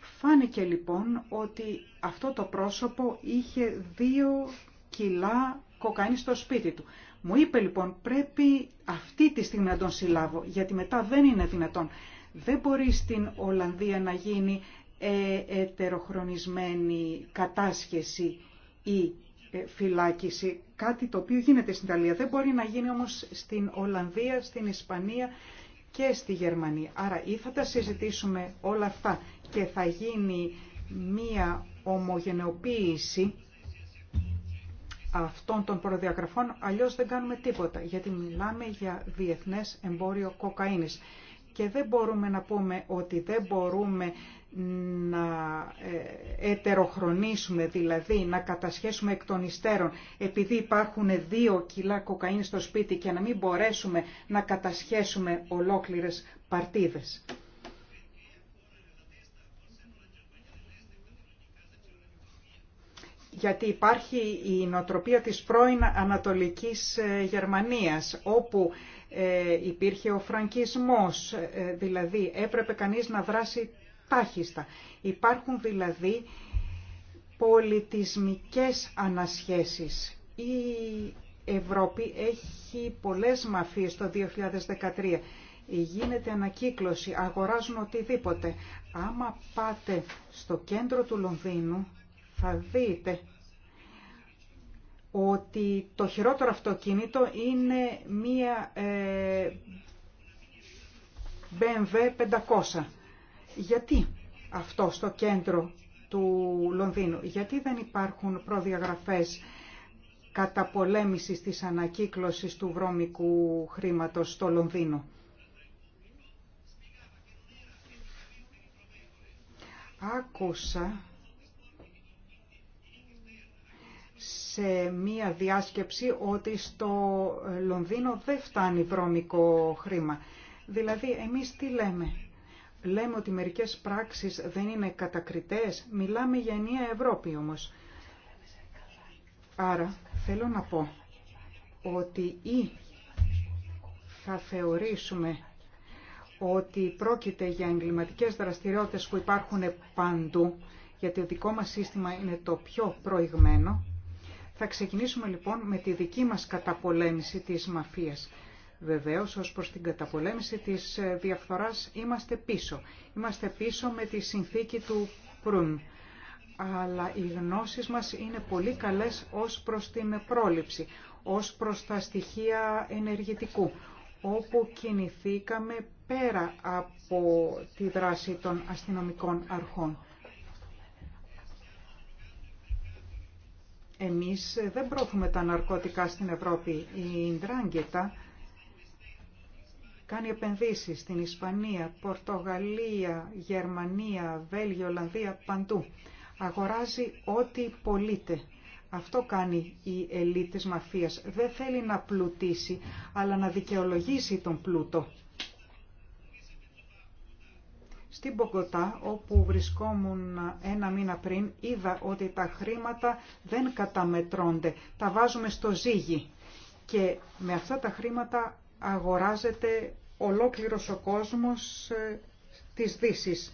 Φάνηκε λοιπόν ότι αυτό το πρόσωπο είχε δύο κιλά κοκαίνη στο σπίτι του. Μου είπε λοιπόν πρέπει αυτή τη στιγμή να τον συλλάβω γιατί μετά δεν είναι δυνατόν. Δεν μπορεί στην Ολλανδία να γίνει ε, ετεροχρονισμένη κατάσχεση ή ε, φυλάκιση, κάτι το οποίο γίνεται στην Ιταλία. Δεν μπορεί να γίνει όμως στην Ολλανδία, στην Ισπανία και στη Γερμανία. Άρα ή θα τα συζητήσουμε όλα αυτά και θα γίνει μία ομογενοποίηση αυτών των προδιαγραφών, αλλιώς δεν κάνουμε τίποτα, γιατί μιλάμε για διεθνές εμπόριο κοκαίνης. Και δεν μπορούμε να πούμε ότι δεν μπορούμε να ε, ετεροχρονίσουμε, δηλαδή να κατασχέσουμε εκ των υστέρων, επειδή υπάρχουν δύο κιλά κοκαΐνης στο σπίτι και να μην μπορέσουμε να κατασχέσουμε ολόκληρες παρτίδες. γιατί υπάρχει η νοτροπία της πρώην Ανατολικής ε, Γερμανίας, όπου ε, υπήρχε ο φραγκισμός, ε, δηλαδή έπρεπε κανείς να δράσει τάχιστα. Υπάρχουν δηλαδή πολιτισμικές ανασχέσεις. Η Ευρώπη έχει πολλές μαφίες το 2013. Γίνεται ανακύκλωση, αγοράζουν οτιδήποτε. Άμα πάτε στο κέντρο του Λονδίνου, θα δείτε ότι το χειρότερο αυτοκίνητο είναι μία BMW ε, 500. Γιατί αυτό στο κέντρο του Λονδίνου, γιατί δεν υπάρχουν προδιαγραφές καταπολέμησης της ανακύκλωσης του βρώμικου χρήματος στο Λονδίνο. Άκουσα σε μία διάσκεψη ότι στο Λονδίνο δεν φτάνει βρώμικο χρήμα. Δηλαδή, εμείς τι λέμε. Λέμε ότι μερικές πράξεις δεν είναι κατακριτές. Μιλάμε για ενία Ευρώπη όμως. Άρα, θέλω να πω ότι ή θα θεωρήσουμε ότι πρόκειται για εγκληματικές δραστηριότητες που υπάρχουν παντού, γιατί το δικό μας σύστημα είναι το πιο προηγμένο, θα ξεκινήσουμε λοιπόν με τη δική μας καταπολέμηση της μαφίας. Βεβαίως, ως προς την καταπολέμηση της ε, διαφθοράς είμαστε πίσω. Είμαστε πίσω με τη συνθήκη του Προυν. Αλλά οι γνώσεις μας είναι πολύ καλές ως προς την πρόληψη, ως προς τα στοιχεία ενεργητικού, όπου κινηθήκαμε πέρα από τη δράση των αστυνομικών αρχών. Εμείς δεν πρόθουμε τα ναρκωτικά στην Ευρώπη. Η Ντράγκετα κάνει επενδύσεις στην Ισπανία, Πορτογαλία, Γερμανία, Βέλγιο, Ολλανδία, παντού. Αγοράζει ό,τι πωλείται. Αυτό κάνει η ελίτ της μαφίας. Δεν θέλει να πλουτίσει, αλλά να δικαιολογήσει τον πλούτο. Στην Ποκοτά όπου βρισκόμουν ένα μήνα πριν, είδα ότι τα χρήματα δεν καταμετρώνται. Τα βάζουμε στο ζύγι και με αυτά τα χρήματα αγοράζεται ολόκληρος ο κόσμος ε, της Δύσης.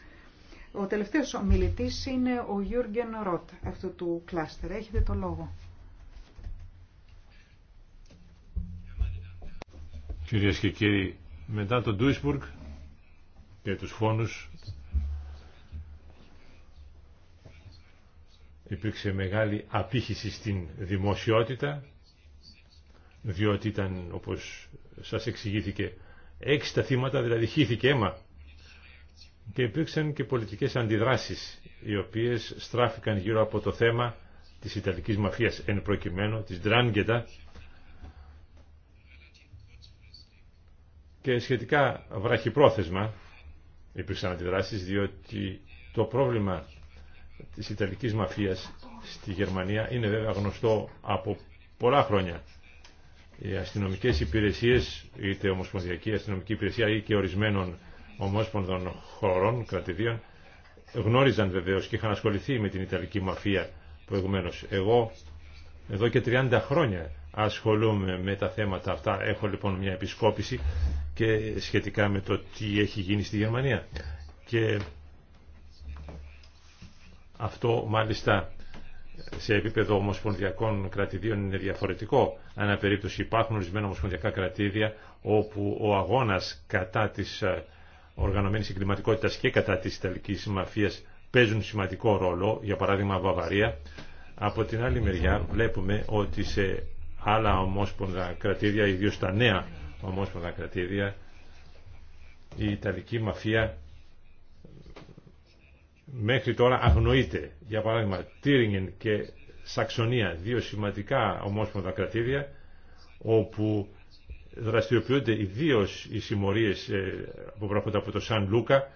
Ο τελευταίος ομιλητής είναι ο Γιούργεν Ροτ αυτού του κλάστερ. Έχετε το λόγο. Κυρίες και κύριοι, μετά το Duisburg και τους φόνους υπήρξε μεγάλη απήχηση στην δημοσιότητα διότι ήταν όπως σας εξηγήθηκε έξι τα θύματα δηλαδή χύθηκε αίμα και υπήρξαν και πολιτικές αντιδράσεις οι οποίες στράφηκαν γύρω από το θέμα της Ιταλικής μαφίας εν προκειμένου, της Ντράνγκετα και σχετικά βραχυπρόθεσμα υπήρξαν αντιδράσεις διότι το πρόβλημα της Ιταλικής μαφίας στη Γερμανία είναι βέβαια γνωστό από πολλά χρόνια. Οι αστυνομικές υπηρεσίες, είτε ομοσπονδιακή αστυνομική υπηρεσία ή και ορισμένων ομόσπονδων χωρών, κρατηδίων, γνώριζαν βεβαίω και είχαν ασχοληθεί με την Ιταλική μαφία προηγουμένω. Εγώ εδώ και 30 χρόνια ασχολούμαι με τα θέματα αυτά. Έχω λοιπόν μια επισκόπηση και σχετικά με το τι έχει γίνει στη Γερμανία. Και αυτό μάλιστα σε επίπεδο ομοσπονδιακών κρατηδίων είναι διαφορετικό. Ανά περίπτωση υπάρχουν ορισμένα ομοσπονδιακά κρατήδια όπου ο αγώνας κατά της ε, οργανωμένης εγκληματικότητας και κατά της Ιταλικής μαφίας παίζουν σημαντικό ρόλο, για παράδειγμα Βαβαρία. Από την άλλη μεριά βλέπουμε ότι σε άλλα ομόσπονδα κρατήδια, ιδίως τα νέα ομόσπονδα κρατήδια, η Ιταλική μαφία μέχρι τώρα αγνοείται. Για παράδειγμα, Τίριγεν και Σαξονία, δύο σημαντικά ομόσπονα κρατήδια, όπου δραστηριοποιούνται ιδίω οι συμμορίε ε, που προέρχονται από το Σαν Λούκα,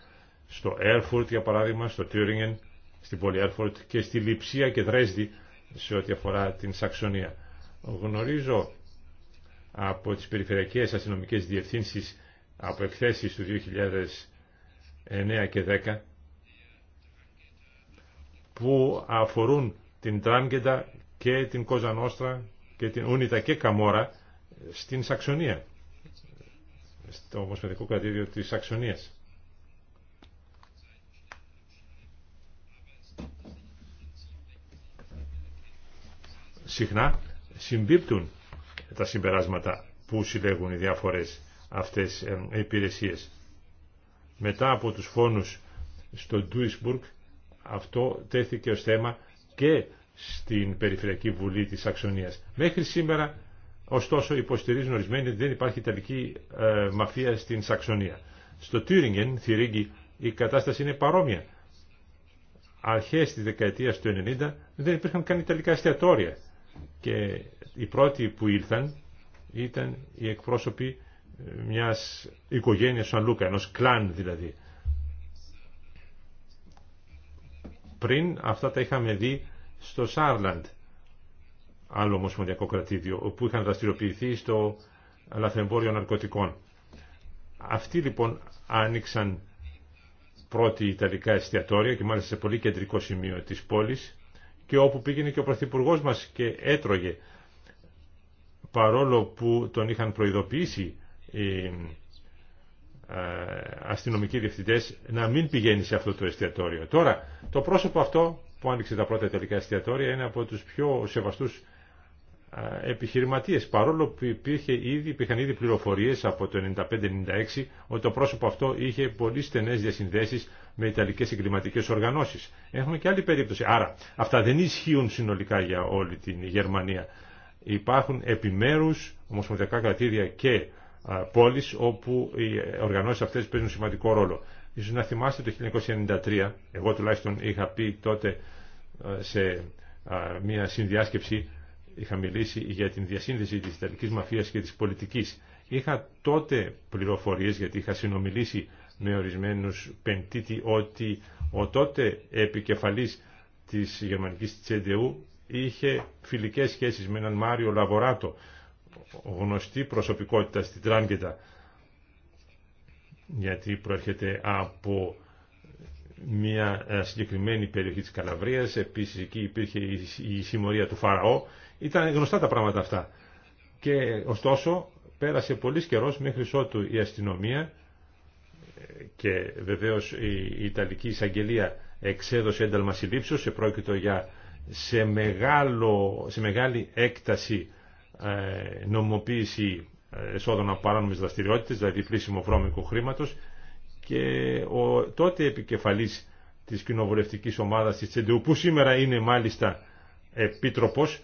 στο Έρφουρτ για παράδειγμα, στο Τίριγγεν στην πόλη Έρφουρτ και στη Λιψία και Δρέσδη σε ό,τι αφορά την Σαξονία. Γνωρίζω από τις περιφερειακές αστυνομικές διευθύνσεις από εκθέσεις του 2009 και 10 που αφορούν την Τράγκεντα και την Κοζανόστρα και την Ούνιτα και Καμόρα στην Σαξονία στο Ομοσπονδιακό Κρατήριο της Σαξονίας. Συχνά συμπίπτουν τα συμπεράσματα που συλλέγουν οι διάφορες αυτές οι ε, υπηρεσίες. Μετά από τους φόνους στο Duisburg αυτό τέθηκε ως θέμα και στην Περιφερειακή Βουλή της Αξονίας. Μέχρι σήμερα, ωστόσο, υποστηρίζουν ορισμένοι ότι δεν υπάρχει ιταλική ε, μαφία στην Σαξονία. Στο Τύριγγεν, Θηρίγγι, η κατάσταση είναι παρόμοια. Αρχές της δεκαετίας του 90 δεν υπήρχαν καν ιταλικά εστιατόρια και οι πρώτοι που ήλθαν ήταν οι εκπρόσωποι ε, μιας οικογένειας Σαν Λούκα, ενός κλάν δηλαδή. Πριν αυτά τα είχαμε δει στο Σάρλαντ, άλλο ομοσπονδιακό κρατήδιο, όπου είχαν δραστηριοποιηθεί στο λαθρεμπόριο ναρκωτικών. Αυτοί λοιπόν άνοιξαν πρώτη Ιταλικά εστιατόρια και μάλιστα σε πολύ κεντρικό σημείο της πόλης και όπου πήγαινε και ο πρωθυπουργός μας και έτρωγε παρόλο που τον είχαν προειδοποιήσει οι ε, αστυνομικοί διευθυντές να μην πηγαίνει σε αυτό το εστιατόριο. Τώρα, το πρόσωπο αυτό που άνοιξε τα πρώτα τελικά εστιατόρια είναι από τους πιο σεβαστούς ε, επιχειρηματίες παρόλο που υπήρχε ήδη, υπήρχαν ήδη πληροφορίες από το 1995 96 ότι το πρόσωπο αυτό είχε πολύ στενές διασυνδέσεις με ιταλικές εγκληματικές οργανώσεις. Έχουμε και άλλη περίπτωση. Άρα αυτά δεν ισχύουν συνολικά για όλη την Γερμανία υπάρχουν επιμέρους ομοσπονδιακά κρατήρια και πόλεις όπου οι οργανώσεις αυτές παίζουν σημαντικό ρόλο. Ίσως να θυμάστε το 1993, εγώ τουλάχιστον είχα πει τότε σε μια συνδιάσκεψη, είχα μιλήσει για την διασύνδεση της Ιταλικής Μαφίας και της πολιτικής. Είχα τότε πληροφορίες, γιατί είχα συνομιλήσει με ορισμένους πεντήτη, ότι ο τότε επικεφαλής της γερμανικής Τσεντεού είχε φιλικές σχέσεις με έναν Μάριο Λαβοράτο, γνωστή προσωπικότητα στην Τράγκετα, γιατί προέρχεται από μια ε, συγκεκριμένη περιοχή της Καλαβρίας, επίσης εκεί υπήρχε η συμμορία του Φαραώ, ήταν γνωστά τα πράγματα αυτά. Και ωστόσο πέρασε πολύ καιρό μέχρι ότου η αστυνομία και βεβαίως η Ιταλική εισαγγελία εξέδωσε ένταλμα συλλήψεως, επρόκειτο για σε, μεγάλο, σε μεγάλη έκταση ε, νομοποίηση ε, εσόδων από παράνομες δραστηριότητες, δηλαδή πλήσιμο βρώμικου χρήματος και ο τότε επικεφαλής της κοινοβουλευτικής ομάδας της Τσεντεού, που σήμερα είναι μάλιστα επίτροπος,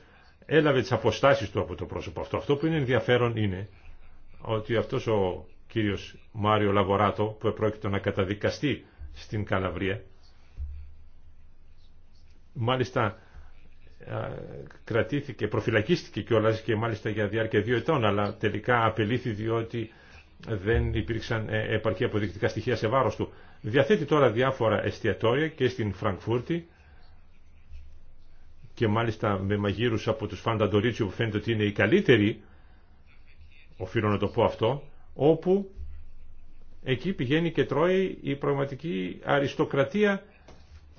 έλαβε τις αποστάσεις του από το πρόσωπο αυτό. Αυτό που είναι ενδιαφέρον είναι ότι αυτός ο κύριος Μάριο Λαβοράτο, που επρόκειτο να καταδικαστεί στην Καλαβρία, μάλιστα κρατήθηκε, προφυλακίστηκε κιόλα και μάλιστα για διάρκεια δύο ετών, αλλά τελικά απελήθη διότι δεν υπήρξαν ε, επαρκή αποδεικτικά στοιχεία σε βάρος του. Διαθέτει τώρα διάφορα εστιατόρια και στην Φραγκφούρτη και μάλιστα με μαγείρους από τους Φάντα που φαίνεται ότι είναι οι καλύτεροι, οφείλω να το πω αυτό, όπου εκεί πηγαίνει και τρώει η πραγματική αριστοκρατία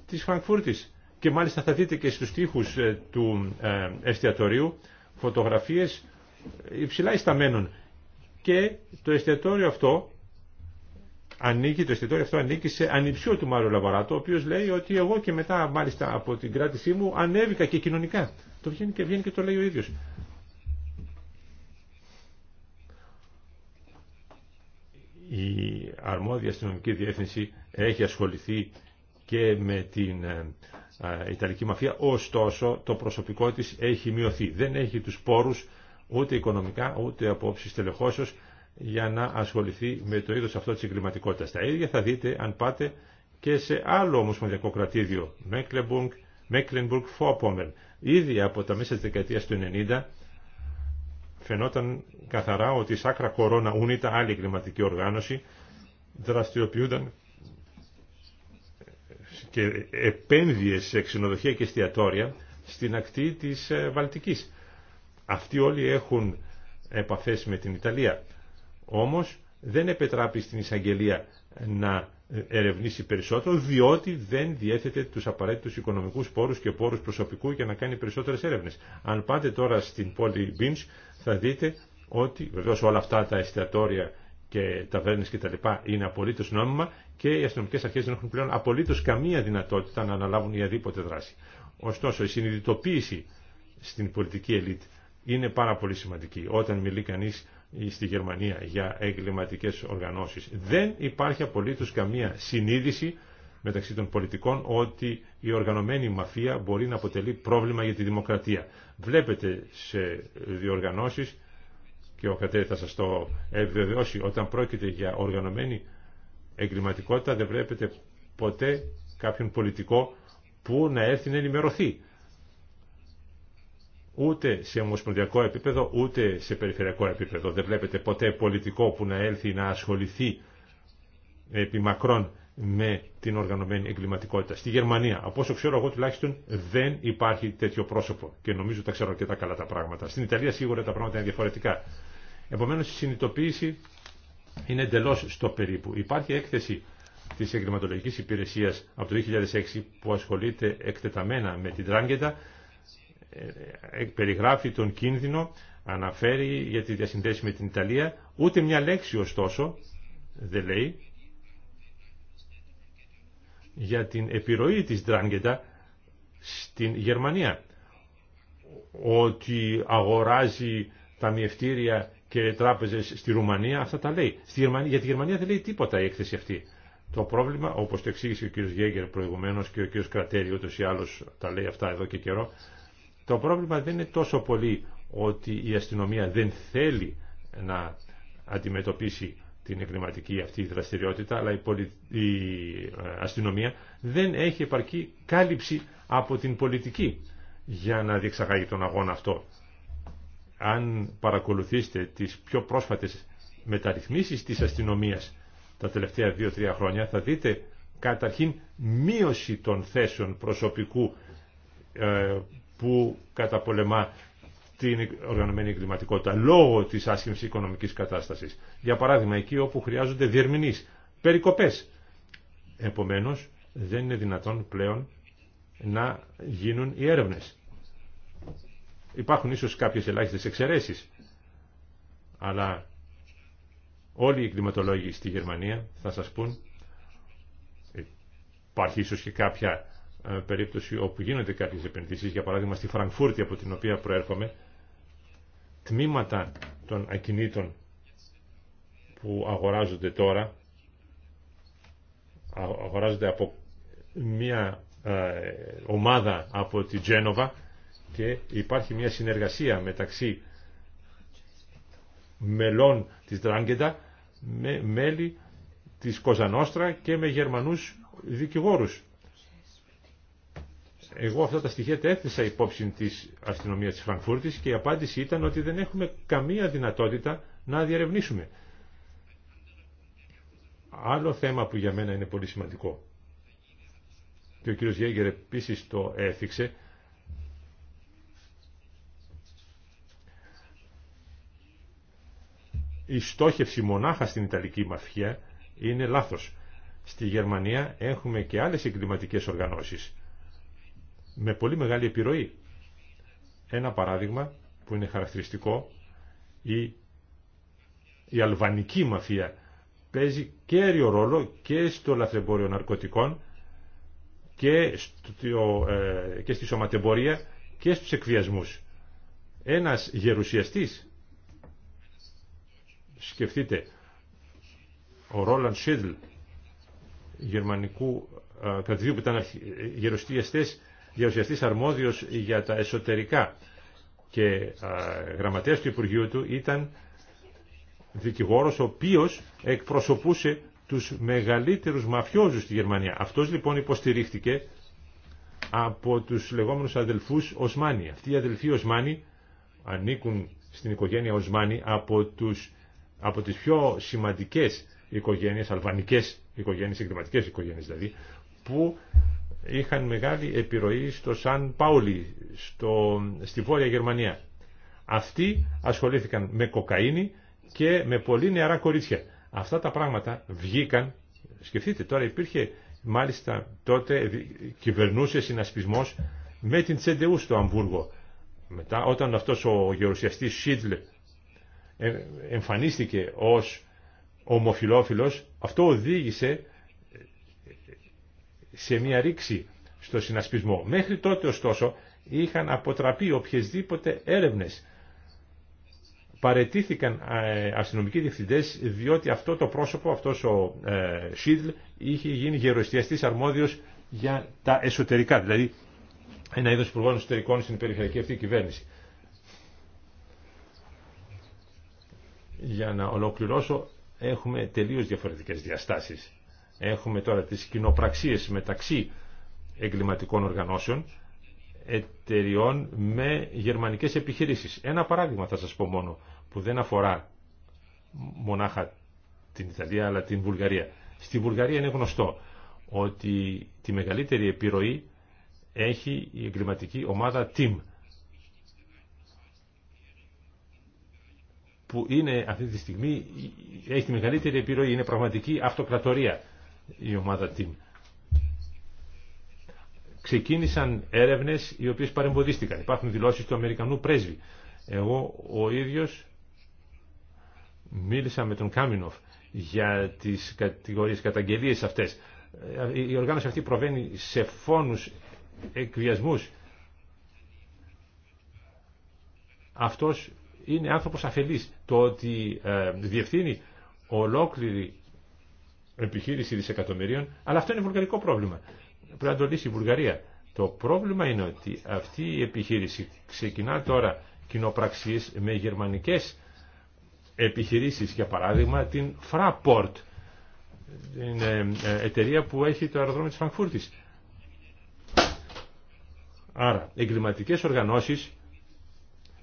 της Φραγκφούρτης και μάλιστα θα δείτε και στους τοίχους ε, του ε, εστιατορίου φωτογραφίες ε, υψηλά ισταμένων και το εστιατόριο αυτό ανήκει, το εστιατόριο αυτό ανήκει σε ανιψιό του Μάριο Λαβαράτο, ο οποίος λέει ότι εγώ και μετά μάλιστα από την κράτησή μου ανέβηκα και κοινωνικά. Το βγαίνει και βγαίνει και το λέει ο ίδιος. Η αρμόδια αστυνομική διεύθυνση έχει ασχοληθεί και με την Ιταλική μαφία, ωστόσο το προσωπικό της έχει μειωθεί. Δεν έχει τους πόρους ούτε οικονομικά ούτε απόψεις τελεχώσεως για να ασχοληθεί με το είδος αυτό της εγκληματικότητας. Τα ίδια θα δείτε αν πάτε και σε άλλο ομοσπονδιακό κρατήδιο, Mecklenburg, Mecklenburg Ήδη από τα μέσα της δεκαετίας του 90 φαινόταν καθαρά ότι η Σάκρα Κορώνα Ούνιτα, άλλη εγκληματική οργάνωση, δραστηριοποιούνταν και επένδυε σε ξενοδοχεία και εστιατόρια στην ακτή της ε, Βαλτικής. Αυτοί όλοι έχουν επαφές με την Ιταλία. Όμως δεν επετράπει στην εισαγγελία να ε, ερευνήσει περισσότερο διότι δεν διέθετε τους απαραίτητους οικονομικούς πόρους και πόρους προσωπικού για να κάνει περισσότερες έρευνες. Αν πάτε τώρα στην πόλη Μπίνς θα δείτε ότι βεβαίω όλα αυτά τα εστιατόρια και ταβέρνε κτλ. είναι απολύτω νόμιμα και οι αστυνομικέ αρχέ δεν έχουν πλέον απολύτω καμία δυνατότητα να αναλάβουν οποιαδήποτε δράση. Ωστόσο, η συνειδητοποίηση στην πολιτική ελίτ είναι πάρα πολύ σημαντική. Όταν μιλεί κανεί στη Γερμανία για εγκληματικέ οργανώσει, δεν υπάρχει απολύτω καμία συνείδηση μεταξύ των πολιτικών ότι η οργανωμένη μαφία μπορεί να αποτελεί πρόβλημα για τη δημοκρατία. Βλέπετε σε διοργανώσεις και ο Κατέρη θα σας το επιβεβαιώσει, όταν πρόκειται για οργανωμένη εγκληματικότητα δεν βλέπετε ποτέ κάποιον πολιτικό που να έρθει να ενημερωθεί. Ούτε σε ομοσπονδιακό επίπεδο, ούτε σε περιφερειακό επίπεδο. Δεν βλέπετε ποτέ πολιτικό που να έρθει να ασχοληθεί επί μακρόν με την οργανωμένη εγκληματικότητα. Στη Γερμανία, από όσο ξέρω εγώ τουλάχιστον, δεν υπάρχει τέτοιο πρόσωπο και νομίζω τα ξέρω αρκετά καλά τα πράγματα. Στην Ιταλία σίγουρα τα πράγματα είναι διαφορετικά. Επομένω, η συνειδητοποίηση είναι εντελώ στο περίπου. Υπάρχει έκθεση τη Εγκληματολογική Υπηρεσία από το 2006 που ασχολείται εκτεταμένα με την Τράγκετα. Ε, ε, περιγράφει τον κίνδυνο, αναφέρει για τη διασυνδέση με την Ιταλία. Ούτε μια λέξη ωστόσο δεν λέει για την επιρροή της δράγκετα στην Γερμανία. Ότι αγοράζει τα ταμιευτήρια και τράπεζες στη Ρουμανία, αυτά τα λέει. Στη Γερμανία, για τη Γερμανία δεν λέει τίποτα η έκθεση αυτή. Το πρόβλημα, όπως το εξήγησε ο κ. Γέγκερ προηγουμένως και ο κ. Κρατέρη ούτως ή άλλως τα λέει αυτά εδώ και καιρό, το πρόβλημα δεν είναι τόσο πολύ ότι η αστυνομία δεν θέλει να αντιμετωπίσει την εγκληματική αυτή δραστηριότητα, αλλά η, ε, αστυνομία δεν έχει επαρκή κάλυψη από την πολιτική για να διεξαγάγει τον αγώνα αυτό. Αν παρακολουθήσετε τις πιο πρόσφατες μεταρρυθμίσεις της αστυνομίας τα τελευταια δυο δύο-τρία χρόνια, θα δείτε καταρχήν μείωση των θέσεων προσωπικού ε, που καταπολεμά την οργανωμένη εγκληματικότητα λόγω της άσχημης οικονομικής κατάστασης. Για παράδειγμα, εκεί όπου χρειάζονται διερμηνείς, περικοπές. Επομένως, δεν είναι δυνατόν πλέον να γίνουν οι έρευνες. Υπάρχουν ίσως κάποιες ελάχιστες εξαιρέσεις, αλλά όλοι οι εγκληματολόγοι στη Γερμανία θα σας πούν υπάρχει ίσως και κάποια ε, περίπτωση όπου γίνονται κάποιες επενδύσεις, για παράδειγμα στη Φραγκφούρτη από την οποία προέρχομαι, τμήματα των ακινήτων που αγοράζονται τώρα αγοράζονται από μια ε, ομάδα από τη Τζένοβα και υπάρχει μια συνεργασία μεταξύ μελών της Δράγκεντα με μέλη της Κοζανόστρα και με Γερμανούς δικηγόρους. Εγώ αυτά τα στοιχεία τα έθεσα υπόψη της αστυνομίας της Φραγκφούρτης και η απάντηση ήταν ότι δεν έχουμε καμία δυνατότητα να διαρευνήσουμε. Άλλο θέμα που για μένα είναι πολύ σημαντικό και ο κύριος Γέγκερ επίσης το έθιξε η στόχευση μονάχα στην Ιταλική μαφία είναι λάθος. Στη Γερμανία έχουμε και άλλες εγκληματικές οργανώσεις με πολύ μεγάλη επιρροή. Ένα παράδειγμα που είναι χαρακτηριστικό, η, η αλβανική μαφία παίζει κέριο ρόλο και στο λαθρεμπόριο ναρκωτικών και, στο, ε, και στη σωματεμπορία και στους εκβιασμούς. Ένας γερουσιαστής, σκεφτείτε, ο Ρόλαν Σίδλ, γερμανικού ε, κρατηδίου που ήταν γερουσιαστές Διαουσιαστή αρμόδιος για τα εσωτερικά και γραμματέας του Υπουργείου του ήταν δικηγόρος ο οποίος εκπροσωπούσε τους μεγαλύτερους μαφιόζους στη Γερμανία. Αυτός λοιπόν υποστηρίχτηκε από τους λεγόμενους αδελφούς Οσμάνι. Αυτοί οι αδελφοί Οσμάνι ανήκουν στην οικογένεια Οσμάνι από, τους, από τις πιο σημαντικές οικογένειες, αλβανικές οικογένειες, εγκληματικές οικογένειες δηλαδή, που είχαν μεγάλη επιρροή στο Σαν Πάουλι, στο, στη Βόρεια Γερμανία. Αυτοί ασχολήθηκαν με κοκαίνη και με πολύ νεαρά κορίτσια. Αυτά τα πράγματα βγήκαν, σκεφτείτε τώρα υπήρχε μάλιστα τότε κυβερνούσε συνασπισμός με την Τσεντεού στο Αμβούργο. Μετά όταν αυτός ο γερουσιαστής Σίτλ ε, εμφανίστηκε ως ομοφιλόφιλος, αυτό οδήγησε σε μια ρήξη στο συνασπισμό. Μέχρι τότε ωστόσο είχαν αποτραπεί οποιασδήποτε έρευνες. Παρετήθηκαν ε, αστυνομικοί διευθυντές διότι αυτό το πρόσωπο, αυτός ο ε, Σίδλ, είχε γίνει γεροστιαστής αρμόδιος για τα εσωτερικά, δηλαδή ένα είδος υπουργών εσωτερικών στην περιφερειακή αυτή κυβέρνηση. Για να ολοκληρώσω, έχουμε τελείως διαφορετικές διαστάσεις Έχουμε τώρα τις κοινοπραξίες μεταξύ εγκληματικών οργανώσεων, εταιριών με γερμανικές επιχειρήσεις. Ένα παράδειγμα θα σας πω μόνο, που δεν αφορά μονάχα την Ιταλία αλλά την Βουλγαρία. Στη Βουλγαρία είναι γνωστό ότι τη μεγαλύτερη επιρροή έχει η εγκληματική ομάδα TIM που είναι αυτή τη στιγμή έχει τη μεγαλύτερη επιρροή, είναι πραγματική αυτοκρατορία η ομάδα Team. Ξεκίνησαν έρευνες οι οποίες παρεμποδίστηκαν. Υπάρχουν δηλώσεις του Αμερικανού πρέσβη. Εγώ ο ίδιος μίλησα με τον Κάμινοφ για τις κατηγορίες καταγγελίες αυτές. Ε, η οργάνωση αυτή προβαίνει σε φόνους εκβιασμούς. Αυτός είναι άνθρωπος αφελής. Το ότι ε, διευθύνει ολόκληρη επιχείρηση δισεκατομμυρίων, αλλά αυτό είναι βουλγαρικό πρόβλημα. Πρέπει να το λύσει η Βουλγαρία. Το πρόβλημα είναι ότι αυτή η επιχείρηση ξεκινά τώρα κοινοπραξίες με γερμανικές επιχειρήσεις, για παράδειγμα την Fraport, την ε, ε, εταιρεία που έχει το αεροδρόμιο της Φραγκφούρτης. Άρα, εγκληματικές οργανώσεις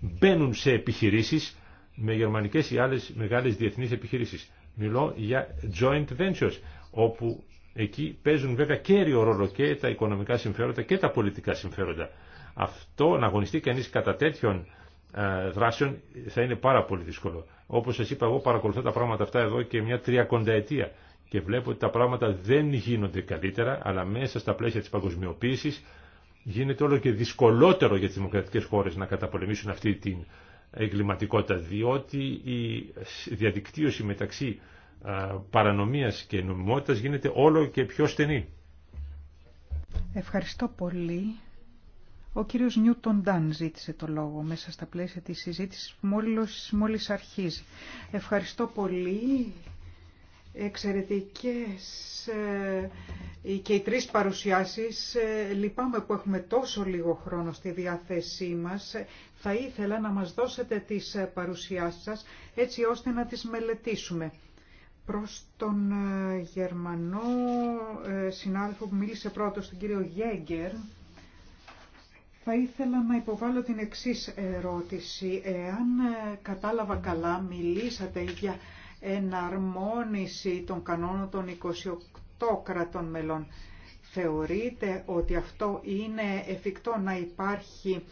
μπαίνουν σε επιχειρήσεις με γερμανικές ή άλλες μεγάλες διεθνείς επιχειρήσεις. Μιλώ για joint ventures, όπου εκεί παίζουν βέβαια κέριο ρόλο και τα οικονομικά συμφέροντα και τα πολιτικά συμφέροντα. Αυτό να αγωνιστεί κανείς κατά τέτοιων ε, δράσεων θα είναι πάρα πολύ δύσκολο. Όπως σας είπα εγώ παρακολουθώ τα πράγματα αυτά εδώ και μια τριακονταετία και βλέπω ότι τα πράγματα δεν γίνονται καλύτερα αλλά μέσα στα πλαίσια της παγκοσμιοποίησης γίνεται όλο και δυσκολότερο για τις δημοκρατικές χώρες να καταπολεμήσουν αυτή την εγκληματικότητα, διότι η διαδικτύωση μεταξύ παρανομίας και νομιμότητας γίνεται όλο και πιο στενή. Ευχαριστώ πολύ. Ο κύριος Νιούτον Ντάν ζήτησε το λόγο μέσα στα πλαίσια της συζήτησης μόλις, μόλις αρχίζει. Ευχαριστώ πολύ. Εξαιρετικές ε, και οι τρεις παρουσιάσεις. Ε, λυπάμαι που έχουμε τόσο λίγο χρόνο στη διάθεσή μας. Θα ήθελα να μας δώσετε τις ε, παρουσιάσεις σας έτσι ώστε να τις μελετήσουμε. Προς τον ε, Γερμανό ε, συνάδελφο που μίλησε πρώτος, τον κύριο Γέγκερ, θα ήθελα να υποβάλω την εξής ερώτηση. Εάν κατάλαβα καλά, μιλήσατε για εναρμόνιση των κανόνων των 28 κρατών μελών. Θεωρείτε ότι αυτό είναι εφικτό να υπάρχει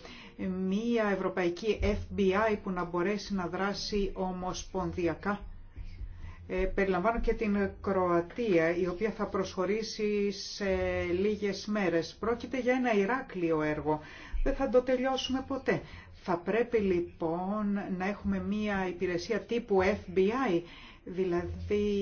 μία ευρωπαϊκή FBI που να μπορέσει να δράσει ομοσπονδιακά. Ε, περιλαμβάνω και την Κροατία, η οποία θα προσχωρήσει σε λίγες μέρες. Πρόκειται για ένα Ηράκλειο έργο. Δεν θα το τελειώσουμε ποτέ. Θα πρέπει λοιπόν να έχουμε μία υπηρεσία τύπου FBI, δηλαδή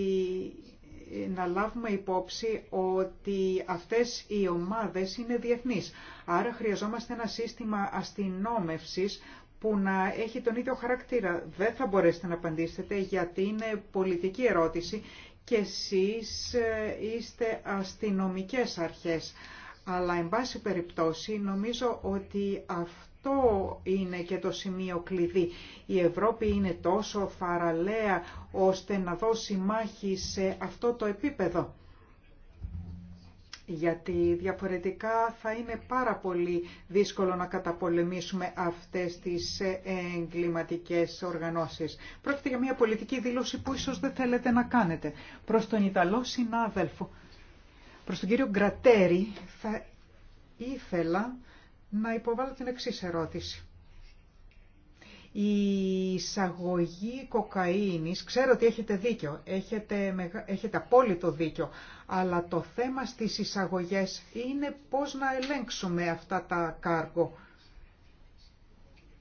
να λάβουμε υπόψη ότι αυτές οι ομάδες είναι διεθνείς. Άρα χρειαζόμαστε ένα σύστημα αστυνόμευσης που να έχει τον ίδιο χαρακτήρα. Δεν θα μπορέσετε να απαντήσετε γιατί είναι πολιτική ερώτηση και εσείς ε, είστε αστυνομικές αρχές. Αλλά, εν πάση περιπτώσει, νομίζω ότι αυτό αυτό είναι και το σημείο κλειδί. Η Ευρώπη είναι τόσο φαραλέα ώστε να δώσει μάχη σε αυτό το επίπεδο. Γιατί διαφορετικά θα είναι πάρα πολύ δύσκολο να καταπολεμήσουμε αυτές τις εγκληματικές οργανώσεις. Πρόκειται για μια πολιτική δήλωση που ίσως δεν θέλετε να κάνετε. Προς τον Ιταλό συνάδελφο, προς τον κύριο Γκρατέρη, θα ήθελα να υποβάλω την εξή ερώτηση. Η εισαγωγή κοκαΐνης, ξέρω ότι έχετε δίκιο, έχετε, έχετε απόλυτο δίκιο, αλλά το θέμα στις εισαγωγές είναι πώς να ελέγξουμε αυτά τα κάργο.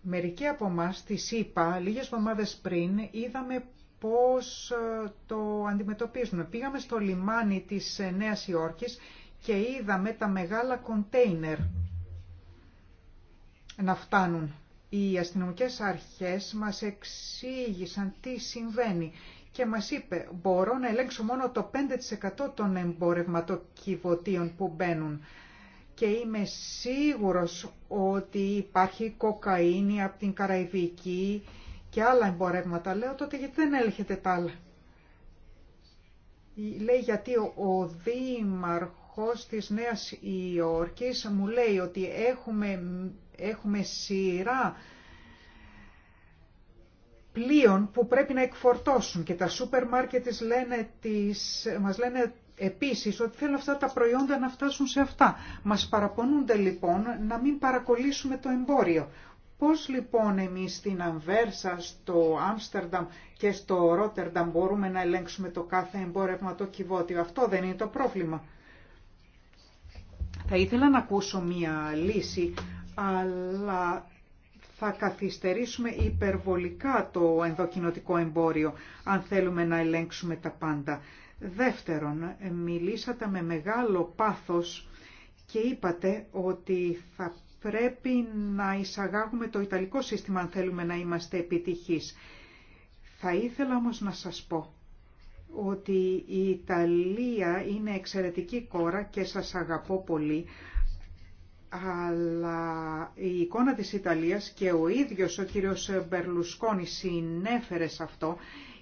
Μερικοί από εμά τη είπα λίγες εβδομάδες πριν, είδαμε πώς ε, το αντιμετωπίζουμε. Πήγαμε στο λιμάνι της ε, Νέας Υόρκης και είδαμε τα μεγάλα κοντέινερ να φτάνουν. Οι αστυνομικές αρχές μας εξήγησαν τι συμβαίνει και μας είπε «Μπορώ να ελέγξω μόνο το 5% των εμπορευματοκιβωτίων που μπαίνουν» και είμαι σίγουρος ότι υπάρχει κοκαίνη από την Καραϊβική και άλλα εμπορεύματα. Λέω τότε γιατί δεν έλεγχετε τα άλλα. Λέει γιατί ο, δήμαρχος της Νέας Υόρκης μου λέει ότι έχουμε Έχουμε σειρά πλοίων που πρέπει να εκφορτώσουν και τα σούπερ μάρκετ λένε τις, μας λένε επίσης ότι θέλουν αυτά τα προϊόντα να φτάσουν σε αυτά. Μας παραπονούνται λοιπόν να μην παρακολύσουμε το εμπόριο. Πώς λοιπόν εμείς στην Αμβέρσα, στο Άμστερνταμ και στο Ρότερνταμ μπορούμε να ελέγξουμε το κάθε εμπόρευμα το κυβότιο. Αυτό δεν είναι το πρόβλημα. Θα ήθελα να ακούσω μία λύση αλλά θα καθυστερήσουμε υπερβολικά το ενδοκινοτικό εμπόριο, αν θέλουμε να ελέγξουμε τα πάντα. Δεύτερον, μιλήσατε με μεγάλο πάθος και είπατε ότι θα πρέπει να εισαγάγουμε το Ιταλικό σύστημα αν θέλουμε να είμαστε επιτυχείς. Θα ήθελα όμως να σας πω ότι η Ιταλία είναι εξαιρετική κόρα και σας αγαπώ πολύ, αλλά η εικόνα της Ιταλίας και ο ίδιος ο κύριος Μπερλουσκόνη συνέφερε σε αυτό,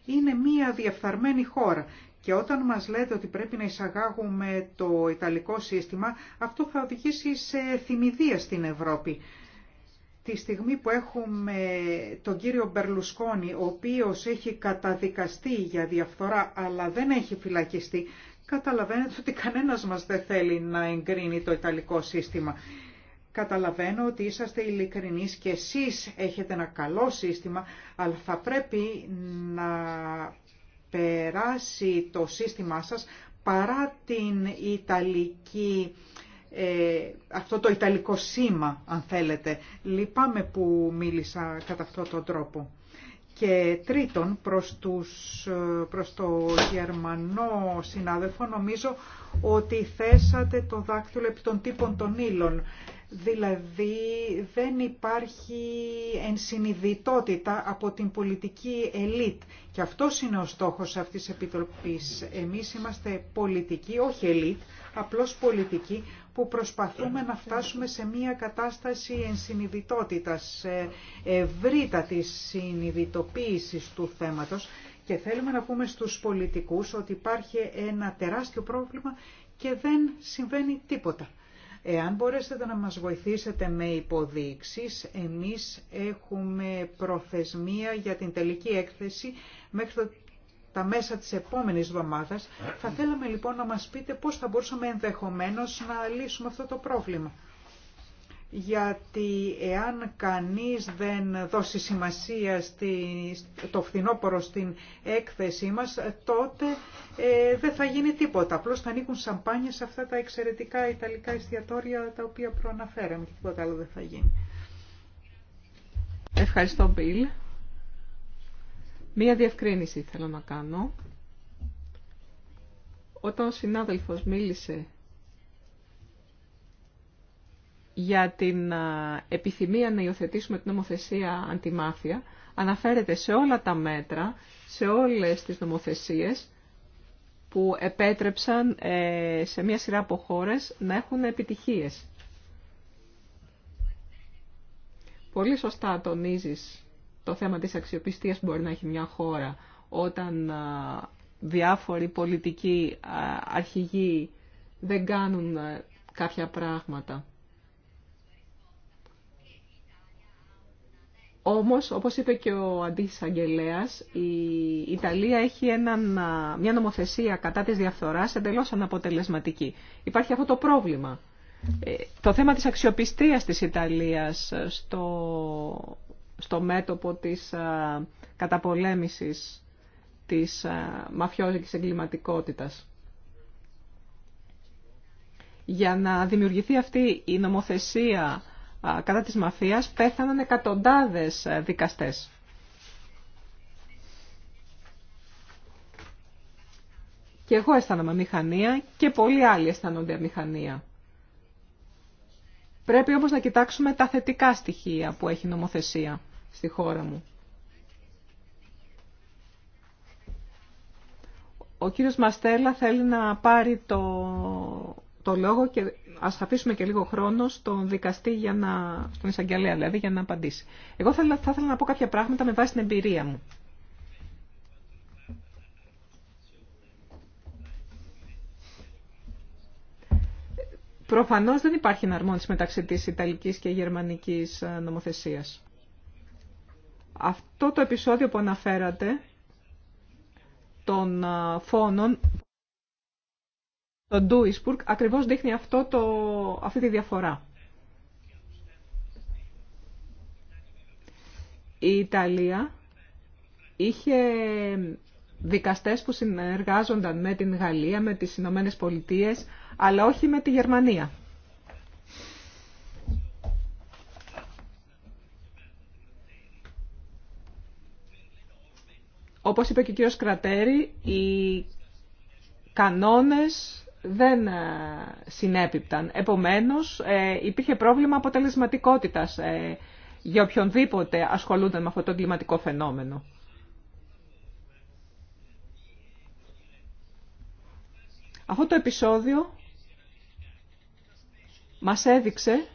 είναι μία διαφθαρμένη χώρα. Και όταν μας λέτε ότι πρέπει να εισαγάγουμε το Ιταλικό σύστημα, αυτό θα οδηγήσει σε θυμηδία στην Ευρώπη. Τη στιγμή που έχουμε τον κύριο Μπερλουσκόνη, ο οποίος έχει καταδικαστεί για διαφθορά, αλλά δεν έχει φυλακιστεί, Καταλαβαίνετε ότι κανένας μας δεν θέλει να εγκρίνει το Ιταλικό σύστημα. Καταλαβαίνω ότι είσαστε ειλικρινείς και εσείς έχετε ένα καλό σύστημα, αλλά θα πρέπει να περάσει το σύστημά σας παρά την Ιταλική, ε, αυτό το Ιταλικό σήμα, αν θέλετε. Λυπάμαι που μίλησα κατά αυτόν τον τρόπο. Και τρίτον, προς, τους, προς το γερμανό συνάδελφο, νομίζω ότι θέσατε το δάκτυλο επί των τύπων των ύλων. Δηλαδή δεν υπάρχει ενσυνειδητότητα από την πολιτική ελίτ. Και αυτό είναι ο στόχος αυτής της Επιτροπής. Εμείς είμαστε πολιτικοί, όχι ελίτ, απλώς πολιτικοί που προσπαθούμε να φτάσουμε σε μια κατάσταση ενσυνειδητότητας, ευρύτατης συνειδητοποίησης του θέματος και θέλουμε να πούμε στους πολιτικούς ότι υπάρχει ένα τεράστιο πρόβλημα και δεν συμβαίνει τίποτα. Εάν μπορέσετε να μας βοηθήσετε με υποδείξεις, εμείς έχουμε προθεσμία για την τελική έκθεση μέχρι το τα μέσα της επόμενης εβδομάδας. Θα θέλαμε λοιπόν να μας πείτε πώς θα μπορούσαμε ενδεχομένως να λύσουμε αυτό το πρόβλημα. Γιατί εάν κανείς δεν δώσει σημασία στη, το φθινόπωρο στην έκθεσή μας, τότε ε, δεν θα γίνει τίποτα. Απλώς θα ανήκουν σαμπάνια σε αυτά τα εξαιρετικά ιταλικά εστιατόρια τα οποία προαναφέραμε και τίποτα άλλο δεν θα γίνει. Ευχαριστώ, Μπίλ. Μία διευκρίνηση θέλω να κάνω. Όταν ο συνάδελφος μίλησε για την επιθυμία να υιοθετήσουμε την νομοθεσία αντιμάφια, αναφέρεται σε όλα τα μέτρα, σε όλες τις νομοθεσίες που επέτρεψαν ε, σε μία σειρά από χώρες να έχουν επιτυχίες. Πολύ σωστά τονίζεις το θέμα της αξιοπιστίας μπορεί να έχει μια χώρα όταν διάφοροι πολιτικοί αρχηγοί δεν κάνουν κάποια πράγματα. Όμως, όπως είπε και ο Αγγελέας, η Ιταλία έχει μια νομοθεσία κατά της διαφθοράς εντελώς αναποτελεσματική. Υπάρχει αυτό το πρόβλημα. Ε, το θέμα της αξιοπιστίας της Ιταλίας ε, στο στο μέτωπο της ε, καταπολέμησης της ε, μαφιόζικης εγκληματικότητας. Για να δημιουργηθεί αυτή η νομοθεσία ε, κατά της μαφίας πέθαναν εκατοντάδες δικαστές. Και εγώ αισθάνομαι μηχανία και πολλοί άλλοι αισθάνονται μηχανία. Πρέπει όμως να κοιτάξουμε τα θετικά στοιχεία που έχει η νομοθεσία στη χώρα μου. Ο κύριος Μαστέλα θέλει να πάρει το, το λόγο και ας αφήσουμε και λίγο χρόνο στον δικαστή, για να, στον εισαγγελέα δηλαδή, για να απαντήσει. Εγώ θα, θα ήθελα να πω κάποια πράγματα με βάση την εμπειρία μου. Προφανώς δεν υπάρχει εναρμόνιση μεταξύ της Ιταλικής και Γερμανικής νομοθεσίας. Αυτό το επεισόδιο που αναφέρατε των φόνων το Duisburg ακριβώς δείχνει αυτό το, αυτή τη διαφορά. Η Ιταλία είχε δικαστές που συνεργάζονταν με την Γαλλία, με τις Ηνωμένε Πολιτείες, αλλά όχι με τη Γερμανία. Όπως είπε και ο κύριος Κρατέρη, οι κανόνες δεν ε, συνέπιπταν. Επομένως, ε, υπήρχε πρόβλημα αποτελεσματικότητας ε, για οποιονδήποτε ασχολούνταν με αυτό το κλιματικό φαινόμενο. Αυτό το επεισόδιο μας έδειξε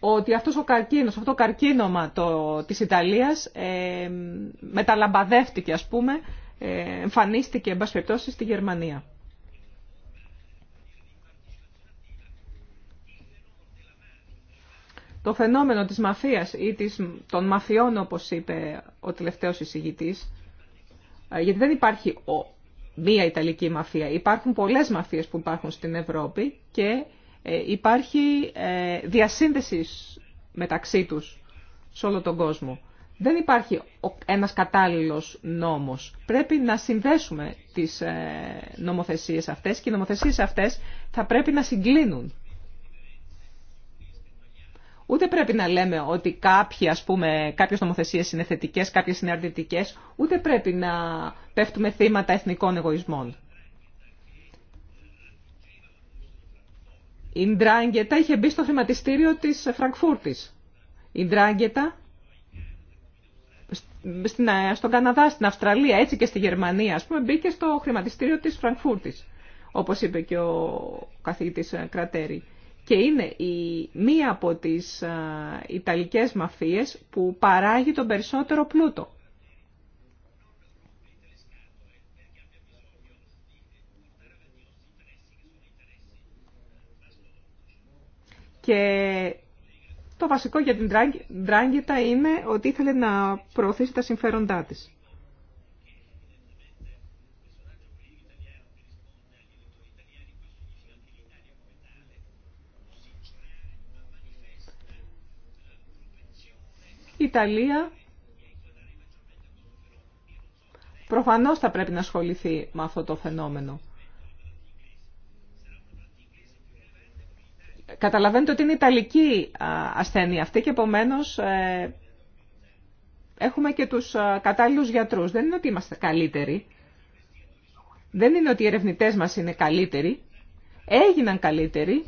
ότι αυτός ο καρκίνος, αυτό το καρκίνωμα το, της Ιταλίας ε, μεταλαμπαδεύτηκε ας πούμε, ε, εμφανίστηκε εν πάση στη Γερμανία. Το φαινόμενο της μαφίας ή της, των μαφιών όπως είπε ο τελευταίος εισηγητής, ε, γιατί δεν υπάρχει ο, μία Ιταλική μαφία. Υπάρχουν πολλές μαφίες που υπάρχουν στην Ευρώπη και ε, υπάρχει ε, διασύνδεση μεταξύ τους σε όλο τον κόσμο. Δεν υπάρχει ένας κατάλληλος νόμος. Πρέπει να συνδέσουμε τις ε, νομοθεσίες αυτές και οι νομοθεσίες αυτές θα πρέπει να συγκλίνουν. Ούτε πρέπει να λέμε ότι κάποιοι, ας πούμε, κάποιες νομοθεσίες είναι θετικές, κάποιες είναι αρνητικές, ούτε πρέπει να πέφτουμε θύματα εθνικών εγωισμών. η Ντράγκετα είχε μπει στο χρηματιστήριο της Φραγκφούρτη. Η Ντράγκετα ε, στον Καναδά, στην Αυστραλία, έτσι και στη Γερμανία, ας πούμε, μπήκε στο χρηματιστήριο της Φραγκφούρτη. όπως είπε και ο καθηγητής ε, Κρατέρη. Και είναι η, μία από τις Ιταλικέ ε, Ιταλικές που παράγει τον περισσότερο πλούτο. Και το βασικό για την Ντράγκετα είναι ότι ήθελε να προωθήσει τα συμφέροντά της. Η Ιταλία προφανώς θα πρέπει να ασχοληθεί με αυτό το φαινόμενο. Καταλαβαίνετε ότι είναι Ιταλική ασθένεια αυτή και επομένως ε, έχουμε και τους κατάλληλους γιατρούς. Δεν είναι ότι είμαστε καλύτεροι. Δεν είναι ότι οι ερευνητές μας είναι καλύτεροι. Έγιναν καλύτεροι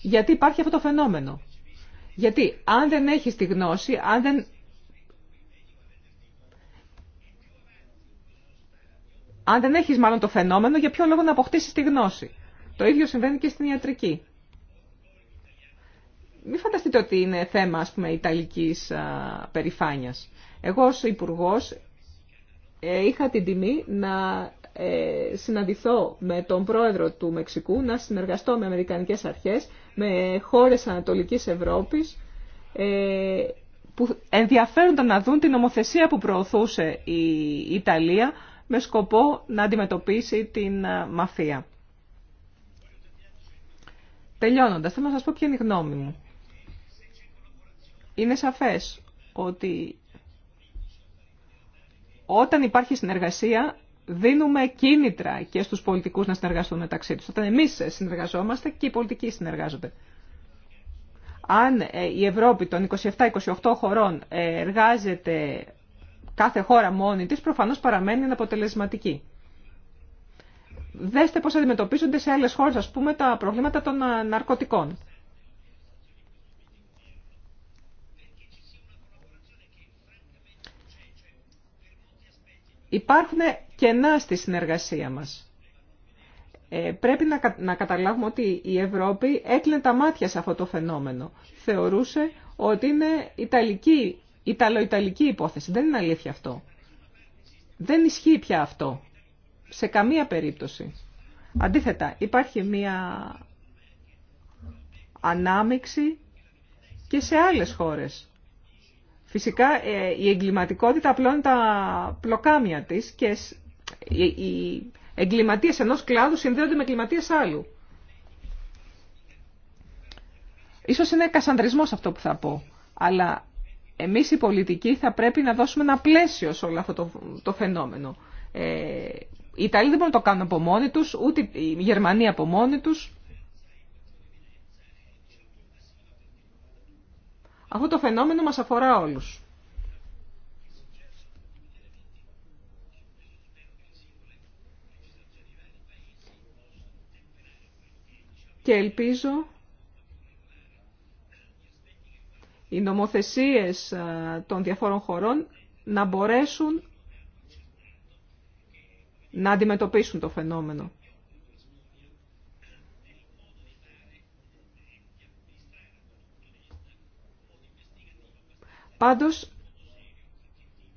γιατί υπάρχει αυτό το φαινόμενο. Γιατί αν δεν έχεις τη γνώση, αν δεν... Αν δεν έχεις μάλλον το φαινόμενο, για ποιο λόγο να αποκτήσεις τη γνώση. Το ίδιο συμβαίνει και στην ιατρική μην φανταστείτε ότι είναι θέμα, ας πούμε, ιταλικής α, Εγώ ως υπουργό ε, είχα την τιμή να ε, συναντηθώ με τον πρόεδρο του Μεξικού, να συνεργαστώ με αμερικανικές αρχές, με χώρες Ανατολικής Ευρώπης, ε, που ενδιαφέρονταν να δουν την ομοθέσια που προωθούσε η Ιταλία με σκοπό να αντιμετωπίσει την μαφία. Τελειώνοντας, θέλω να σας πω ποια είναι η γνώμη μου είναι σαφές ότι όταν υπάρχει συνεργασία δίνουμε κίνητρα και στους πολιτικούς να συνεργαστούν μεταξύ τους. Όταν εμείς συνεργαζόμαστε και οι πολιτικοί συνεργάζονται. Αν ε, η Ευρώπη των 27-28 χωρών ε, εργάζεται κάθε χώρα μόνη της, προφανώς παραμένει αναποτελεσματική. Δέστε πώς αντιμετωπίζονται σε άλλες χώρες, ας πούμε, τα προβλήματα των ε, ναρκωτικών. Υπάρχουν κενά στη συνεργασία μας. Ε, πρέπει να, να καταλάβουμε ότι η Ευρώπη έκλεινε τα μάτια σε αυτό το φαινόμενο. Θεωρούσε ότι είναι ιταλική, υπόθεση. Δεν είναι αλήθεια αυτό. Δεν ισχύει πια αυτό. Σε καμία περίπτωση. Αντίθετα, υπάρχει μία ανάμειξη και σε άλλες χώρες. Φυσικά ε, η εγκληματικότητα απλώνει τα πλοκάμια της και οι εγκληματίες ενός κλάδου συνδέονται με εγκληματίες άλλου. Ίσως είναι κασανδρισμός αυτό που θα πω, αλλά εμείς οι πολιτικοί θα πρέπει να δώσουμε ένα πλαίσιο σε όλο αυτό το, φαινόμενο. Ε, οι Ιταλοί δεν μπορούν να το κάνουν από μόνοι τους, ούτε η Γερμανία από μόνοι τους. Αυτό το φαινόμενο μας αφορά όλους. Και ελπίζω οι νομοθεσίες των διαφόρων χωρών να μπορέσουν να αντιμετωπίσουν το φαινόμενο. Πάντως,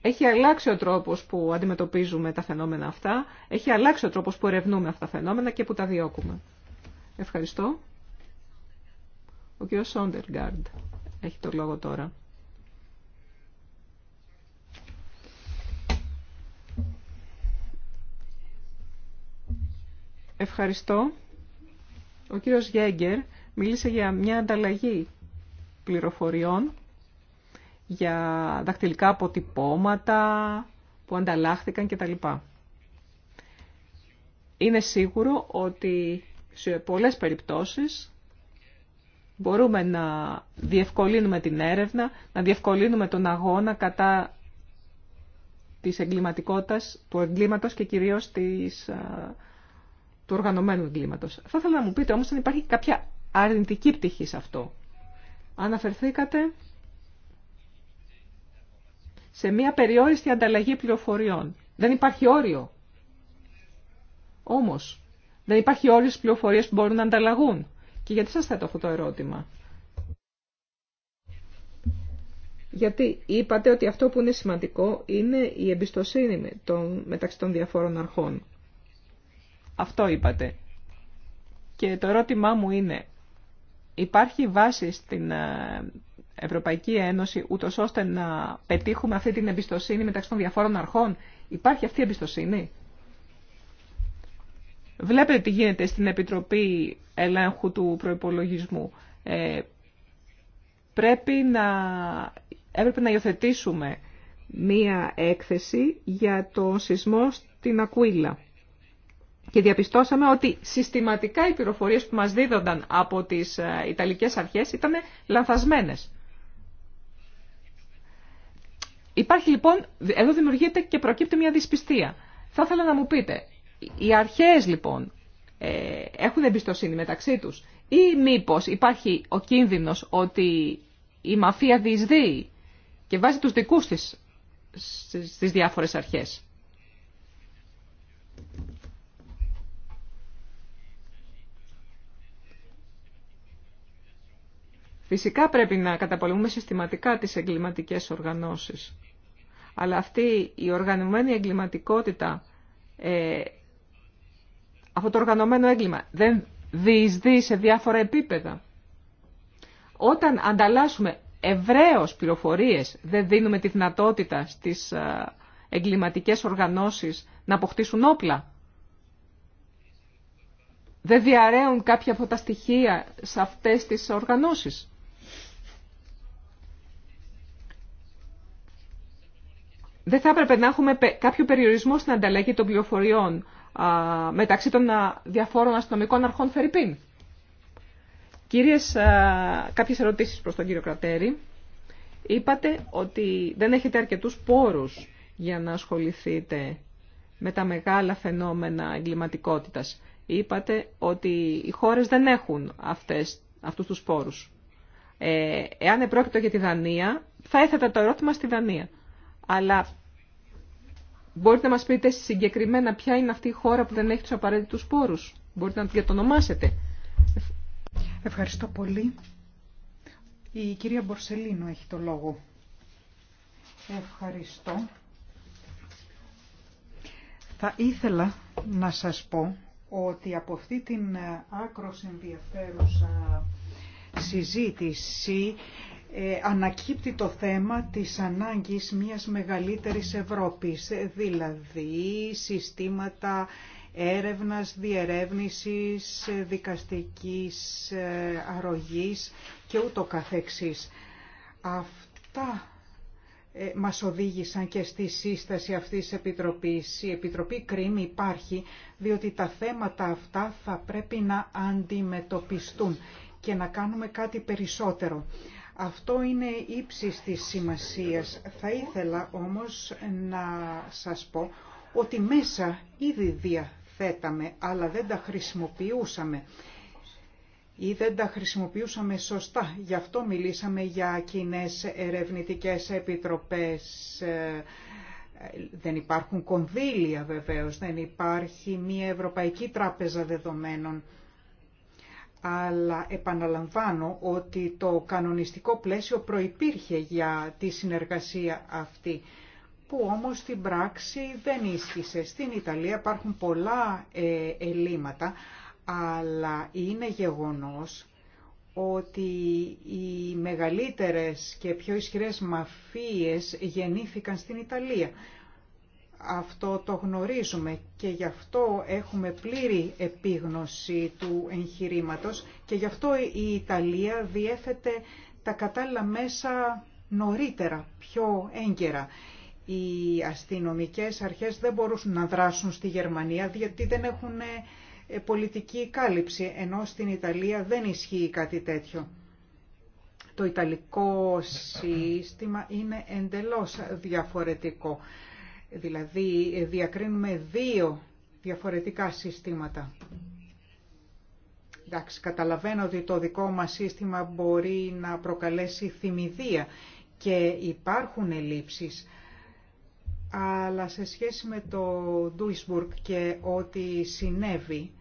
έχει αλλάξει ο τρόπος που αντιμετωπίζουμε τα φαινόμενα αυτά, έχει αλλάξει ο τρόπος που ερευνούμε αυτά τα φαινόμενα και που τα διώκουμε. Ευχαριστώ. Ο κ. Σόντεργαρντ έχει το λόγο τώρα. Ευχαριστώ. Ο κύριος Γέγκερ μίλησε για μια ανταλλαγή πληροφοριών για δακτυλικά αποτυπώματα που ανταλλάχθηκαν κτλ. Είναι σίγουρο ότι σε πολλές περιπτώσεις μπορούμε να διευκολύνουμε την έρευνα, να διευκολύνουμε τον αγώνα κατά της εγκληματικότητας, του εγκλήματος και κυρίως της, του οργανωμένου εγκλήματος. Θα ήθελα να μου πείτε όμως αν υπάρχει κάποια αρνητική πτυχή σε αυτό. Αναφερθήκατε σε μια περιόριστη ανταλλαγή πληροφοριών. Δεν υπάρχει όριο. Όμως, δεν υπάρχει όριο στις πληροφορίες που μπορούν να ανταλλαγούν. Και γιατί σας θέτω αυτό το ερώτημα. Γιατί είπατε ότι αυτό που είναι σημαντικό είναι η εμπιστοσύνη μεταξύ των διαφόρων αρχών. Αυτό είπατε. Και το ερώτημά μου είναι, υπάρχει βάση στην ε, Ευρωπαϊκή Ένωση, ούτω ώστε να πετύχουμε αυτή την εμπιστοσύνη μεταξύ των διαφόρων αρχών. Υπάρχει αυτή η εμπιστοσύνη. Βλέπετε τι γίνεται στην Επιτροπή Ελέγχου του Προϋπολογισμού. Ε, πρέπει να, έπρεπε να υιοθετήσουμε μία έκθεση για το σεισμό στην Ακούιλα. Και διαπιστώσαμε ότι συστηματικά οι πληροφορίες που μας δίδονταν από τις ε, Ιταλικές αρχές ήταν λανθασμένες. Υπάρχει λοιπόν, εδώ δημιουργείται και προκύπτει μια δυσπιστία. Θα ήθελα να μου πείτε, οι αρχές λοιπόν ε, έχουν εμπιστοσύνη μεταξύ τους ή μήπως υπάρχει ο κίνδυνος ότι η μαφία διεισδύει και βάζει τους δικούς της στις διάφορες αρχές. Φυσικά πρέπει να καταπολεμούμε συστηματικά τις εγκληματικές οργανώσεις. Αλλά αυτή η οργανωμένη εγκληματικότητα, ε, αυτό το οργανωμένο έγκλημα δεν διεισδύει σε διάφορα επίπεδα. Όταν ανταλλάσσουμε ευρέως πληροφορίες, δεν δίνουμε τη δυνατότητα στις ε, εγκληματικές οργανώσεις να αποκτήσουν όπλα. Δεν διαραίουν κάποια από τα στοιχεία σε αυτές τις οργανώσεις. δεν θα έπρεπε να έχουμε κάποιο περιορισμό στην ανταλλαγή των πληροφοριών μεταξύ των διαφόρων αστυνομικών αρχών Φερρυπίν. Κυρίες, κάποιες ερωτήσεις προς τον κύριο Κρατέρη. Είπατε ότι δεν έχετε αρκετούς πόρους για να ασχοληθείτε με τα μεγάλα φαινόμενα εγκληματικότητας. Είπατε ότι οι χώρες δεν έχουν αυτές, αυτούς τους πόρους. Ε, εάν επρόκειτο για τη Δανία, θα έθετα το ερώτημα στη Δανία αλλά μπορείτε να μας πείτε συγκεκριμένα ποια είναι αυτή η χώρα που δεν έχει τους απαραίτητους πόρους. Μπορείτε να την ονομάσετε. Ευχαριστώ πολύ. Η κυρία Μπορσελίνο έχει το λόγο. Ευχαριστώ. Θα ήθελα να σας πω ότι από αυτή την άκρο ενδιαφέρουσα συζήτηση ε, ανακύπτει το θέμα της ανάγκης μιας μεγαλύτερης Ευρώπης, ε, δηλαδή συστήματα έρευνας, διερεύνησης, ε, δικαστικής αρρωγής και ούτω καθεξής. Αυτά μας οδήγησαν και στη σύσταση αυτής της Επιτροπής. Η Επιτροπή Κρίμη υπάρχει διότι τα θέματα αυτά θα πρέπει να αντιμετωπιστούν και να κάνουμε κάτι περισσότερο. Αυτό είναι ύψης της σημασίας. Θα ήθελα όμως να σας πω ότι μέσα ήδη διαθέταμε, αλλά δεν τα χρησιμοποιούσαμε ή δεν τα χρησιμοποιούσαμε σωστά. Γι' αυτό μιλήσαμε για κοινέ ερευνητικές επιτροπές. Ε, δεν υπάρχουν κονδύλια βεβαίως, δεν υπάρχει μια Ευρωπαϊκή Τράπεζα Δεδομένων αλλά επαναλαμβάνω ότι το κανονιστικό πλαίσιο προϋπήρχε για τη συνεργασία αυτή, που όμως στην πράξη δεν ίσχυσε. Στην Ιταλία υπάρχουν πολλά ε, ελλείμματα, αλλά είναι γεγονός ότι οι μεγαλύτερες και πιο ισχυρές μαφίες γεννήθηκαν στην Ιταλία. Αυτό το γνωρίζουμε και γι' αυτό έχουμε πλήρη επίγνωση του εγχειρήματος και γι' αυτό η Ιταλία διέθετε τα κατάλληλα μέσα νωρίτερα, πιο έγκαιρα. Οι αστυνομικές αρχές δεν μπορούσαν να δράσουν στη Γερμανία γιατί δεν έχουν ε, πολιτική κάλυψη, ενώ στην Ιταλία δεν ισχύει κάτι τέτοιο. Το Ιταλικό σύστημα είναι εντελώς διαφορετικό. Δηλαδή διακρίνουμε δύο διαφορετικά συστήματα. Εντάξει, καταλαβαίνω ότι το δικό μας σύστημα μπορεί να προκαλέσει θυμηδία και υπάρχουν ελλείψεις, αλλά σε σχέση με το Duisburg και ό,τι συνέβη,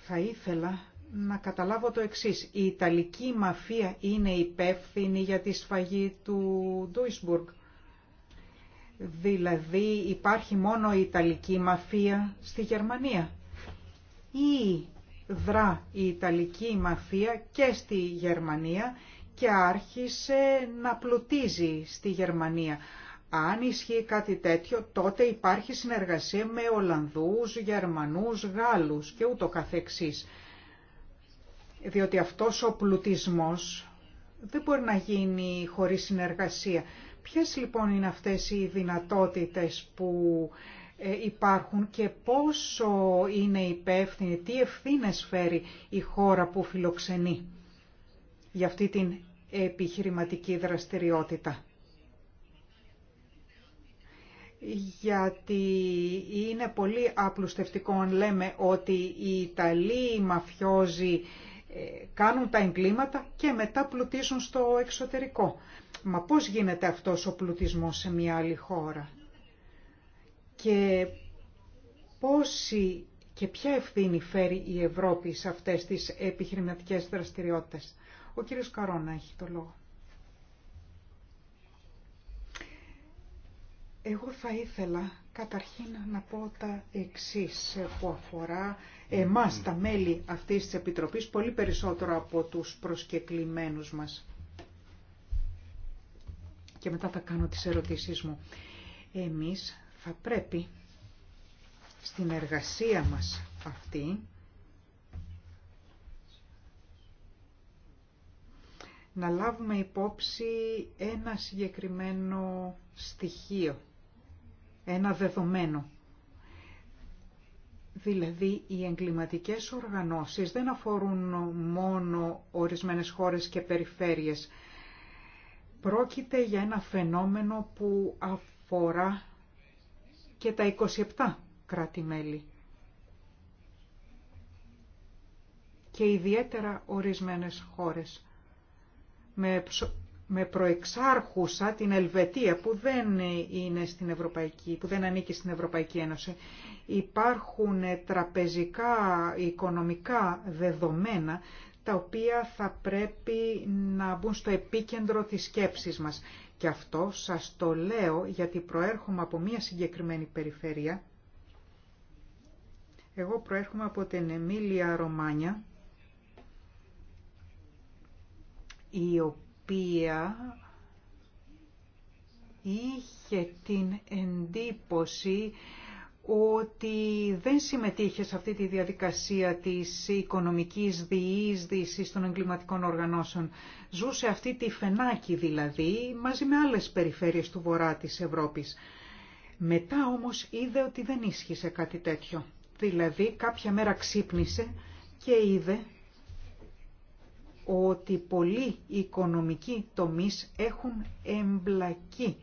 θα ήθελα να καταλάβω το εξής. Η Ιταλική μαφία είναι υπεύθυνη για τη σφαγή του Duisburg. Δηλαδή υπάρχει μόνο η Ιταλική μαφία στη Γερμανία ή δρά η Ιταλική μαφία και στη Γερμανία και άρχισε να πλουτίζει στη Γερμανία. Αν ισχύει κάτι τέτοιο, τότε υπάρχει συνεργασία με Ολλανδούς, Γερμανούς, Γάλλους και ούτω καθεξής. Διότι αυτός ο πλουτισμός δεν μπορεί να γίνει χωρίς συνεργασία. Ποιες λοιπόν είναι αυτές οι δυνατότητες που ε, υπάρχουν και πόσο είναι υπεύθυνη, τι ευθύνες φέρει η χώρα που φιλοξενεί για αυτή την επιχειρηματική δραστηριότητα. Γιατί είναι πολύ απλουστευτικό αν λέμε ότι οι Ιταλοί, οι μαφιόζοι ε, κάνουν τα εγκλήματα και μετά πλουτίζουν στο εξωτερικό. Μα πώς γίνεται αυτός ο πλουτισμός σε μια άλλη χώρα και και ποια ευθύνη φέρει η Ευρώπη σε αυτές τις επιχειρηματικές δραστηριότητες. Ο κύριος Καρόνα έχει το λόγο. Εγώ θα ήθελα καταρχήν να πω τα εξής που αφορά εμάς τα μέλη αυτής της Επιτροπής πολύ περισσότερο από τους προσκεκλημένους μας και μετά θα κάνω τις ερωτήσεις μου. Εμείς θα πρέπει στην εργασία μας αυτή να λάβουμε υπόψη ένα συγκεκριμένο στοιχείο, ένα δεδομένο. Δηλαδή, οι εγκληματικές οργανώσεις δεν αφορούν μόνο ορισμένες χώρες και περιφέρειες. Πρόκειται για ένα φαινόμενο που αφορά και τα 27 κράτη-μέλη και ιδιαίτερα ορισμένες χώρες. Με, με προεξάρχουσα την Ελβετία που δεν, είναι στην Ευρωπαϊκή, που δεν ανήκει στην Ευρωπαϊκή Ένωση. Υπάρχουν τραπεζικά οικονομικά δεδομένα τα οποία θα πρέπει να μπουν στο επίκεντρο της σκέψης μας. Και αυτό σας το λέω γιατί προέρχομαι από μία συγκεκριμένη περιφέρεια. Εγώ προέρχομαι από την Εμίλια Ρωμάνια, η οποία είχε την εντύπωση ότι δεν συμμετείχε σε αυτή τη διαδικασία της οικονομικής διείσδυσης των εγκληματικών οργανώσεων. Ζούσε αυτή τη φενάκη δηλαδή, μαζί με άλλες περιφέρειες του βορρά της Ευρώπης. Μετά όμως είδε ότι δεν ίσχυσε κάτι τέτοιο. Δηλαδή κάποια μέρα ξύπνησε και είδε ότι πολλοί οικονομικοί τομείς έχουν εμπλακεί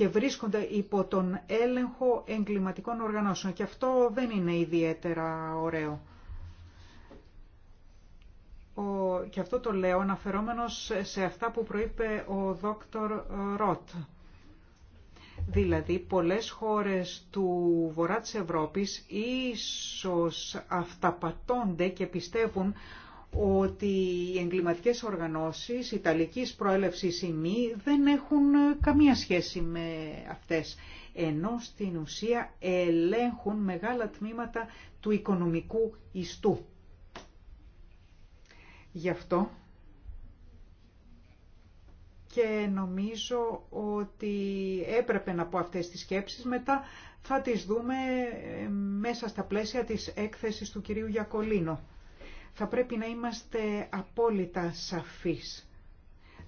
και βρίσκονται υπό τον έλεγχο εγκληματικών οργανώσεων και αυτό δεν είναι ιδιαίτερα ωραίο. και αυτό το λέω αναφερόμενος σε αυτά που προείπε ο δόκτωρ Ροτ. Δηλαδή, πολλές χώρες του βορρά της Ευρώπης ίσως αυταπατώνται και πιστεύουν ότι οι εγκληματικές οργανώσεις ιταλικής προέλευσης ή μη δεν έχουν καμία σχέση με αυτές, ενώ στην ουσία ελέγχουν μεγάλα τμήματα του οικονομικού ιστού. Γι' αυτό και νομίζω ότι έπρεπε να πω αυτές τις σκέψεις. Μετά θα τις δούμε ε, μέσα στα πλαίσια της έκθεσης του κυρίου Γιακολίνο. Θα πρέπει να είμαστε απόλυτα σαφείς.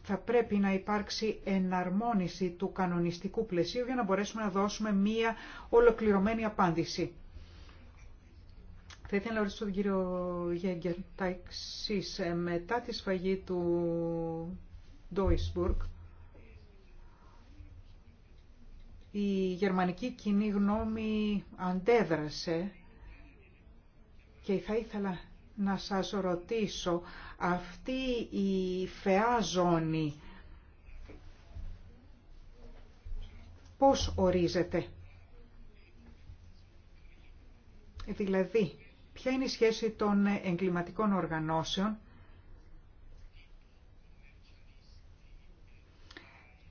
Θα πρέπει να υπάρξει εναρμόνιση του κανονιστικού πλαισίου για να μπορέσουμε να δώσουμε μία ολοκληρωμένη απάντηση. Θα ήθελα να ρωτήσω τον κύριο Γέγκερ τα εξή. Ε, μετά τη σφαγή του Ντόισμπουργκ, η γερμανική κοινή γνώμη αντέδρασε και θα ήθελα να σας ρωτήσω, αυτή η φαιά ζώνη πώς ορίζεται. Δηλαδή, ποια είναι η σχέση των εγκληματικών οργανώσεων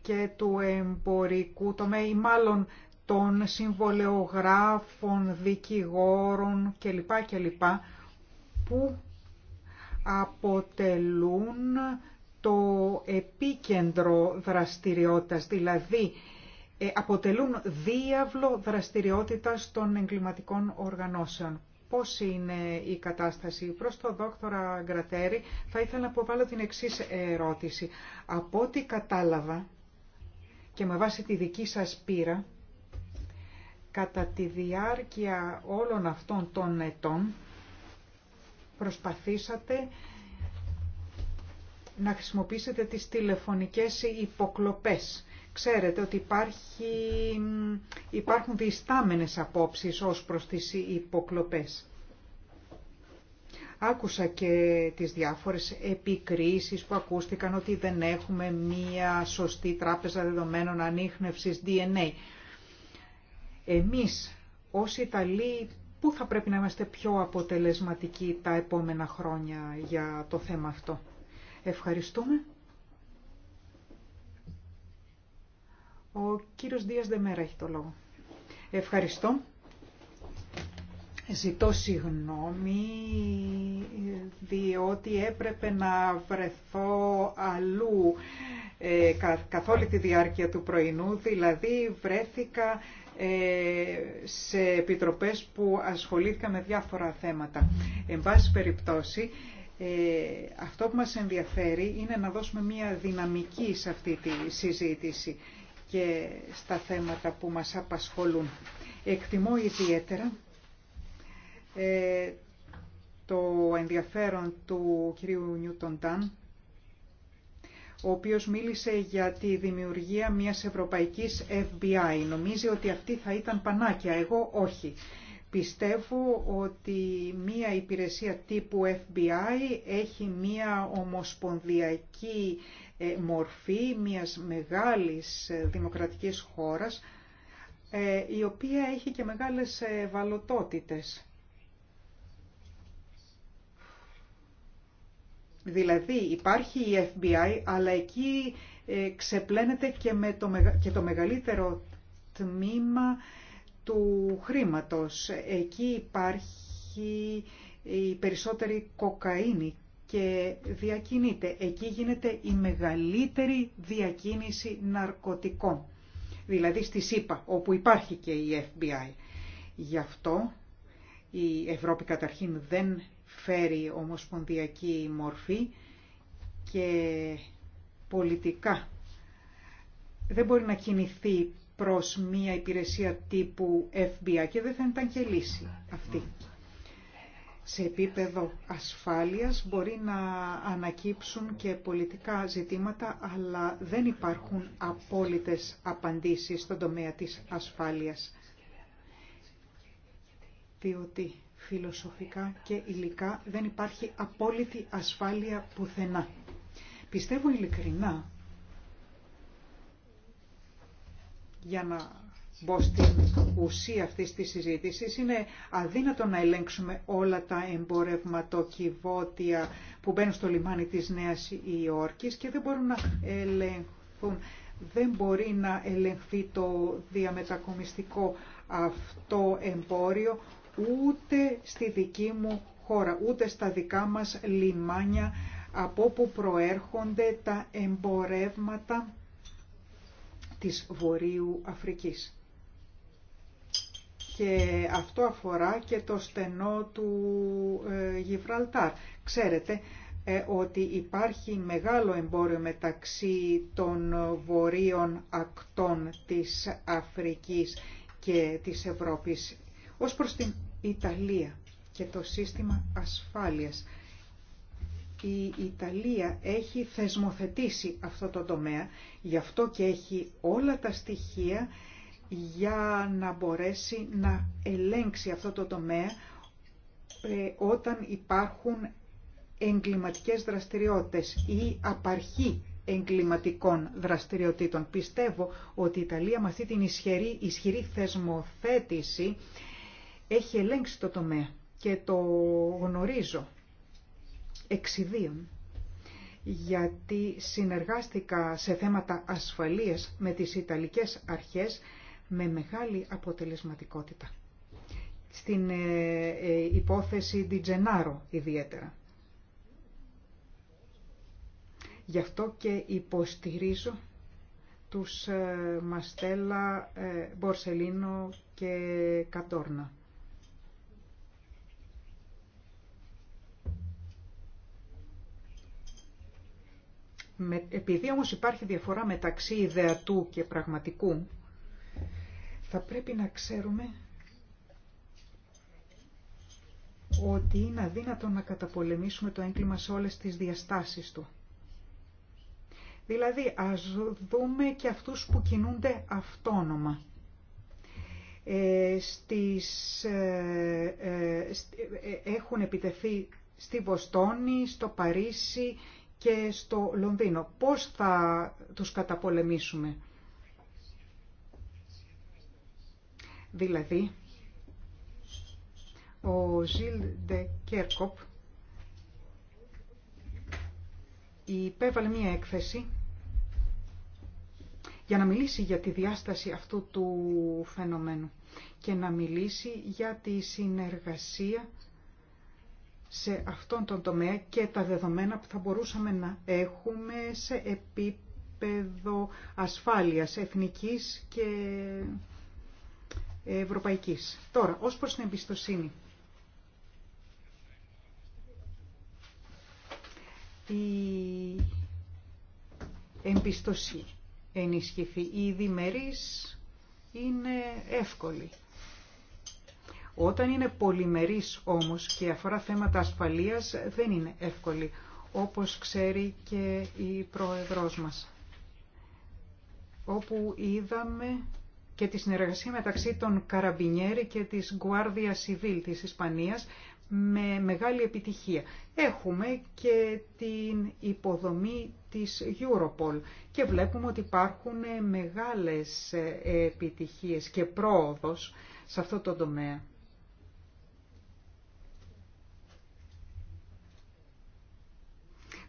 και του εμπορικού τομέα ή μάλλον των συμβολεογράφων, δικηγόρων κλπ. κλπ που αποτελούν το επίκεντρο δραστηριότητας, δηλαδή ε, αποτελούν διάβλο δραστηριότητας των εγκληματικών οργανώσεων. Πώς είναι η κατάσταση. Προς τον δόκτορα Γκρατέρη θα ήθελα να αποβάλω την εξής ερώτηση. Από ό,τι κατάλαβα και με βάση τη δική σας πείρα, κατά τη διάρκεια όλων αυτών των ετών, προσπαθήσατε να χρησιμοποιήσετε τις τηλεφωνικές υποκλοπές. Ξέρετε ότι υπάρχει, υπάρχουν διστάμενες απόψεις ως προς τις υποκλοπές. Άκουσα και τις διάφορες επικρίσεις που ακούστηκαν ότι δεν έχουμε μία σωστή τράπεζα δεδομένων ανείχνευσης DNA. Εμείς ως Ιταλοί Πού θα πρέπει να είμαστε πιο αποτελεσματικοί τα επόμενα χρόνια για το θέμα αυτό. Ευχαριστούμε. Ο κύριος Δίας Δεμέρα έχει το λόγο. Ευχαριστώ. Ζητώ συγγνώμη διότι έπρεπε να βρεθώ αλλού ε, καθ' όλη τη διάρκεια του πρωινού, δηλαδή βρέθηκα ε, σε επιτροπές που ασχολήθηκαν με διάφορα θέματα. Εν πάση περιπτώσει, ε, αυτό που μας ενδιαφέρει είναι να δώσουμε μία δυναμική σε αυτή τη συζήτηση και στα θέματα που μας απασχολούν. Εκτιμώ ιδιαίτερα ε, το ενδιαφέρον του κυρίου Νιούτον Ταν ο οποίος μίλησε για τη δημιουργία μιας ευρωπαϊκής FBI. Νομίζει ότι αυτή θα ήταν πανάκια, εγώ όχι. Πιστεύω ότι μία υπηρεσία τύπου FBI έχει μία ομοσπονδιακή ε, μορφή μιας μεγάλης ε, δημοκρατικής χώρας, ε, η οποία έχει και μεγάλες βαλωτότητες. Δηλαδή υπάρχει η FBI αλλά εκεί ε, ξεπλένεται και, με το, και το μεγαλύτερο τμήμα του χρήματος. Εκεί υπάρχει η περισσότερη κοκαίνη και διακινείται. Εκεί γίνεται η μεγαλύτερη διακίνηση ναρκωτικών. Δηλαδή στη ΣΥΠΑ, όπου υπάρχει και η FBI. Γι' αυτό η Ευρώπη καταρχήν δεν φέρει ομοσπονδιακή μορφή και πολιτικά. Δεν μπορεί να κινηθεί προς μία υπηρεσία τύπου FBI και δεν θα ήταν και λύση αυτή. Σε επίπεδο ασφάλειας μπορεί να ανακύψουν και πολιτικά ζητήματα, αλλά δεν υπάρχουν απόλυτες απαντήσεις στον τομέα της ασφάλειας. Διότι φιλοσοφικά και υλικά δεν υπάρχει απόλυτη ασφάλεια πουθενά. Πιστεύω ειλικρινά, για να μπω στην ουσία αυτής της συζήτησης, είναι αδύνατο να ελέγξουμε όλα τα εμπορευματοκιβώτια που μπαίνουν στο λιμάνι της Νέας Υόρκης και δεν μπορούν να ελέγχουν δεν μπορεί να ελεγχθεί το διαμετακομιστικό αυτό εμπόριο ούτε στη δική μου χώρα, ούτε στα δικά μας λιμάνια από όπου προέρχονται τα εμπορεύματα της Βορείου Αφρικής. Και αυτό αφορά και το στενό του ε, Γιβραλτάρ. Ξέρετε ε, ότι υπάρχει μεγάλο εμπόριο μεταξύ των βορείων ακτών της Αφρικής και της Ευρώπης. Ως προς την Ιταλία και το σύστημα ασφάλειας. Η Ιταλία έχει θεσμοθετήσει αυτό το τομέα, γι' αυτό και έχει όλα τα στοιχεία για να μπορέσει να ελέγξει αυτό το τομέα ε, όταν υπάρχουν εγκληματικές δραστηριότητες ή απαρχή εγκληματικών δραστηριοτήτων. Πιστεύω ότι η Ιταλία με αυτή την ισχυρή, ισχυρή θεσμοθέτηση έχει ελέγξει το τομέα και το γνωρίζω εξιδίων γιατί συνεργάστηκα σε θέματα ασφαλείας με τις Ιταλικές αρχές με μεγάλη αποτελεσματικότητα. Στην ε, ε, υπόθεση Ντιτζενάρο ιδιαίτερα. Γι' αυτό και υποστηρίζω τους ε, Μαστέλα, ε, Μπορσελίνο και Κατόρνα. επειδή όμως υπάρχει διαφορά μεταξύ ιδεατού και πραγματικού, θα πρέπει να ξέρουμε ότι είναι αδύνατο να καταπολεμήσουμε το έγκλημα σε όλες τις διαστάσεις του. Δηλαδή, ας δούμε και αυτούς που κινούνται αυτόνομα. Ε, στις, ε, ε, ε, έχουν επιτεθεί στη Βοστόνη, στο Παρίσι και στο Λονδίνο. Πώς θα τους καταπολεμήσουμε. Δηλαδή, ο Ζιλ Ντε Κέρκοπ υπέβαλε μία έκθεση για να μιλήσει για τη διάσταση αυτού του φαινομένου και να μιλήσει για τη συνεργασία σε αυτόν τον τομέα και τα δεδομένα που θα μπορούσαμε να έχουμε σε επίπεδο ασφάλειας εθνικής και ευρωπαϊκής. Τώρα, ως προς την εμπιστοσύνη. Η εμπιστοσύνη ενισχυθεί. ή διμερείς είναι εύκολη. Όταν είναι πολυμερής όμως και αφορά θέματα ασφαλείας δεν είναι εύκολη, όπως ξέρει και η Πρόεδρός μας. Όπου είδαμε και τη συνεργασία μεταξύ των Καραμπινιέρη και της Guardia Civil της Ισπανίας με μεγάλη επιτυχία. Έχουμε και την υποδομή της Europol και βλέπουμε ότι υπάρχουν μεγάλες επιτυχίες και πρόοδος σε αυτό το τομέα.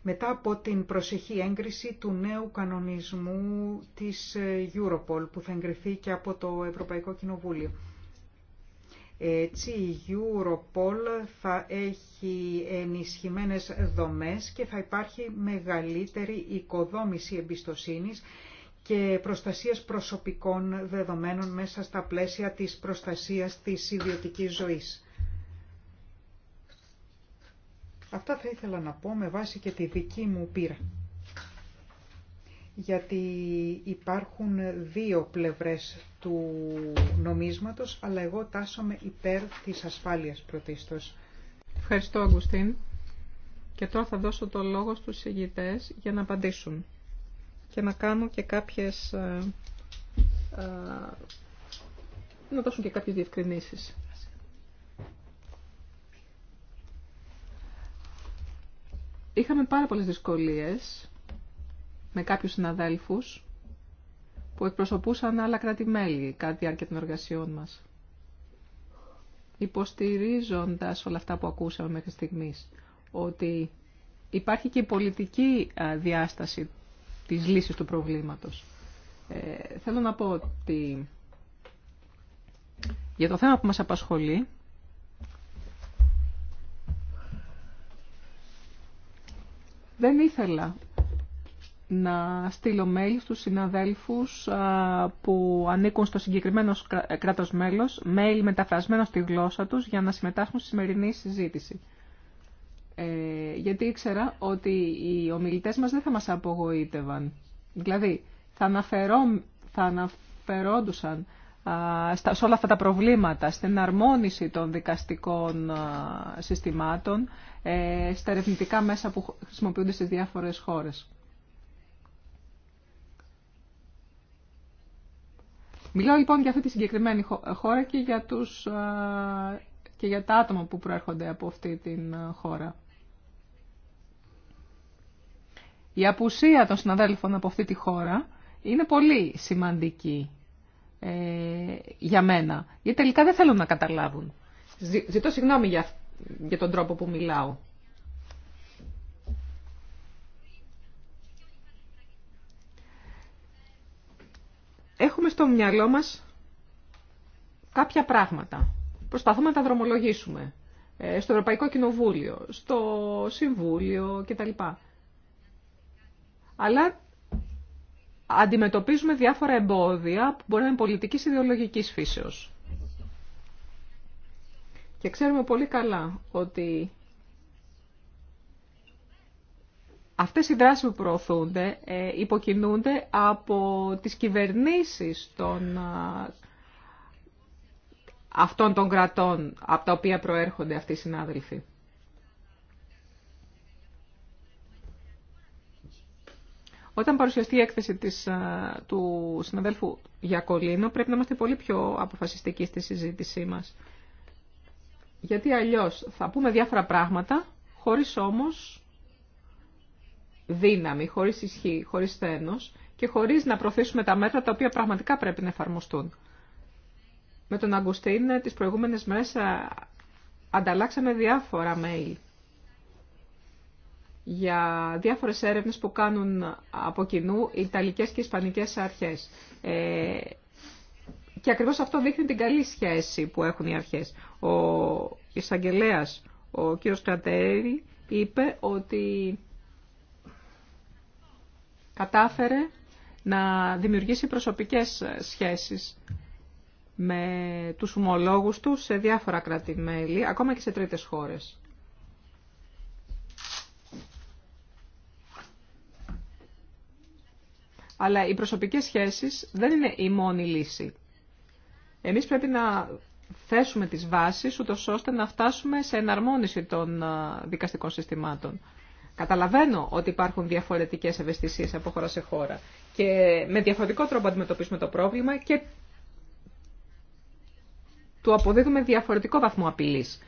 μετά από την προσεχή έγκριση του νέου κανονισμού της ε, Europol που θα εγκριθεί και από το Ευρωπαϊκό Κοινοβούλιο. Έτσι η Europol θα έχει ενισχυμένες δομές και θα υπάρχει μεγαλύτερη οικοδόμηση εμπιστοσύνης και προστασίας προσωπικών δεδομένων μέσα στα πλαίσια της προστασίας της ιδιωτικής ζωής. Αυτά θα ήθελα να πω με βάση και τη δική μου πείρα. Γιατί υπάρχουν δύο πλευρές του νομίσματος, αλλά εγώ τάσομαι υπέρ της ασφάλειας πρωτίστως. Ευχαριστώ, Αγκουστίν. Και τώρα θα δώσω το λόγο στους συγγητές για να απαντήσουν και να κάνω και κάποιες... Ε, ε, να δώσουν και κάποιες διευκρινήσεις. είχαμε πάρα πολλές δυσκολίες με κάποιους συναδέλφους που εκπροσωπούσαν άλλα κράτη-μέλη κατά τη διάρκεια των εργασιών μας. Υποστηρίζοντας όλα αυτά που ακούσαμε μέχρι στιγμής, ότι υπάρχει και η πολιτική διάσταση της λύσης του προβλήματος. Ε, θέλω να πω ότι για το θέμα που μας απασχολεί, Δεν ήθελα να στείλω mail στους συναδέλφους που ανήκουν στο συγκεκριμένο ε, κράτος μέλος, mail μεταφρασμένο στη γλώσσα τους για να συμμετάσχουν στη σημερινή συζήτηση. Ε, γιατί ήξερα ότι οι ομιλητές μας δεν θα μας απογοήτευαν. Δηλαδή, θα, αναφερό, θα αναφερόντουσαν σε όλα αυτά τα προβλήματα, στην αρμόνιση των δικαστικών συστημάτων, ε, στα ερευνητικά μέσα που χρησιμοποιούνται στις διάφορες χώρες. Μιλάω λοιπόν για αυτή τη συγκεκριμένη χώρα και για, τους, και για τα άτομα που προέρχονται από αυτή την χώρα. Η απουσία των συναδέλφων από αυτή τη χώρα είναι πολύ σημαντική ε, για μένα. Γιατί τελικά δεν θέλουν να καταλάβουν. Ζητώ συγγνώμη για, για τον τρόπο που μιλάω. Έχουμε στο μυαλό μας κάποια πράγματα. Προσπαθούμε να τα δρομολογήσουμε. Ε, στο Ευρωπαϊκό Κοινοβούλιο, στο Συμβούλιο κτλ. Αλλά αντιμετωπίζουμε διάφορα εμπόδια που μπορεί να είναι πολιτικής ιδεολογικής φύσεως. Και ξέρουμε πολύ καλά ότι αυτές οι δράσεις που προωθούνται ε, υποκινούνται από τις κυβερνήσεις των, αυτών των κρατών από τα οποία προέρχονται αυτοί οι συνάδελφοι. Όταν παρουσιαστεί η έκθεση της, του συναδέλφου Γιακολίνο, πρέπει να είμαστε πολύ πιο αποφασιστικοί στη συζήτησή μας. Γιατί αλλιώς θα πούμε διάφορα πράγματα, χωρίς όμως δύναμη, χωρίς ισχύ, χωρίς θένος και χωρίς να προωθήσουμε τα μέτρα τα οποία πραγματικά πρέπει να εφαρμοστούν. Με τον Αγκουστίν τις προηγούμενες μέρες ανταλλάξαμε διάφορα mail για διάφορες έρευνες που κάνουν από κοινού Ιταλικές και Ισπανικές αρχές. Ε, και ακριβώς αυτό δείχνει την καλή σχέση που έχουν οι αρχές. Ο εισαγγελέα, ο κύριος Κρατέρη, είπε ότι κατάφερε να δημιουργήσει προσωπικές σχέσεις με τους ομολόγους του σε διάφορα κράτη-μέλη, ακόμα και σε τρίτες χώρες. Αλλά οι προσωπικές σχέσεις δεν είναι η μόνη λύση. Εμείς πρέπει να θέσουμε τις βάσεις, ούτως ώστε να φτάσουμε σε εναρμόνιση των δικαστικών συστημάτων. Καταλαβαίνω ότι υπάρχουν διαφορετικές ευαισθησίες από χώρα σε χώρα και με διαφορετικό τρόπο αντιμετωπίσουμε το πρόβλημα και του αποδίδουμε διαφορετικό βαθμό απειλής.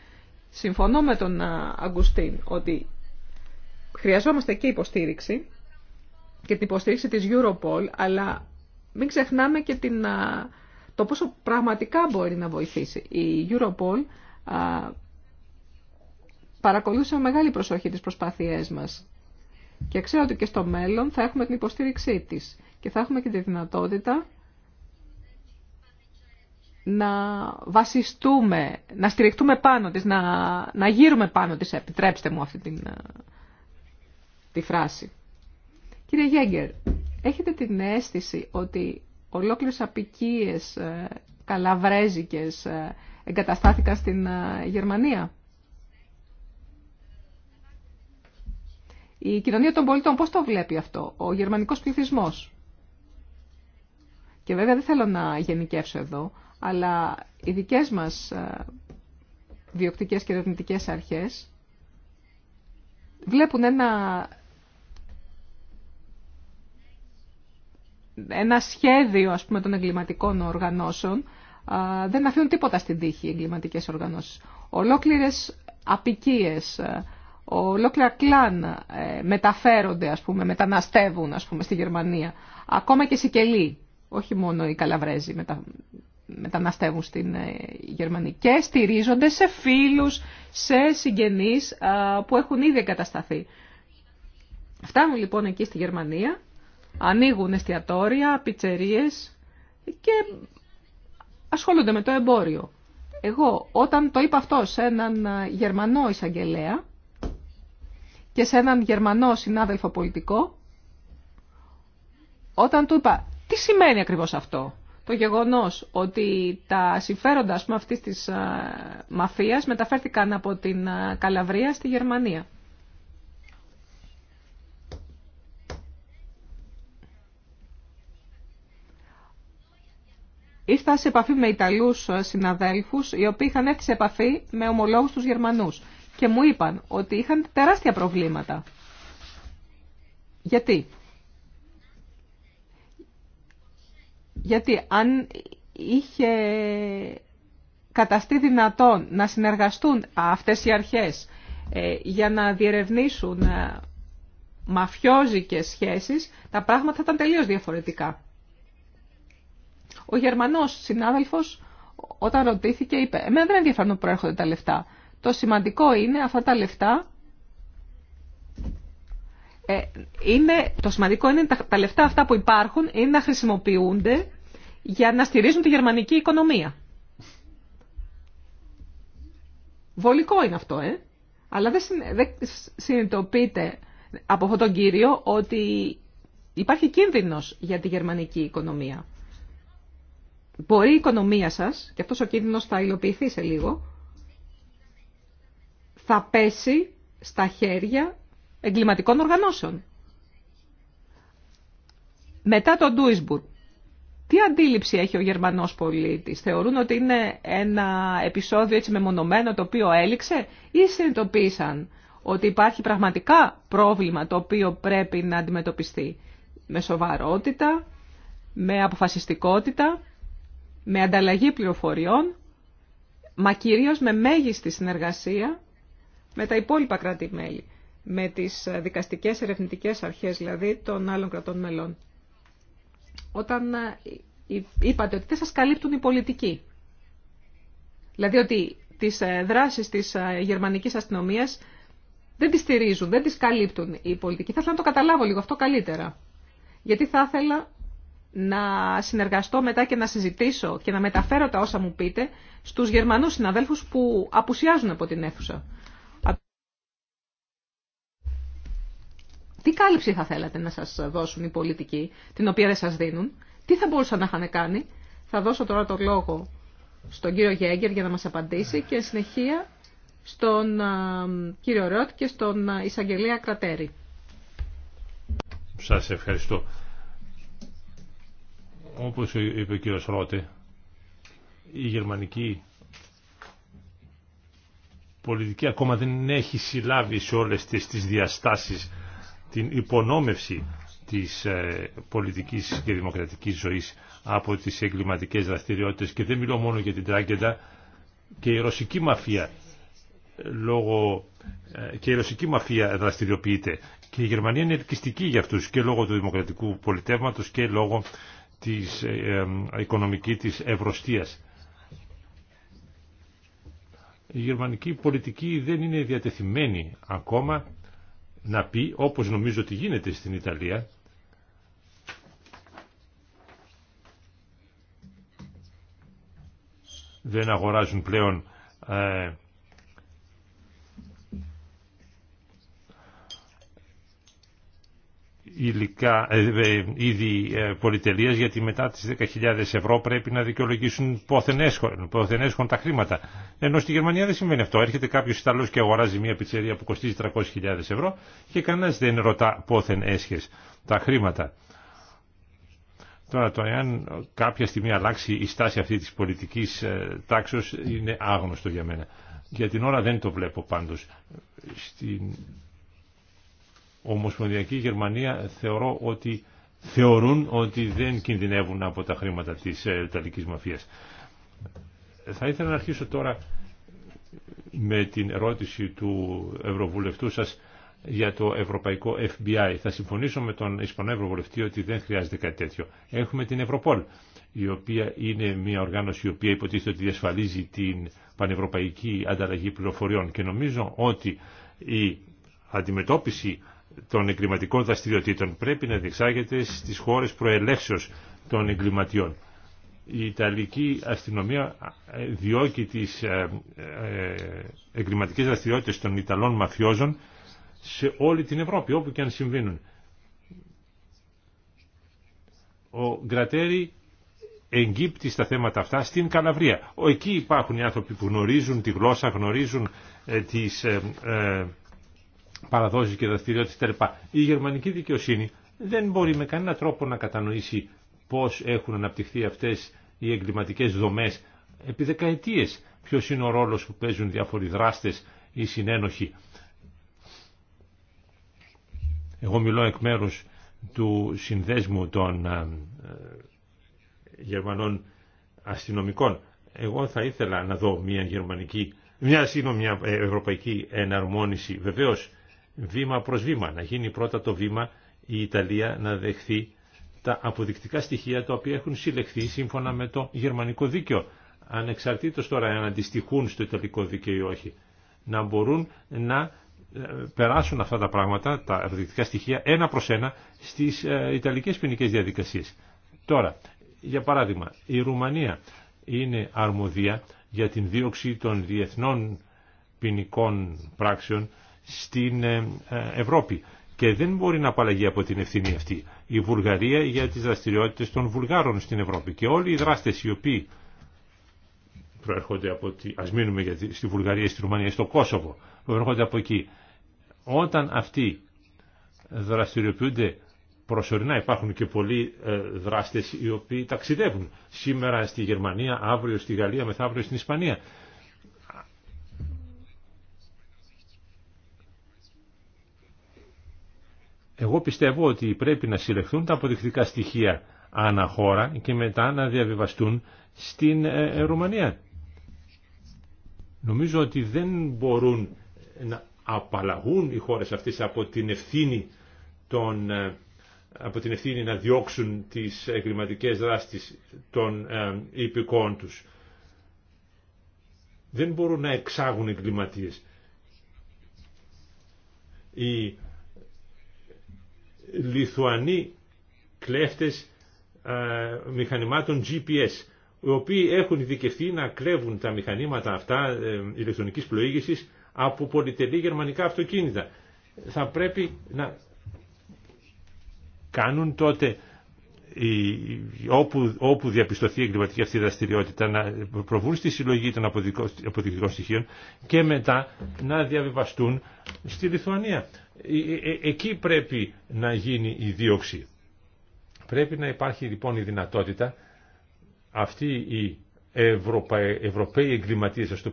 Συμφωνώ με τον Αγκουστίν ότι χρειαζόμαστε και υποστήριξη και την υποστήριξη της Europol, αλλά μην ξεχνάμε και την, το πόσο πραγματικά μπορεί να βοηθήσει. Η Europol παρακολούσε με μεγάλη προσοχή τις προσπάθειές μας και ξέρω ότι και στο μέλλον θα έχουμε την υποστήριξή της και θα έχουμε και τη δυνατότητα να βασιστούμε, να στηριχτούμε πάνω της, να, να γύρουμε πάνω της, επιτρέψτε μου αυτή τη φράση. Κύριε Γέγκερ, έχετε την αίσθηση ότι ολόκληρες απικίες ε, καλαβρέζικες ε, εγκαταστάθηκαν στην ε, Γερμανία. Η κοινωνία των πολιτών πώς το βλέπει αυτό, ο γερμανικός πληθυσμός. Και βέβαια δεν θέλω να γενικεύσω εδώ, αλλά οι δικές μας διοκτικές και ερευνητικέ αρχές βλέπουν ένα ένα σχέδιο ας πούμε, των εγκληματικών οργανώσεων. Δεν αφήνουν τίποτα στην τύχη οι εγκληματικές οργανώσεις. Ολόκληρες απικίες, ολόκληρα κλάν ε, μεταφέρονται, ας πούμε, μεταναστεύουν ας πούμε, στη Γερμανία. Ακόμα και Σικελοί, όχι μόνο οι Καλαβρέζοι μετα... μεταναστεύουν στην ε, Γερμανία και στηρίζονται σε φίλους, σε συγγενείς που έχουν ήδη εγκατασταθεί. Φτάνουν λοιπόν εκεί στη Γερμανία Ανοίγουν εστιατόρια, πιτσερίες και ασχολούνται με το εμπόριο. Εγώ όταν το είπα αυτό σε έναν ε, Γερμανό εισαγγελέα και σε έναν Γερμανό συνάδελφο πολιτικό, όταν του είπα τι σημαίνει ακριβώς αυτό, το γεγονός ότι τα συμφέροντα αυτής της ε, μαφίας μεταφέρθηκαν από την ε, Καλαβρία στη Γερμανία. Ήρθα σε επαφή με Ιταλούς ε, συναδέλφους, οι οποίοι είχαν έρθει σε επαφή με ομολόγους τους Γερμανούς και μου είπαν ότι είχαν τεράστια προβλήματα. Γιατί? Γιατί αν είχε καταστεί δυνατόν να συνεργαστούν αυτές οι αρχές ε, για να διερευνήσουν ε, μαφιόζικες σχέσεις, τα πράγματα θα ήταν τελείως διαφορετικά. Ο Γερμανός συνάδελφος όταν ρωτήθηκε είπε «Εμένα δεν ενδιαφέρουν που προέρχονται τα λεφτά. Το σημαντικό είναι αυτά τα λεφτά ε, είναι, το σημαντικό είναι τα, λεφτά αυτά που υπάρχουν είναι να χρησιμοποιούνται για να στηρίζουν τη γερμανική οικονομία. Βολικό είναι αυτό, ε. Αλλά δεν, δεν συνειδητοποιείται από αυτόν τον κύριο ότι υπάρχει κίνδυνος για τη γερμανική οικονομία μπορεί η οικονομία σας, και αυτός ο κίνδυνος θα υλοποιηθεί σε λίγο, θα πέσει στα χέρια εγκληματικών οργανώσεων. Μετά το Duisburg, τι αντίληψη έχει ο Γερμανός πολίτης. Θεωρούν ότι είναι ένα επεισόδιο έτσι μεμονωμένο το οποίο έληξε ή συνειδητοποίησαν ότι υπάρχει πραγματικά πρόβλημα το οποίο πρέπει να αντιμετωπιστεί με σοβαρότητα, με αποφασιστικότητα με ανταλλαγή πληροφοριών, μα κυρίως με μέγιστη συνεργασία με τα υπόλοιπα κράτη-μέλη, με τις δικαστικές ερευνητικές αρχές δηλαδή των άλλων κρατών μελών. Όταν ε, είπατε ότι δεν σας καλύπτουν οι πολιτικοί, δηλαδή ότι τις ε, δράσεις της ε, γερμανικής αστυνομίας δεν τις στηρίζουν, δεν τις καλύπτουν οι πολιτικοί. Θα ήθελα να το καταλάβω λίγο αυτό καλύτερα. Γιατί θα ήθελα να συνεργαστώ μετά και να συζητήσω και να μεταφέρω τα όσα μου πείτε στους Γερμανούς συναδέλφους που απουσιάζουν από την αίθουσα. Τι κάλυψη θα θέλατε να σας δώσουν οι πολιτικοί, την οποία δεν σας δίνουν, τι θα μπορούσαν να είχαν κάνει. Θα δώσω τώρα το λόγο στον κύριο Γέγκερ για να μας απαντήσει και συνεχεία στον κύριο Ρότ και στον εισαγγελία Κρατέρη. Σας ευχαριστώ. Όπως είπε ο κύριος Ρότε, η γερμανική πολιτική ακόμα δεν έχει συλλάβει σε όλες τις, τις διαστάσεις την υπονόμευση της ε, πολιτικής και δημοκρατικής ζωής από τις εγκληματικές δραστηριότητες και δεν μιλώ μόνο για την τράγκεντα και η ρωσική μαφία ε, λόγω ε, και η ρωσική μαφία δραστηριοποιείται και η Γερμανία είναι ελκυστική για αυτούς και λόγω του δημοκρατικού πολιτεύματος και λόγω της ε, οικονομική της ευρωστίας. Η γερμανική πολιτική δεν είναι διατεθειμένη ακόμα να πει, όπως νομίζω ότι γίνεται στην Ιταλία, δεν αγοράζουν πλέον ε, υλικά, ε, είδη ε, πολυτελείας γιατί μετά τις 10.000 ευρώ πρέπει να δικαιολογήσουν πόθεν έσχον, τα χρήματα. Ενώ στη Γερμανία δεν σημαίνει αυτό. Έρχεται κάποιος Ιταλός και αγοράζει μια πιτσερία που κοστίζει 300.000 ευρώ και κανένας δεν ρωτά πόθεν έσχες τα χρήματα. Τώρα το εάν κάποια στιγμή αλλάξει η στάση αυτή της πολιτικής ε, τάξης είναι άγνωστο για μένα. Για την ώρα δεν το βλέπω πάντως. Στην Ομοσπονδιακή Γερμανία θεωρώ ότι θεωρούν ότι δεν κινδυνεύουν από τα χρήματα της ε, Ιταλικής Μαφίας. Θα ήθελα να αρχίσω τώρα με την ερώτηση του Ευρωβουλευτού σας για το Ευρωπαϊκό FBI. Θα συμφωνήσω με τον Ισπανό Ευρωβουλευτή ότι δεν χρειάζεται κάτι τέτοιο. Έχουμε την Ευρωπόλ, η οποία είναι μια οργάνωση η οποία υποτίθεται ότι διασφαλίζει την πανευρωπαϊκή ανταλλαγή πληροφοριών και νομίζω ότι η αντιμετώπιση των εγκληματικών δραστηριοτήτων πρέπει να διεξάγεται στις χώρες προελεύσεως των εγκληματιών. Η Ιταλική αστυνομία ε, διώκει τις ε, ε, εγκληματικές δραστηριότητες των Ιταλών μαφιόζων σε όλη την Ευρώπη, όπου και αν συμβαίνουν. Ο Γκρατέρη εγκύπτει στα θέματα αυτά στην Καλαβρία. Εκεί υπάρχουν οι άνθρωποι που γνωρίζουν τη γλώσσα, γνωρίζουν τις παραδόσεις και δραστηριότητες Η γερμανική δικαιοσύνη δεν μπορεί με κανένα τρόπο να κατανοήσει πώς έχουν αναπτυχθεί αυτές οι εγκληματικές δομές επί δεκαετίες. Ποιος είναι ο ρόλος που παίζουν διάφοροι δράστες ή συνένοχοι. Εγώ μιλώ εκ μέρους του συνδέσμου των ε, Γερμανών αστυνομικών. Εγώ θα ήθελα να δω μια γερμανική, μια, ευρωπαϊκή εναρμόνιση. Βεβαίως βήμα προς βήμα. Να γίνει πρώτα το βήμα η Ιταλία να δεχθεί τα αποδεικτικά στοιχεία τα οποία έχουν συλλεχθεί σύμφωνα με το γερμανικό δίκαιο. Ανεξαρτήτως τώρα αν αντιστοιχούν στο Ιταλικό δίκαιο ή όχι. Να μπορούν να ε, περάσουν αυτά τα πράγματα, τα αποδεικτικά στοιχεία, ένα προς ένα στις ε, Ιταλικές ποινικέ διαδικασίες. Τώρα, για παράδειγμα, η Ρουμανία αποδεικτικα στοιχεια ενα προς ενα στις ιταλικες ποινικες αρμοδία για την δίωξη των διεθνών ποινικών πράξεων στην ε, ε, Ευρώπη και δεν μπορεί να απαλλαγεί από την ευθύνη αυτή η Βουλγαρία για τις δραστηριότητες των Βουλγάρων στην Ευρώπη και όλοι οι δράστες οι οποίοι προέρχονται από τη, ας μείνουμε γιατί στη Βουλγαρία, στη Ρουμανία, στο Κόσοβο προέρχονται από εκεί όταν αυτοί δραστηριοποιούνται προσωρινά υπάρχουν και πολλοί ε, δράστες οι οποίοι ταξιδεύουν σήμερα στη Γερμανία, αύριο στη Γαλλία, μεθαύριο στην Ισπανία Εγώ πιστεύω ότι πρέπει να συλλεχθούν τα αποδεικτικά στοιχεία ανά χώρα και μετά να διαβιβαστούν στην ε, ε, Ρουμανία. Νομίζω ότι δεν μπορούν να απαλλαγούν οι χώρες αυτές από την ευθύνη, των, ε, από την ευθύνη να διώξουν τις εγκληματικές δράσεις των υπηκών τους. Δεν μπορούν να εξάγουν εγκληματίες. Η Λιθουανοί κλέφτες μηχανημάτων GPS οι οποίοι έχουν ειδικευθεί να κλέβουν τα μηχανήματα αυτά ε, ηλεκτρονικής πλοήγησης από πολυτελή γερμανικά αυτοκίνητα. Θα πρέπει να κάνουν τότε όπου, όπου διαπιστωθεί η εγκληματική αυτή δραστηριότητα να προβούν στη συλλογή των αποδεικτικών στοιχείων και μετά να διαβιβαστούν στη Λιθουανία. Ε, ε, ε, εκεί πρέπει να γίνει η δίωξη. Πρέπει να υπάρχει λοιπόν η δυνατότητα αυτοί οι Ευρωπαίοι εγκληματίες, το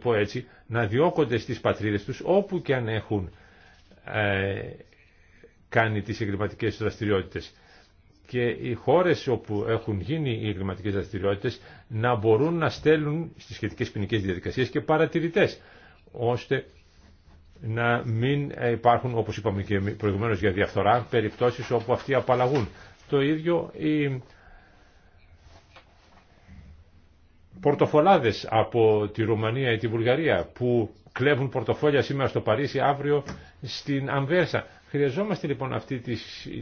να διώκονται στις πατρίδες τους όπου και αν έχουν κάνει τις εγκληματικές δραστηριότητες. Και οι χώρες όπου έχουν γίνει οι εγκληματικές δραστηριότητες να μπορούν να στέλνουν στις σχετικές ποινικές διαδικασίες και παρατηρητές, ώστε να μην υπάρχουν, όπως είπαμε και προηγουμένως για διαφθορά, περιπτώσεις όπου αυτοί απαλλαγούν. Το ίδιο οι πορτοφολάδες από τη Ρουμανία ή τη Βουλγαρία που κλέβουν πορτοφόλια σήμερα στο Παρίσι, αύριο στην Αμβέρσα. Χρειαζόμαστε λοιπόν αυτή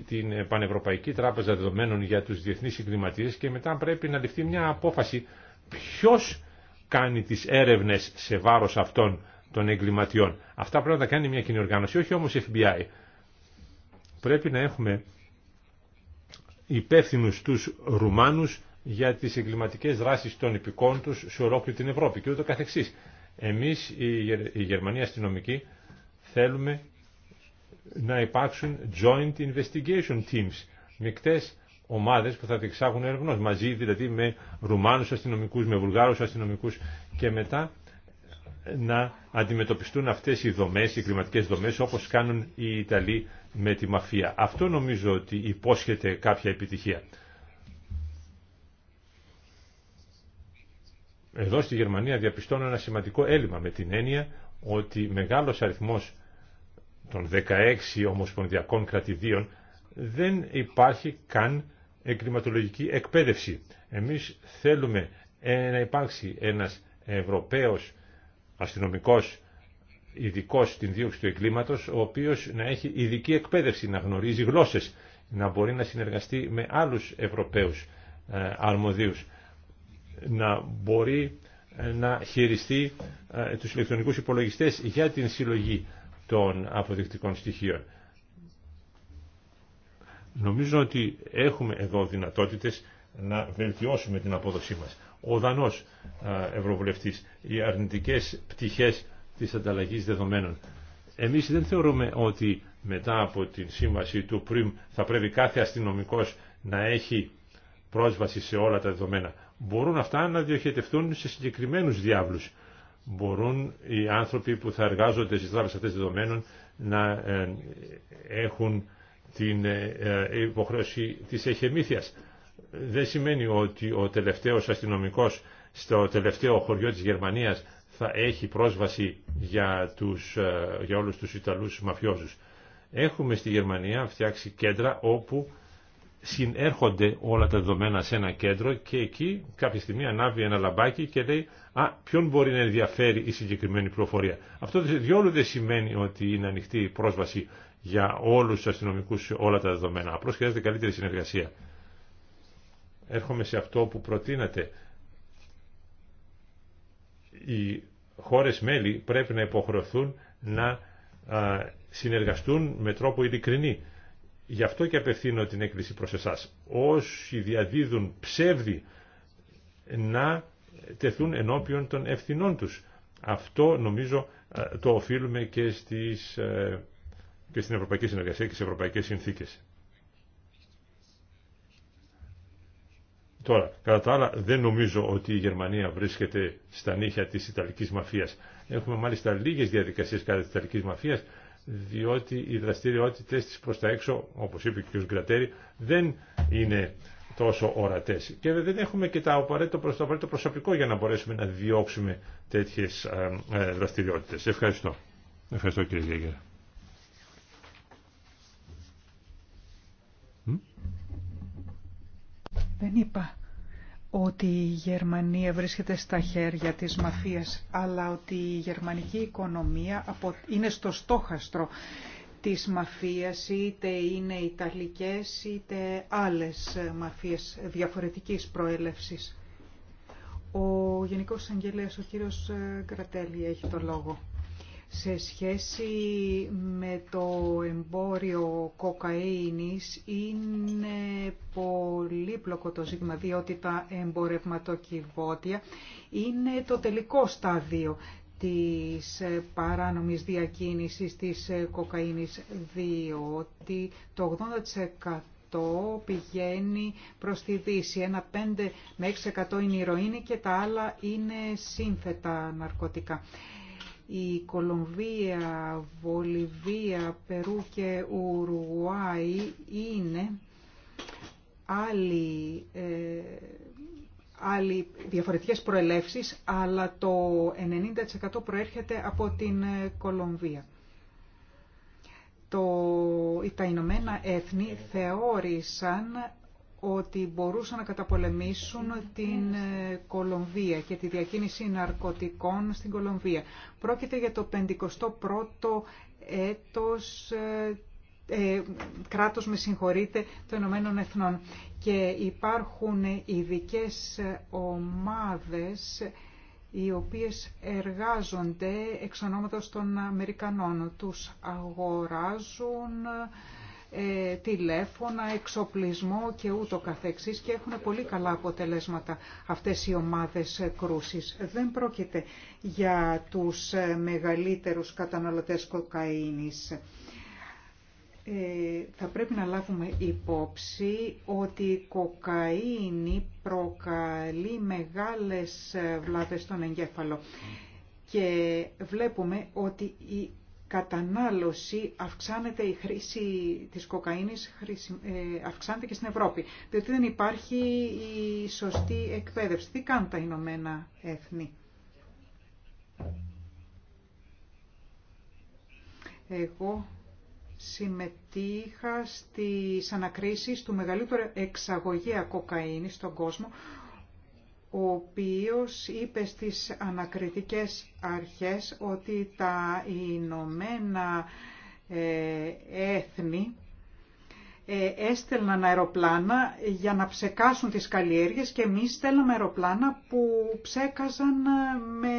την Πανευρωπαϊκή Τράπεζα Δεδομένων για τους διεθνείς συγκληματίες και μετά πρέπει να ληφθεί μια απόφαση ποιος κάνει τις έρευνες σε βάρος αυτών των εγκληματιών. Αυτά πρέπει να τα κάνει μια κοινή οργάνωση, όχι όμως FBI. Πρέπει να έχουμε υπεύθυνου τους Ρουμάνους για τις εγκληματικές δράσεις των υπηκών τους σε ολόκληρη την Ευρώπη και ούτω καθεξής. Εμείς οι Γερμανοί αστυνομικοί θέλουμε να υπάρξουν joint investigation teams, μεικτές ομάδες που θα διεξάγουν ερευνός, μαζί δηλαδή με Ρουμάνους αστυνομικούς, με Βουλγάρους αστυνομικούς και μετά να αντιμετωπιστούν αυτές οι δομές, οι κλιματικές δομές, όπως κάνουν οι Ιταλοί με τη μαφία. Αυτό νομίζω ότι υπόσχεται κάποια επιτυχία. Εδώ στη Γερμανία διαπιστώνω ένα σημαντικό έλλειμμα με την έννοια ότι μεγάλος αριθμός των 16 ομοσπονδιακών κρατηδίων δεν υπάρχει καν εγκληματολογική εκπαίδευση. Εμείς θέλουμε να υπάρξει ένας Ευρωπαίος αστυνομικό ειδικό στην δίωξη του εγκλήματο, ο οποίος να έχει ειδική εκπαίδευση, να γνωρίζει γλώσσες, να μπορεί να συνεργαστεί με άλλους Ευρωπαίους ε, αρμοδίους, να μπορεί ε, να χειριστεί ε, τους ηλεκτρονικούς υπολογιστές για την συλλογή των αποδεικτικών στοιχείων. Νομίζω ότι έχουμε εδώ δυνατότητες να βελτιώσουμε την απόδοσή μας ο Δανός Ευρωβουλευτής, οι αρνητικές πτυχές της ανταλλαγής δεδομένων. Εμείς δεν θεωρούμε ότι μετά από την σύμβαση του ΠΡΙΜ θα πρέπει κάθε αστυνομικός να έχει πρόσβαση σε όλα τα δεδομένα. Μπορούν αυτά να διοχετευτούν σε συγκεκριμένους διάβλους. Μπορούν οι άνθρωποι που θα εργάζονται στις τράπεζες αυτές δεδομένων να ε, έχουν την ε, ε, υποχρέωση της εχεμήθειας δεν σημαίνει ότι ο τελευταίος αστυνομικός στο τελευταίο χωριό της Γερμανίας θα έχει πρόσβαση για, τους, ε, για όλους τους Ιταλούς μαφιόζους. Έχουμε στη Γερμανία φτιάξει κέντρα όπου συνέρχονται όλα τα δεδομένα σε ένα κέντρο και εκεί κάποια στιγμή ανάβει ένα λαμπάκι και λέει «Α, ποιον μπορεί να ενδιαφέρει η συγκεκριμένη πληροφορία». Αυτό διόλου δεν σημαίνει ότι είναι ανοιχτή η πρόσβαση για όλους τους αστυνομικούς σε όλα τα δεδομένα. Απλώς χρειάζεται καλύτερη συνεργασία έρχομαι σε αυτό που προτείνατε. Οι χώρες μέλη πρέπει να υποχρεωθούν να συνεργαστούν με τρόπο ειλικρινή. Γι' αυτό και απευθύνω την έκκληση προς εσάς. Όσοι διαδίδουν ψεύδι να τεθούν ενώπιον των ευθυνών τους. Αυτό νομίζω το οφείλουμε και, στις, ε, και στην Ευρωπαϊκή Συνεργασία και στις Ευρωπαϊκές Συνθήκες. Τώρα, κατά τα άλλα, δεν νομίζω ότι η Γερμανία βρίσκεται στα νύχια της Ιταλικής μαφίας. Έχουμε μάλιστα λίγες διαδικασίες κατά της Ιταλικής μαφίας, διότι οι δραστηριότητες της προς τα έξω, όπως είπε και ο Γκρατέρη, δεν είναι τόσο ορατές. Και δεν έχουμε και τα απαραίτητο, το απαραίτητο προσωπικό για να μπορέσουμε να διώξουμε τέτοιες ε, ε, δραστηριότητες. Ευχαριστώ. Ευχαριστώ κύριε Γέγερα. Δεν είπα ότι η Γερμανία βρίσκεται στα χέρια της μαφίας, αλλά ότι η γερμανική οικονομία είναι στο στόχαστρο της μαφίας, είτε είναι Ιταλικές είτε άλλες μαφίες διαφορετικής προέλευσης. Ο Γενικός Αγγελέας, ο κύριος ε, Κρατέλη, έχει το λόγο σε σχέση με το εμπόριο κοκαΐνης είναι πολύπλοκο το ζήτημα διότι τα εμπορευματοκιβώτια είναι το τελικό στάδιο της παράνομης διακίνησης της κοκαΐνης διότι το 80% πηγαίνει προς τη Δύση. Ένα 5 με 6% είναι ηρωίνη και τα άλλα είναι σύνθετα ναρκωτικά η Κολομβία, Βολιβία, Περού και Ουρουάη είναι άλλοι, ε, άλλοι διαφορετικές προελεύσεις, αλλά το 90% προέρχεται από την ε, Κολομβία. Το, τα Ηνωμένα Έθνη θεώρησαν ότι μπορούσαν να καταπολεμήσουν την ε, Κολομβία και τη διακίνηση ναρκωτικών στην Κολομβία. Πρόκειται για το 51ο έτος ε, ε, κράτος, με συγχωρείτε, των Ηνωμένων Εθνών. Και υπάρχουν ειδικέ ομάδες οι οποίες εργάζονται εξ ονόματος των Αμερικανών. Τους αγοράζουν, ε, τηλέφωνα, εξοπλισμό και ούτω καθεξής και έχουν πολύ καλά αποτελέσματα αυτές οι ομάδες ε, κρούσης. Δεν πρόκειται για τους ε, μεγαλύτερους καταναλωτές κοκαίνης. Ε, θα πρέπει να λάβουμε υπόψη ότι η κοκαίνη προκαλεί μεγάλες ε, βλάβες στον εγκέφαλο και βλέπουμε ότι η κατανάλωση αυξάνεται η χρήση της κοκαίνης, ε, αυξάνεται και στην Ευρώπη, διότι δεν υπάρχει η σωστή εκπαίδευση. Τι κάνουν τα Ηνωμένα Έθνη. Εγώ συμμετείχα στις ανακρίσεις του μεγαλύτερου εξαγωγέα κοκαίνης στον κόσμο ο οποίος είπε στις ανακριτικές αρχές ότι τα Ηνωμένα ε, Έθνη ε, έστελναν αεροπλάνα για να ψεκάσουν τις καλλιέργειες και εμείς στέλναμε αεροπλάνα που ψέκαζαν ε, με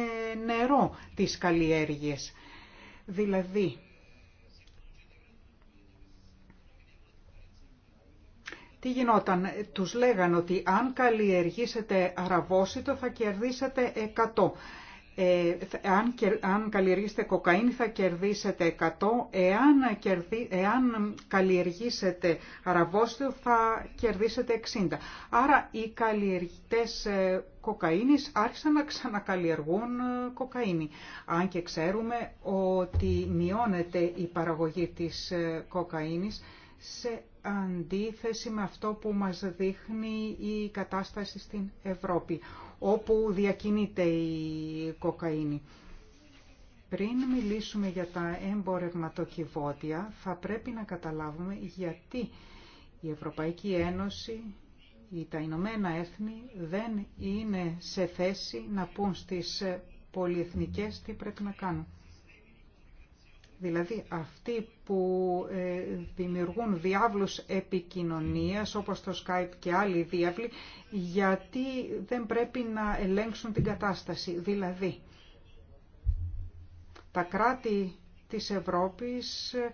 νερό τις καλλιέργειες. Δηλαδή, τι γινόταν, τους λέγαν ότι αν καλλιεργήσετε αραβόσιτο θα κερδίσετε 100. Ε, αν, αν καλλιεργήσετε κοκαίνη θα κερδίσετε 100, εάν, κερδί, καλλιεργήσετε αραβόσιτο θα κερδίσετε 60. Άρα οι καλλιεργητές ε, κοκαίνης άρχισαν να ξανακαλλιεργούν ε, κοκαίνη. Αν και ξέρουμε ότι μειώνεται η παραγωγή της ε, κοκαίνης σε αντίθεση με αυτό που μας δείχνει η κατάσταση στην Ευρώπη, όπου διακινείται η κοκαίνη. Πριν μιλήσουμε για τα εμπορευματοκιβώτια, θα πρέπει να καταλάβουμε γιατί η Ευρωπαϊκή Ένωση ή τα Ηνωμένα Έθνη δεν είναι σε θέση να πούν στις πολυεθνικές τι πρέπει να κάνουν. Δηλαδή αυτοί που ε, δημιουργούν διάβλους επικοινωνίας όπως το Skype και άλλοι διάβλοι γιατί δεν πρέπει να ελέγξουν την κατάσταση. Δηλαδή τα κράτη της Ευρώπης ε,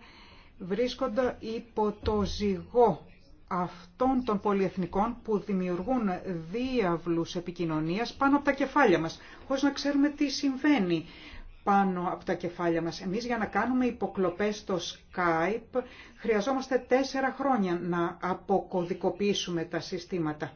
βρίσκονται υπό το ζυγό αυτών των πολυεθνικών που δημιουργούν διάβλους επικοινωνίας πάνω από τα κεφάλια μας, χωρίς να ξέρουμε τι συμβαίνει πάνω από τα κεφάλια μας. Εμείς για να κάνουμε υποκλοπές στο Skype χρειαζόμαστε τέσσερα χρόνια να αποκωδικοποιήσουμε τα συστήματα.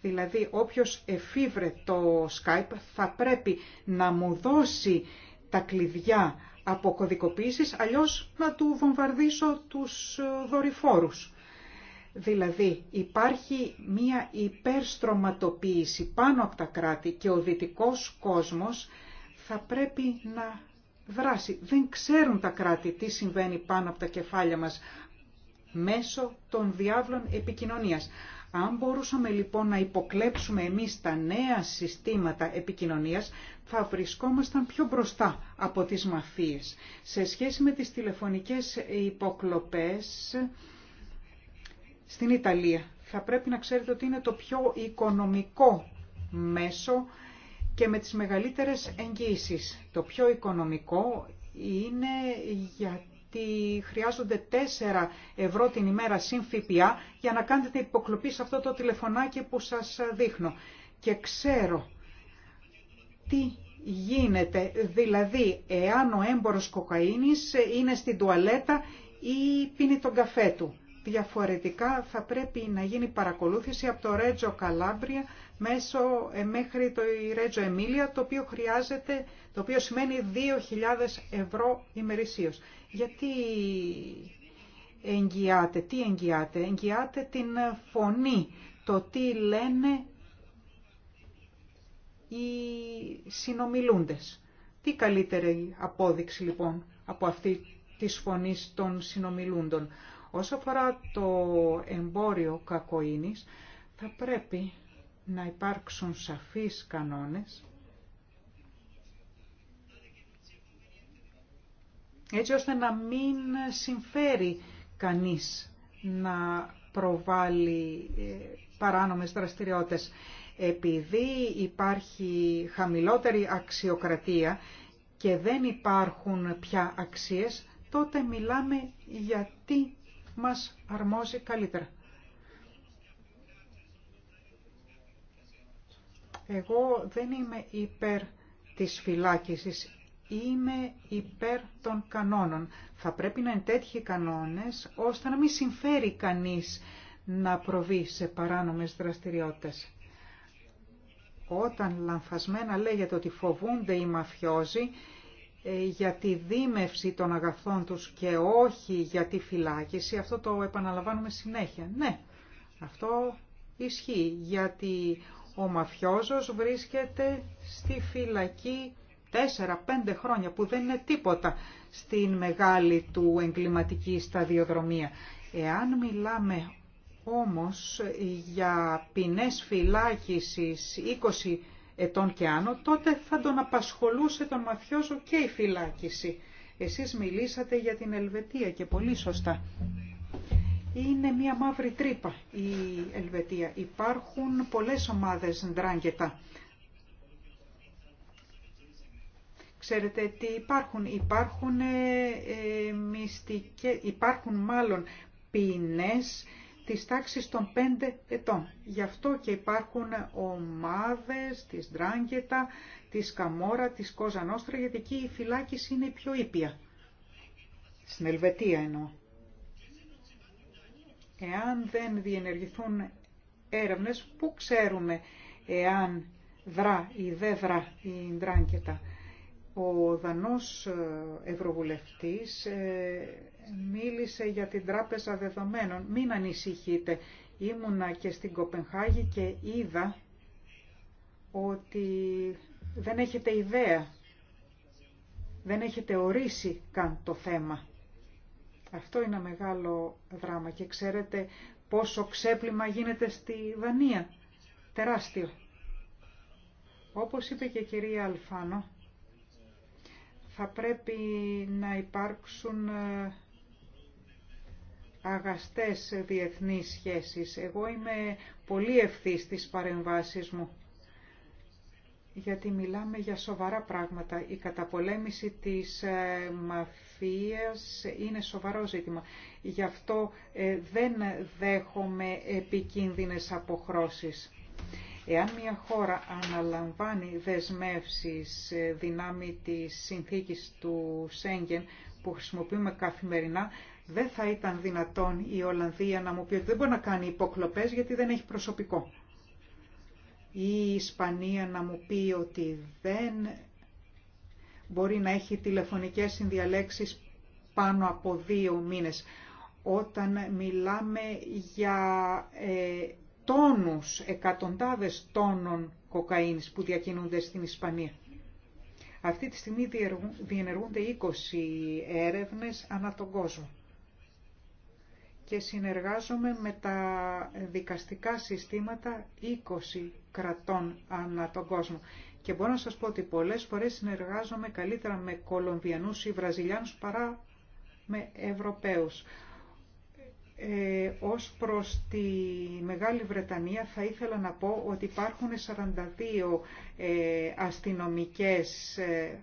Δηλαδή όποιος εφήβρε το Skype θα πρέπει να μου δώσει τα κλειδιά αποκωδικοποίησης, αλλιώς να του βομβαρδίσω τους ε, δορυφόρους. Δηλαδή υπάρχει μία υπερστρωματοποίηση πάνω από τα κράτη και ο δυτικός κόσμος θα πρέπει να δράσει. Δεν ξέρουν τα κράτη τι συμβαίνει πάνω από τα κεφάλια μας μέσω των διάβλων επικοινωνίας. Αν μπορούσαμε λοιπόν να υποκλέψουμε εμείς τα νέα συστήματα επικοινωνίας, θα βρισκόμασταν πιο μπροστά από τις μαφίες. Σε σχέση με τις τηλεφωνικές υποκλοπές στην Ιταλία, θα πρέπει να ξέρετε ότι είναι το πιο οικονομικό μέσο και με τις μεγαλύτερες εγγύησεις. Το πιο οικονομικό είναι γιατί χρειάζονται 4 ευρώ την ημέρα συν ΦΠΑ για να κάνετε υποκλοπή σε αυτό το τηλεφωνάκι που σας δείχνω. Και ξέρω τι γίνεται, δηλαδή εάν ο έμπορος κοκαΐνης είναι στην τουαλέτα ή πίνει τον καφέ του. Διαφορετικά θα πρέπει να γίνει παρακολούθηση από το Ρέτζο Καλάμπρια μέσω ε, μέχρι το Ρέτζο Εμίλια, το οποίο, χρειάζεται, το οποίο σημαίνει 2.000 ευρώ ημερησίως. Γιατί εγγυάται, τι εγγυάται, εγγυάται την φωνή, το τι λένε οι συνομιλούντες. Τι καλύτερη απόδειξη λοιπόν από αυτή της φωνής των συνομιλούντων. Όσο αφορά το εμπόριο κακοίνης, θα πρέπει να υπάρξουν σαφείς κανόνες έτσι ώστε να μην συμφέρει κανείς να προβάλλει ε, παράνομες δραστηριότητες. Επειδή υπάρχει χαμηλότερη αξιοκρατία και δεν υπάρχουν πια αξίες, τότε μιλάμε γιατί μας αρμόζει καλύτερα. Εγώ δεν είμαι υπέρ της φυλάκισης, είμαι υπέρ των κανόνων. Θα πρέπει να είναι τέτοιοι κανόνες, ώστε να μην συμφέρει κανείς να προβεί σε παράνομες δραστηριότητες. Όταν λανθασμένα λέγεται ότι φοβούνται οι μαφιόζοι, ε, για τη δίμευση των αγαθών τους και όχι για τη φυλάκηση. αυτό το επαναλαμβάνουμε συνέχεια. Ναι, αυτό ισχύει, γιατί ο μαφιόζος βρίσκεται στη φυλακή 4-5 χρόνια που δεν είναι τίποτα στην μεγάλη του εγκληματική σταδιοδρομία. Εάν μιλάμε όμως για ποινές φυλάκισης 20 ετών και άνω, τότε θα τον απασχολούσε τον μαφιόζο και η φυλάκιση. Εσείς μιλήσατε για την Ελβετία και πολύ σωστά. Είναι μια μαύρη τρύπα η Ελβετία. Υπάρχουν πολλές ομάδες ντράγκετα. Ξέρετε τι υπάρχουν. Υπάρχουν, ε, ε υπάρχουν μάλλον ποινές της τάξης των 5 ετών. Γι' αυτό και υπάρχουν ομάδες της Ντράγκετα, της Καμόρα, της Κόζα Νόστρα, γιατί εκεί η φυλάκιση είναι πιο ήπια. Στην Ελβετία εννοώ. Εάν δεν διενεργηθούν έρευνες, πού ξέρουμε εάν δρά ή δεν δρά η Ντράγκετα. Ο Δανός ε, Ευρωβουλευτής ε, μίλησε για την Τράπεζα Δεδομένων. Μην ανησυχείτε. Ήμουνα και στην Κοπενχάγη και είδα ότι δεν έχετε ιδέα, δεν έχετε ορίσει καν το θέμα. Αυτό είναι ένα μεγάλο δράμα και ξέρετε πόσο ξέπλυμα γίνεται στη Δανία. Τεράστιο. Όπως είπε και η κυρία Αλφάνο, θα πρέπει να υπάρξουν ε, αγαστές διεθνείς σχέσεις. Εγώ είμαι πολύ ευθύ στις παρεμβάσεις μου, γιατί μιλάμε για σοβαρά πράγματα. Η καταπολέμηση της ε, μαφίας είναι σοβαρό ζήτημα. Γι' αυτό ε, δεν δέχομαι επικίνδυνες αποχρώσεις. Εάν μια χώρα αναλαμβάνει δεσμεύσεις δυνάμει της συνθήκης του Σέγγεν που χρησιμοποιούμε καθημερινά, δεν θα ήταν δυνατόν η Ολλανδία να μου πει ότι δεν μπορεί να κάνει υποκλοπές γιατί δεν έχει προσωπικό. Ή η Ισπανία να μου πει ότι δεν μπορεί να έχει τηλεφωνικές συνδιαλέξεις πάνω από δύο μήνες. Όταν μιλάμε για ε, τόνους, εκατοντάδες τόνων κοκαίνης που διακινούνται στην Ισπανία. Αυτή τη στιγμή διενεργούνται 20 έρευνες ανά τον κόσμο και συνεργάζομαι με τα δικαστικά συστήματα 20 κρατών ανά τον κόσμο. Και μπορώ να σας πω ότι πολλές φορές συνεργάζομαι καλύτερα με Κολομβιανούς ή Βραζιλιάνους παρά με Ευρωπαίους. Ε, ως προς τη Μεγάλη Βρετανία θα ήθελα να πω ότι υπάρχουν 42 ε, αστυνομικές ε,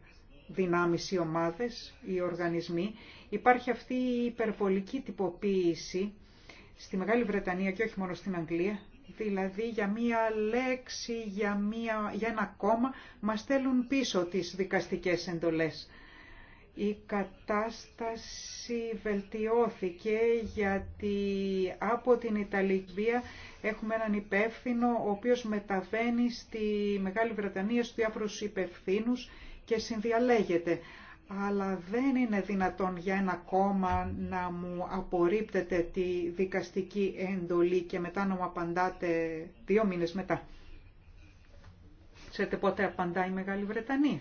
δυνάμεις ή ομάδες ή οργανισμοί. Υπάρχει αυτή η υπερβολική τυποποίηση στη Μεγάλη Βρετανία και όχι μόνο στην Αγγλία. Δηλαδή για μία λέξη, για, μία, για ένα κόμμα μας στέλνουν πίσω τις δικαστικές εντολές η κατάσταση βελτιώθηκε γιατί από την Βία έχουμε έναν υπεύθυνο ο οποίος μεταβαίνει στη Μεγάλη Βρετανία στους διάφορους υπευθύνους και συνδιαλέγεται. Αλλά δεν είναι δυνατόν για ένα κόμμα να μου απορρίπτεται τη δικαστική εντολή και μετά να μου απαντάτε δύο μήνες μετά. Ξέρετε πότε απαντάει η Μεγάλη Βρετανία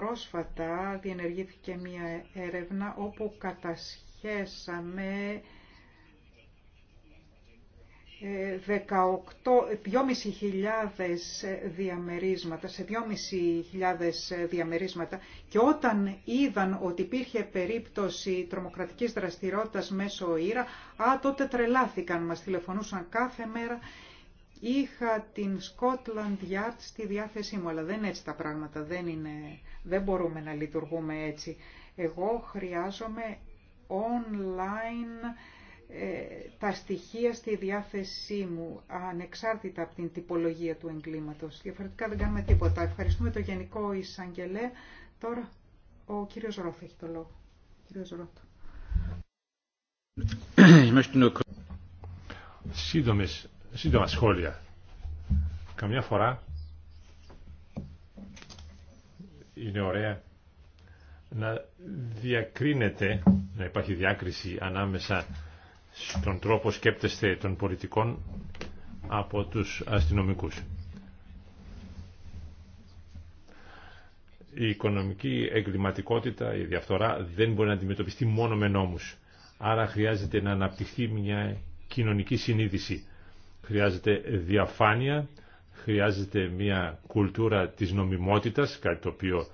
πρόσφατα διενεργήθηκε μία έρευνα όπου κατασχέσαμε 2.500 ε, ε, διαμερίσματα, σε 2.500 ε, διαμερίσματα και όταν είδαν ότι υπήρχε περίπτωση τρομοκρατικής δραστηριότητας μέσω Ήρα α, τότε τρελάθηκαν, μας τηλεφωνούσαν κάθε μέρα. Είχα την Scotland Yard στη διάθεσή μου, αλλά δεν είναι έτσι τα πράγματα, δεν είναι δεν μπορούμε να λειτουργούμε έτσι. Εγώ χρειάζομαι online ε, τα στοιχεία στη διάθεσή μου, ανεξάρτητα από την τυπολογία του εγκλήματος. Διαφορετικά δεν κάνουμε τίποτα. Ευχαριστούμε το Γενικό Ισαγγελέ. Τώρα ο κύριος Ρόφ έχει το λόγο. Κύριος σύντομα σχόλια. Καμιά φορά είναι ωραία να διακρίνεται, να υπάρχει διάκριση ανάμεσα στον τρόπο σκέπτεστε των πολιτικών από τους αστυνομικούς. Η οικονομική εγκληματικότητα, η διαφθορά δεν μπορεί να αντιμετωπιστεί μόνο με νόμους. Άρα χρειάζεται να αναπτυχθεί μια κοινωνική συνείδηση. Χρειάζεται διαφάνεια, Χρειάζεται μια κουλτούρα της νομιμότητας, κάτι το οποίο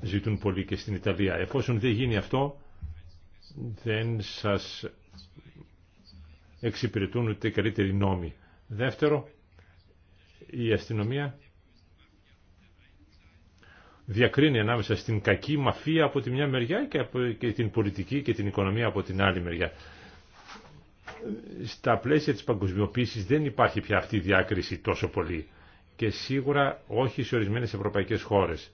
ζητούν πολύ και στην Ιταλία. Εφόσον δεν γίνει αυτό, δεν σας εξυπηρετούν ούτε καλύτεροι νόμοι. Δεύτερο, η αστυνομία διακρίνει ανάμεσα στην κακή μαφία από τη μια μεριά και, από, και την πολιτική και την οικονομία από την άλλη μεριά. Στα πλαίσια της παγκοσμιοποίησης δεν υπάρχει πια αυτή η διάκριση τόσο πολύ και σίγουρα όχι σε ορισμένες ευρωπαϊκές χώρες.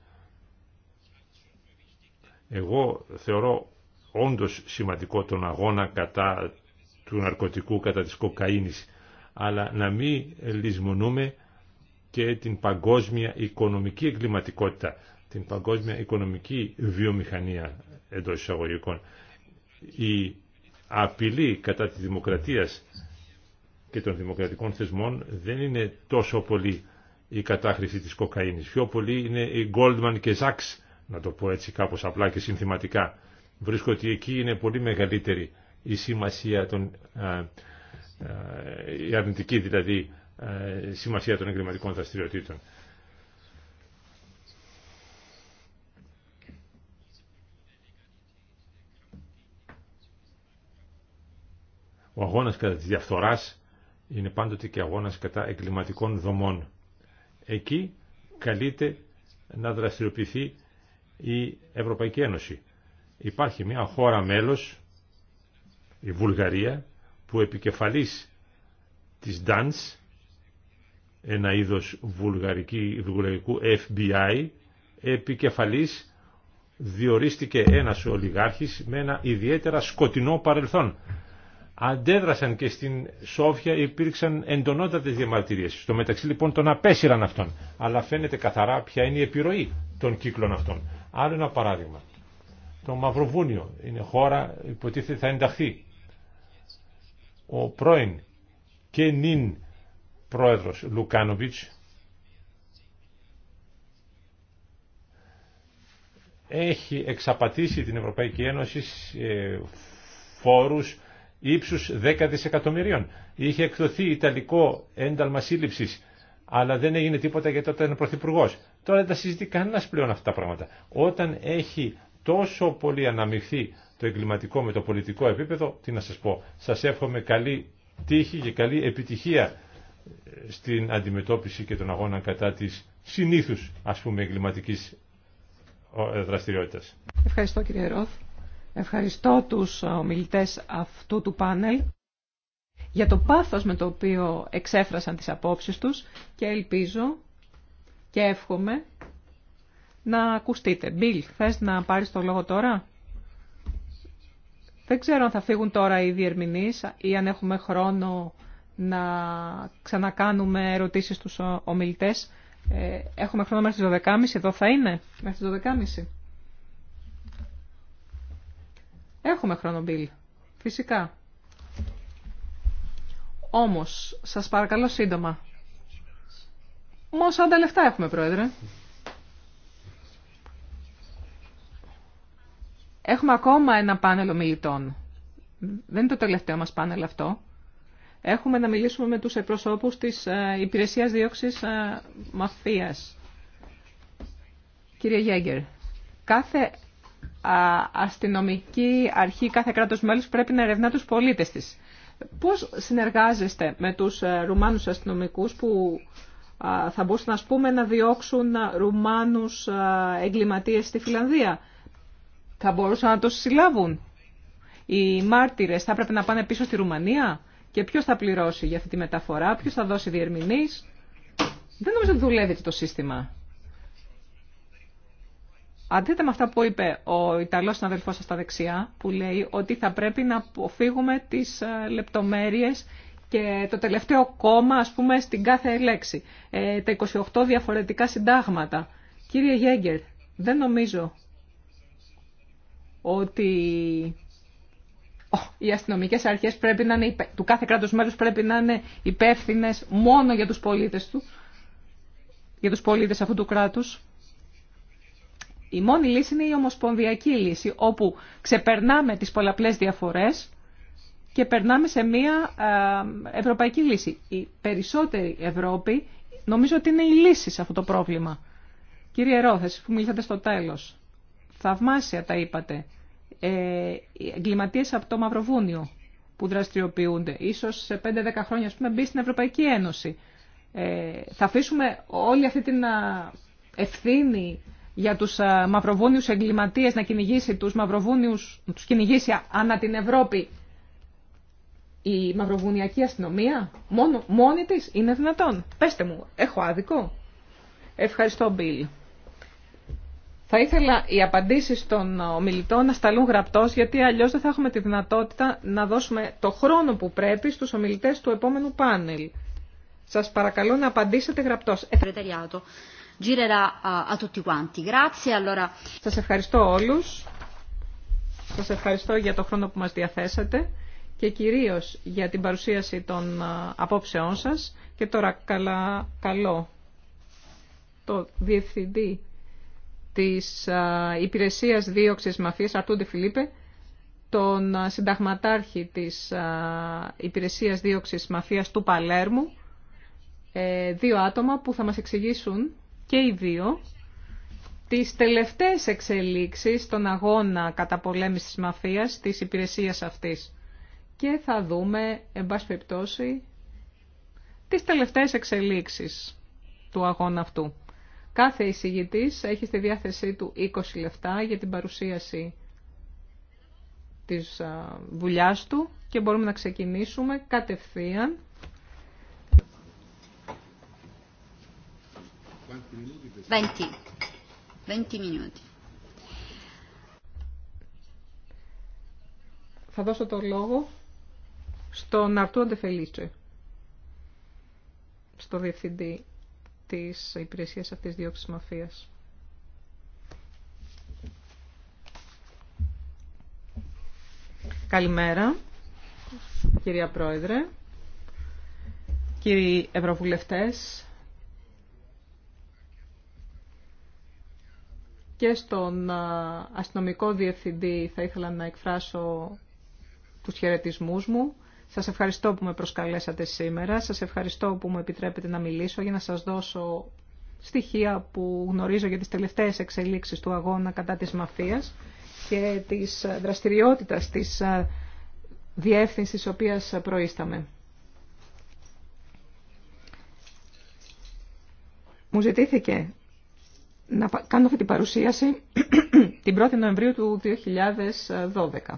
Εγώ θεωρώ όντως σημαντικό τον αγώνα κατά του ναρκωτικού, κατά της κοκαίνης, αλλά να μην λησμονούμε και την παγκόσμια οικονομική εγκληματικότητα, την παγκόσμια οικονομική βιομηχανία εντό εισαγωγικών. Η απειλή κατά τη δημοκρατίας και των δημοκρατικών θεσμών δεν είναι τόσο πολύ η κατάχρηση της κοκαίνης. Πιο πολύ είναι η Goldman και Sachs, να το πω έτσι κάπως απλά και συνθηματικά. Βρίσκω ότι εκεί είναι πολύ μεγαλύτερη η σημασία των, η αρνητική δηλαδή σημασία των εγκληματικών δραστηριοτήτων. Ο αγώνας κατά της διαφθοράς είναι πάντοτε και αγώνας κατά εγκληματικών δομών. Εκεί καλείται να δραστηριοποιηθεί η Ευρωπαϊκή Ένωση. Υπάρχει μια χώρα μέλος, η Βουλγαρία, που επικεφαλής της DANS, ένα είδος βουλγαρική, βουλγαρικού FBI, επικεφαλής διορίστηκε ένας ολιγάρχης με ένα ιδιαίτερα σκοτεινό παρελθόν αντέδρασαν και στην Σόφια υπήρξαν εντονότατες διαμαρτυρίες. Στο μεταξύ λοιπόν τον απέσυραν αυτόν. Αλλά φαίνεται καθαρά ποια είναι η επιρροή των κύκλων αυτών. Άλλο ένα παράδειγμα. Το Μαυροβούνιο είναι χώρα υποτίθεται θα ενταχθεί. Ο πρώην και νυν πρόεδρος Λουκάνοβιτς έχει εξαπατήσει την Ευρωπαϊκή Ένωση σε φόρους ύψου 10 δισεκατομμυρίων. Είχε εκδοθεί Ιταλικό ένταλμα σύλληψη, αλλά δεν έγινε τίποτα γιατί όταν ήταν Πρωθυπουργό. Τώρα δεν τα συζητεί κανένα πλέον αυτά τα πράγματα. Όταν έχει τόσο πολύ αναμειχθεί το εγκληματικό με το πολιτικό επίπεδο, τι να σας πω, σα εύχομαι καλή τύχη και καλή επιτυχία ε, στην αντιμετώπιση και τον αγώνα κατά τη συνήθου ας πούμε, εγκληματική ε, δραστηριότητα. Ευχαριστώ κύριε Ρόθ. Ευχαριστώ τους ομιλητές αυτού του πάνελ για το πάθος με το οποίο εξέφρασαν τις απόψεις τους και ελπίζω και εύχομαι να ακουστείτε. Μπιλ, θες να πάρεις το λόγο τώρα? Δεν ξέρω αν θα φύγουν τώρα οι διερμηνείς ή αν έχουμε χρόνο να ξανακάνουμε ερωτήσεις στους ομιλητές. Ε, έχουμε χρόνο μέχρι τις 12.30, εδώ θα είναι, μέχρι τις 12.30. Έχουμε Μπιλ. φυσικά. Όμως, σας παρακαλώ σύντομα. Μόνο τα λεφτά έχουμε, Πρόεδρε. Έχουμε ακόμα ένα πάνελ ομιλητών. Δεν είναι το τελευταίο μας πάνελ αυτό. Έχουμε να μιλήσουμε με τους εκπροσώπους της ε, Υπηρεσίας Διώξης ε, Μαφίας. Κύριε Γέγκερ, κάθε αστυνομική αρχή κάθε κράτος μέλους πρέπει να ερευνά τους πολίτες της. Πώς συνεργάζεστε με τους ε, Ρουμάνους αστυνομικούς που θα μπορούσαν να πούμε να διώξουν Ρουμάνους εγκληματίες στη Φιλανδία. Θα μπορούσαν να το συλλάβουν. Οι μάρτυρες θα έπρεπε να πάνε πίσω στη Ρουμανία και ποιος θα πληρώσει για αυτή τη μεταφορά, ποιος θα δώσει διερμηνείς. Δεν νομίζω ότι δουλεύει το σύστημα. Αντίθετα με αυτά που είπε ο Ιταλός συναδελφός σας στα δεξιά, που λέει ότι θα πρέπει να αποφύγουμε τις ε, λεπτομέρειες και το τελευταίο κόμμα, ας πούμε, στην κάθε λέξη. Ε, τα 28 διαφορετικά συντάγματα. Κύριε Γέγκερ, δεν νομίζω ότι οι αστυνομικέ αρχέ πρέπει να είναι, του κάθε κράτους μέλου πρέπει να είναι υπεύθυνε μόνο για τους πολίτες του, για του πολίτε αυτού του κράτου η μόνη λύση είναι η ομοσπονδιακή λύση, όπου ξεπερνάμε τις πολλαπλές διαφορές και περνάμε σε μια ευρωπαϊκή λύση. Η περισσότερη Ευρώπη νομίζω ότι είναι η λύση σε αυτό το πρόβλημα. Κύριε Ρώθες, που μιλήσατε στο τέλος, θαυμάσια τα είπατε, ε, εγκληματίες από το Μαυροβούνιο που δραστηριοποιούνται, ίσως σε 5-10 χρόνια ας πούμε, μπει στην Ευρωπαϊκή Ένωση. Ε, θα αφήσουμε όλη αυτή την ευθύνη για τους ε, μαυροβούνιους εγκληματίες να κυνηγήσει τους μαυροβούνιους, να τους κυνηγήσει ανά την Ευρώπη η μαυροβουνιακή αστυνομία, μόνο, μόνη της, είναι δυνατόν. Πέστε μου, έχω άδικο. Ευχαριστώ, Μπίλ. Θα ήθελα οι απαντήσεις των ομιλητών να σταλούν γραπτός, γιατί αλλιώς δεν θα έχουμε τη δυνατότητα να δώσουμε το χρόνο που πρέπει στους ομιλητές του επόμενου πάνελ. Σας παρακαλώ να απαντήσετε γραπτός. Ε, girerà Σας ευχαριστώ όλους. Σας ευχαριστώ για το χρόνο που μα διαθέσατε και κυρίω για την παρουσίαση των ε, απόψεών σα Και τώρα καλά, καλό το Διευθυντή της ε, Υπηρεσίας Δίωξη Μαφίας, Αρτούντε Φιλίπε, τον ε, συνταγματάρχη της Υπηρεσίας Δίωξης Μαφίας του Παλέρμου, δύο άτομα που θα μας εξηγήσουν και οι δύο τις τελευταίες εξελίξεις στον αγώνα κατά πολέμηση της μαφίας, της υπηρεσίας αυτής. Και θα δούμε, εν πάση περιπτώσει, τις τελευταίες εξελίξεις του αγώνα αυτού. Κάθε εισηγητής έχει στη διάθεσή του 20 λεφτά για την παρουσίαση της δουλειά του και μπορούμε να ξεκινήσουμε κατευθείαν 20. 20 Θα δώσω το λόγο στον Αρτού Αντεφελίτσε, στο διευθυντή της υπηρεσίας αυτής διώξης μαφίας. Καλημέρα, κυρία Πρόεδρε, κύριοι Ευρωβουλευτές, και στον αστυνομικό διευθυντή θα ήθελα να εκφράσω τους χαιρετισμού μου. Σας ευχαριστώ που με προσκαλέσατε σήμερα. Σας ευχαριστώ που μου επιτρέπετε να μιλήσω για να σας δώσω στοιχεία που γνωρίζω για τις τελευταίες εξελίξεις του αγώνα κατά της μαφίας και της δραστηριότητας της διεύθυνσης της οποίας προείσταμε. Μου ζητήθηκε να κάνω αυτή την παρουσίαση την 1η Νοεμβρίου του 2012.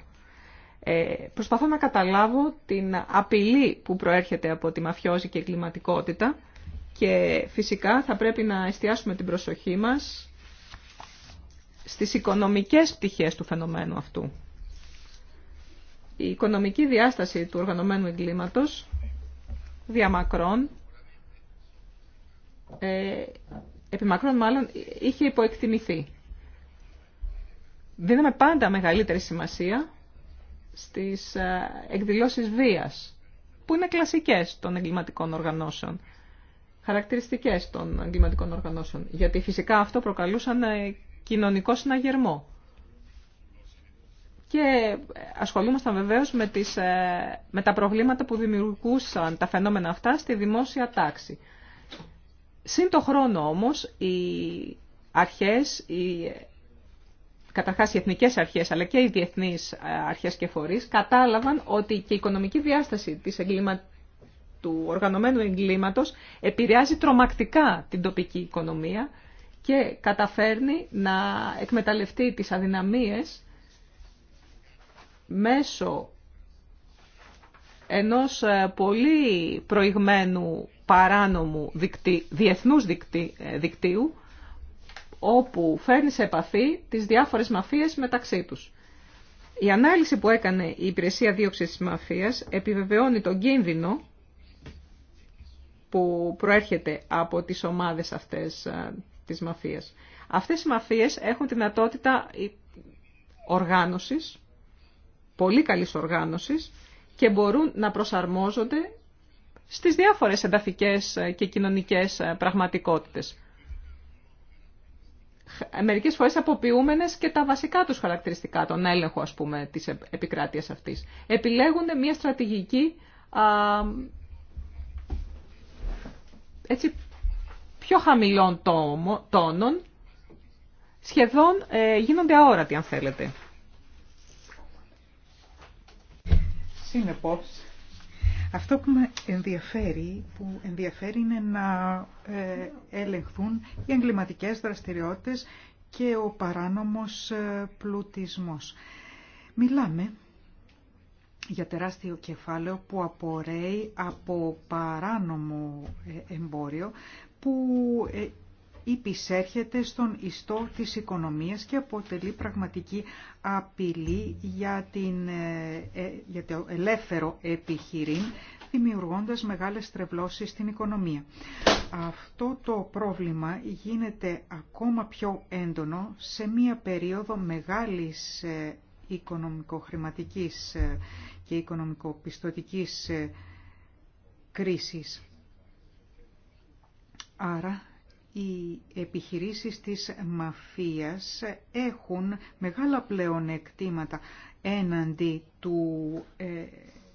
Ε, προσπαθώ να καταλάβω την απειλή που προέρχεται από τη μαφιόζικη και κλιματικότητα και φυσικά θα πρέπει να εστιάσουμε την προσοχή μας στις οικονομικές πτυχές του φαινομένου αυτού. Η οικονομική διάσταση του οργανωμένου εγκλήματος διαμακρών ε, μακρόν, μάλλον, είχε υποεκτιμηθεί. Δίναμε πάντα μεγαλύτερη σημασία στις ε, εκδηλώσεις βίας, που είναι κλασικές των εγκληματικών οργανώσεων, χαρακτηριστικές των εγκληματικών οργανώσεων, γιατί φυσικά αυτό προκαλούσαν ε, κοινωνικό συναγερμό. Και ασχολούμασταν βεβαίως με, τις, ε, με τα προβλήματα που δημιουργούσαν τα φαινόμενα αυτά στη δημόσια τάξη. Συν το χρόνο όμως, οι αρχές, οι, καταρχάς οι εθνικές αρχές, αλλά και οι διεθνείς ε, αρχές και φορείς, κατάλαβαν ότι και η οικονομική διάσταση της εγκλημα... του οργανωμένου εγκλήματος επηρεάζει τρομακτικά την τοπική οικονομία και καταφέρνει να εκμεταλλευτεί τις αδυναμίες μέσω ενός ε, πολύ προηγμένου παράνομου δικτύ, διεθνούς ε, δικτύου όπου φέρνει σε επαφή τις διάφορες μαφίες μεταξύ τους. Η ανάλυση που έκανε η Υπηρεσία Δίωξης της Μαφίας επιβεβαιώνει τον κίνδυνο που προέρχεται από τις ομάδες αυτές ε, της μαφίας. Αυτές οι μαφίες έχουν τη δυνατότητα οργάνωσης, πολύ καλής οργάνωσης και μπορούν να προσαρμόζονται στις διάφορες ενταφικές και κοινωνικές ε, πραγματικότητες. Ε, μερικές φορές αποποιούμενες και τα βασικά τους χαρακτηριστικά, τον έλεγχο ας πούμε της επικράτειας αυτής. Επιλέγουν μια στρατηγική έτσι, πιο χαμηλών τόνων, σχεδόν ε, γίνονται αόρατοι αν θέλετε. Συνεπώς, αυτό που με ενδιαφέρει, που ενδιαφέρει είναι να ε, ελεγχθούν οι εγκληματικές δραστηριότητες και ο παράνομος ε, πλουτισμός. Μιλάμε για τεράστιο κεφάλαιο που απορρέει από παράνομο ε, εμπόριο που υπησέρχεται στον ιστό της οικονομίας και αποτελεί πραγματική απειλή για, την, ε, ε, για το ελεύθερο επιχειρήν, δημιουργώντας μεγάλες τρευλώσεις στην οικονομία. Αυτό το πρόβλημα γίνεται ακόμα πιο έντονο σε μία περίοδο μεγάλης ε, οικονομικοχρηματικής και οικονομικοπιστωτικής κρίσης. Άρα οι επιχειρήσεις της μαφίας έχουν μεγάλα πλεονεκτήματα έναντι του ε,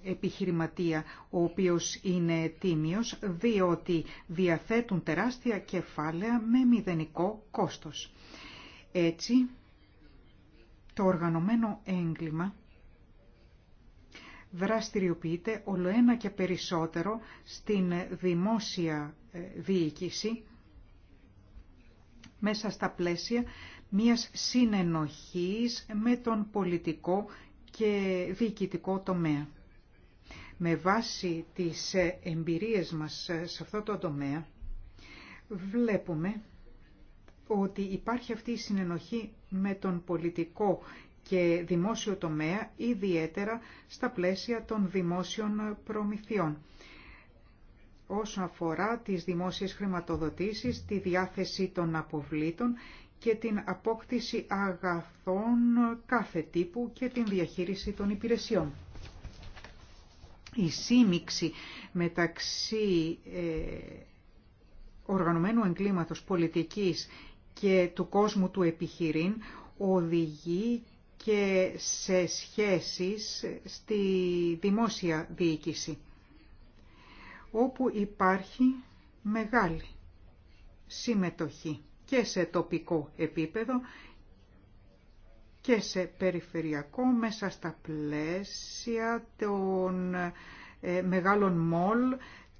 επιχειρηματία, ο οποίος είναι τίμιος, διότι διαθέτουν τεράστια κεφάλαια με μηδενικό κόστος. Έτσι, το οργανωμένο έγκλημα δραστηριοποιείται ολοένα και περισσότερο στην δημόσια ε, διοίκηση μέσα στα πλαίσια μιας συνενοχής με τον πολιτικό και διοικητικό τομέα. Με βάση τις εμπειρίες μας σε αυτό το τομέα, βλέπουμε ότι υπάρχει αυτή η συνενοχή με τον πολιτικό και δημόσιο τομέα, ιδιαίτερα στα πλαίσια των δημόσιων προμηθειών όσον αφορά τις δημόσιες χρηματοδοτήσεις, τη διάθεση των αποβλήτων και την απόκτηση αγαθών κάθε τύπου και την διαχείριση των υπηρεσιών. Η σύμιξη μεταξύ ε, οργανωμένου εγκλήματος πολιτικής και του κόσμου του επιχειρήν οδηγεί και σε σχέσεις στη δημόσια διοίκηση όπου υπάρχει μεγάλη συμμετοχή και σε τοπικό επίπεδο και σε περιφερειακό μέσα στα πλαίσια των ε, μεγάλων μόλ,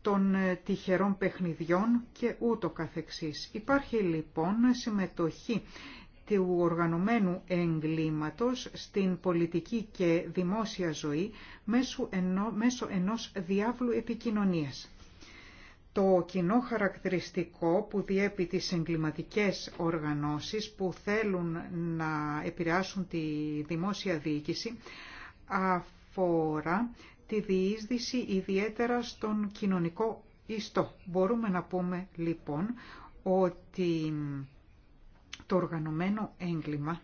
των ε, τυχερών παιχνιδιών και ούτω καθεξής. Υπάρχει λοιπόν συμμετοχή του οργανωμένου εγκλήματος στην πολιτική και δημόσια ζωή μέσω, ενό, μέσω ενός διάβλου επικοινωνίας. Το κοινό χαρακτηριστικό που διέπει τις εγκληματικές οργανώσεις που θέλουν να επηρεάσουν τη δημόσια διοίκηση αφορά τη διείσδυση ιδιαίτερα στον κοινωνικό ιστό. Μπορούμε να πούμε λοιπόν ότι το οργανωμένο έγκλημα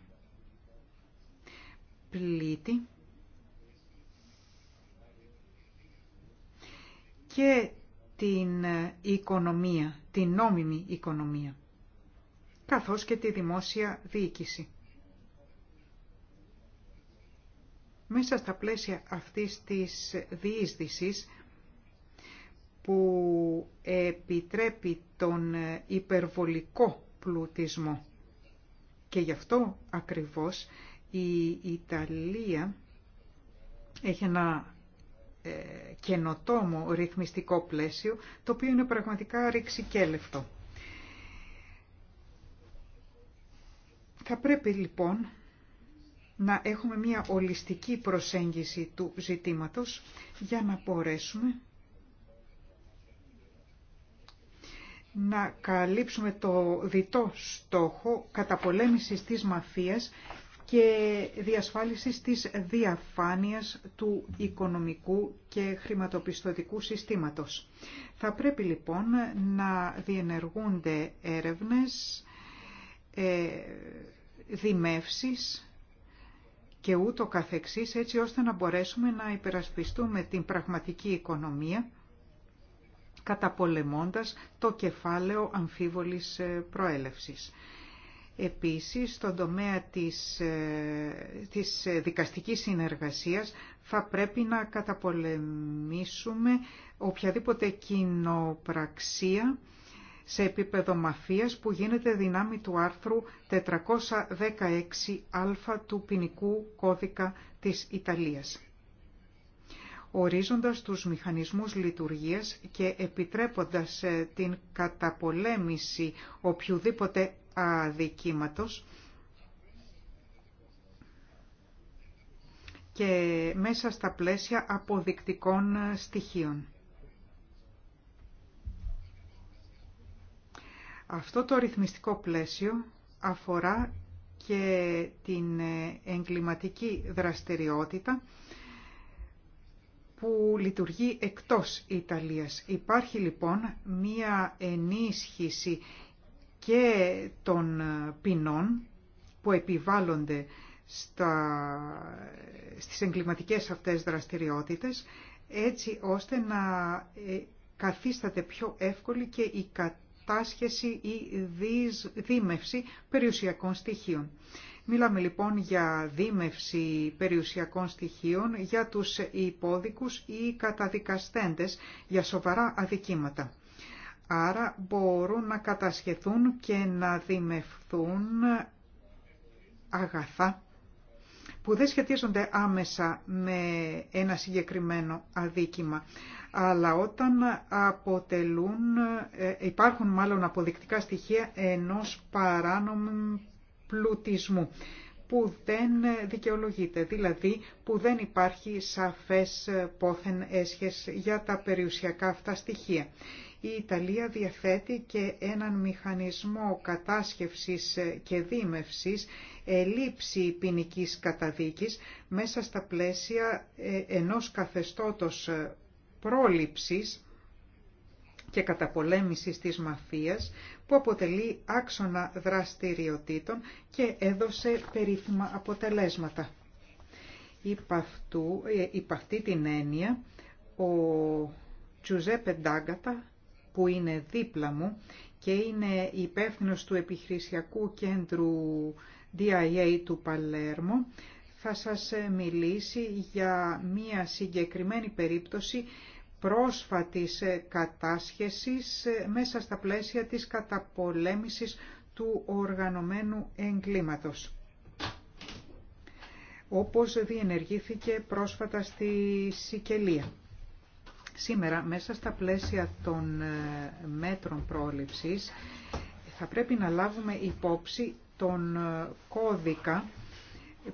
πλήττει και την οικονομία, την νόμιμη οικονομία, καθώς και τη δημόσια διοίκηση. Μέσα στα πλαίσια αυτής της διείσδησης που επιτρέπει τον υπερβολικό πλουτισμό και γι' αυτό ακριβώς η Ιταλία έχει ένα ε, καινοτόμο ρυθμιστικό πλαίσιο, το οποίο είναι πραγματικά ρηξικέλευτο. Θα πρέπει λοιπόν να έχουμε μια ολιστική προσέγγιση του ζητήματος για να μπορέσουμε να καλύψουμε το διτό στόχο καταπολέμησης της μαφίας και διασφάλισης της διαφάνειας του οικονομικού και χρηματοπιστωτικού συστήματος. Θα πρέπει λοιπόν να διενεργούνται έρευνες, ε, δημεύσεις και ούτω καθεξής έτσι ώστε να μπορέσουμε να υπερασπιστούμε την πραγματική οικονομία καταπολεμώντας το κεφάλαιο αμφίβολης ε, προέλευσης. Επίσης, στον τομέα της, ε, της ε, δικαστικής συνεργασίας θα πρέπει να καταπολεμήσουμε οποιαδήποτε κοινοπραξία σε επίπεδο μαφίας που γίνεται δυνάμει του άρθρου 416α του ποινικού κώδικα της Ιταλίας ορίζοντας τους μηχανισμούς λειτουργίας και επιτρέποντας ε, την καταπολέμηση οποιοδήποτε αδικήματος και μέσα στα πλαίσια αποδεικτικών ε, στοιχείων. Αυτό το ρυθμιστικό πλαίσιο αφορά και την ε, εγκληματική δραστηριότητα που λειτουργεί εκτός Ιταλίας. Υπάρχει λοιπόν μία ενίσχυση και των ε, ποινών που επιβάλλονται στα, στις εγκληματικές αυτές δραστηριότητες, έτσι ώστε να ε, καθίσταται πιο εύκολη και η κατάσχεση ή δίμευση περιουσιακών στοιχείων. Μίλαμε λοιπόν για δίμευση περιουσιακών στοιχείων για τους υπόδικους ή καταδικαστέντες για σοβαρά αδικήματα. Άρα μπορούν να κατασχεθούν και να δημευθούν αγαθά που δεν σχετίζονται άμεσα με ένα συγκεκριμένο αδίκημα, αλλά όταν αποτελούν, ε, υπάρχουν μάλλον αποδεικτικά στοιχεία ενός παράνομου πλουτισμού που δεν δικαιολογείται, δηλαδή που δεν υπάρχει σαφές πόθεν έσχες για τα περιουσιακά αυτά στοιχεία. Η Ιταλία διαθέτει και έναν μηχανισμό κατάσκευσης και δίμευσης ελήψη ποινική καταδίκης μέσα στα πλαίσια ε, ενός καθεστώτος πρόληψης και καταπολέμησης της μαφίας που αποτελεί άξονα δραστηριοτήτων και έδωσε περίφημα αποτελέσματα. Υπ, αυτού, ε, αυτή την έννοια, ο Τζουζέπε Ντάγκατα, που είναι δίπλα μου και είναι υπεύθυνο του επιχειρησιακού κέντρου DIA του Παλέρμο, θα σας ε, μιλήσει για μία συγκεκριμένη περίπτωση πρόσφατης ε, κατάσχεσης ε, μέσα στα πλαίσια της καταπολέμησης του οργανωμένου εγκλήματος όπως διενεργήθηκε πρόσφατα στη Σικελία. Σήμερα, μέσα στα πλαίσια των ε, μέτρων πρόληψης, θα πρέπει να λάβουμε υπόψη τον κώδικα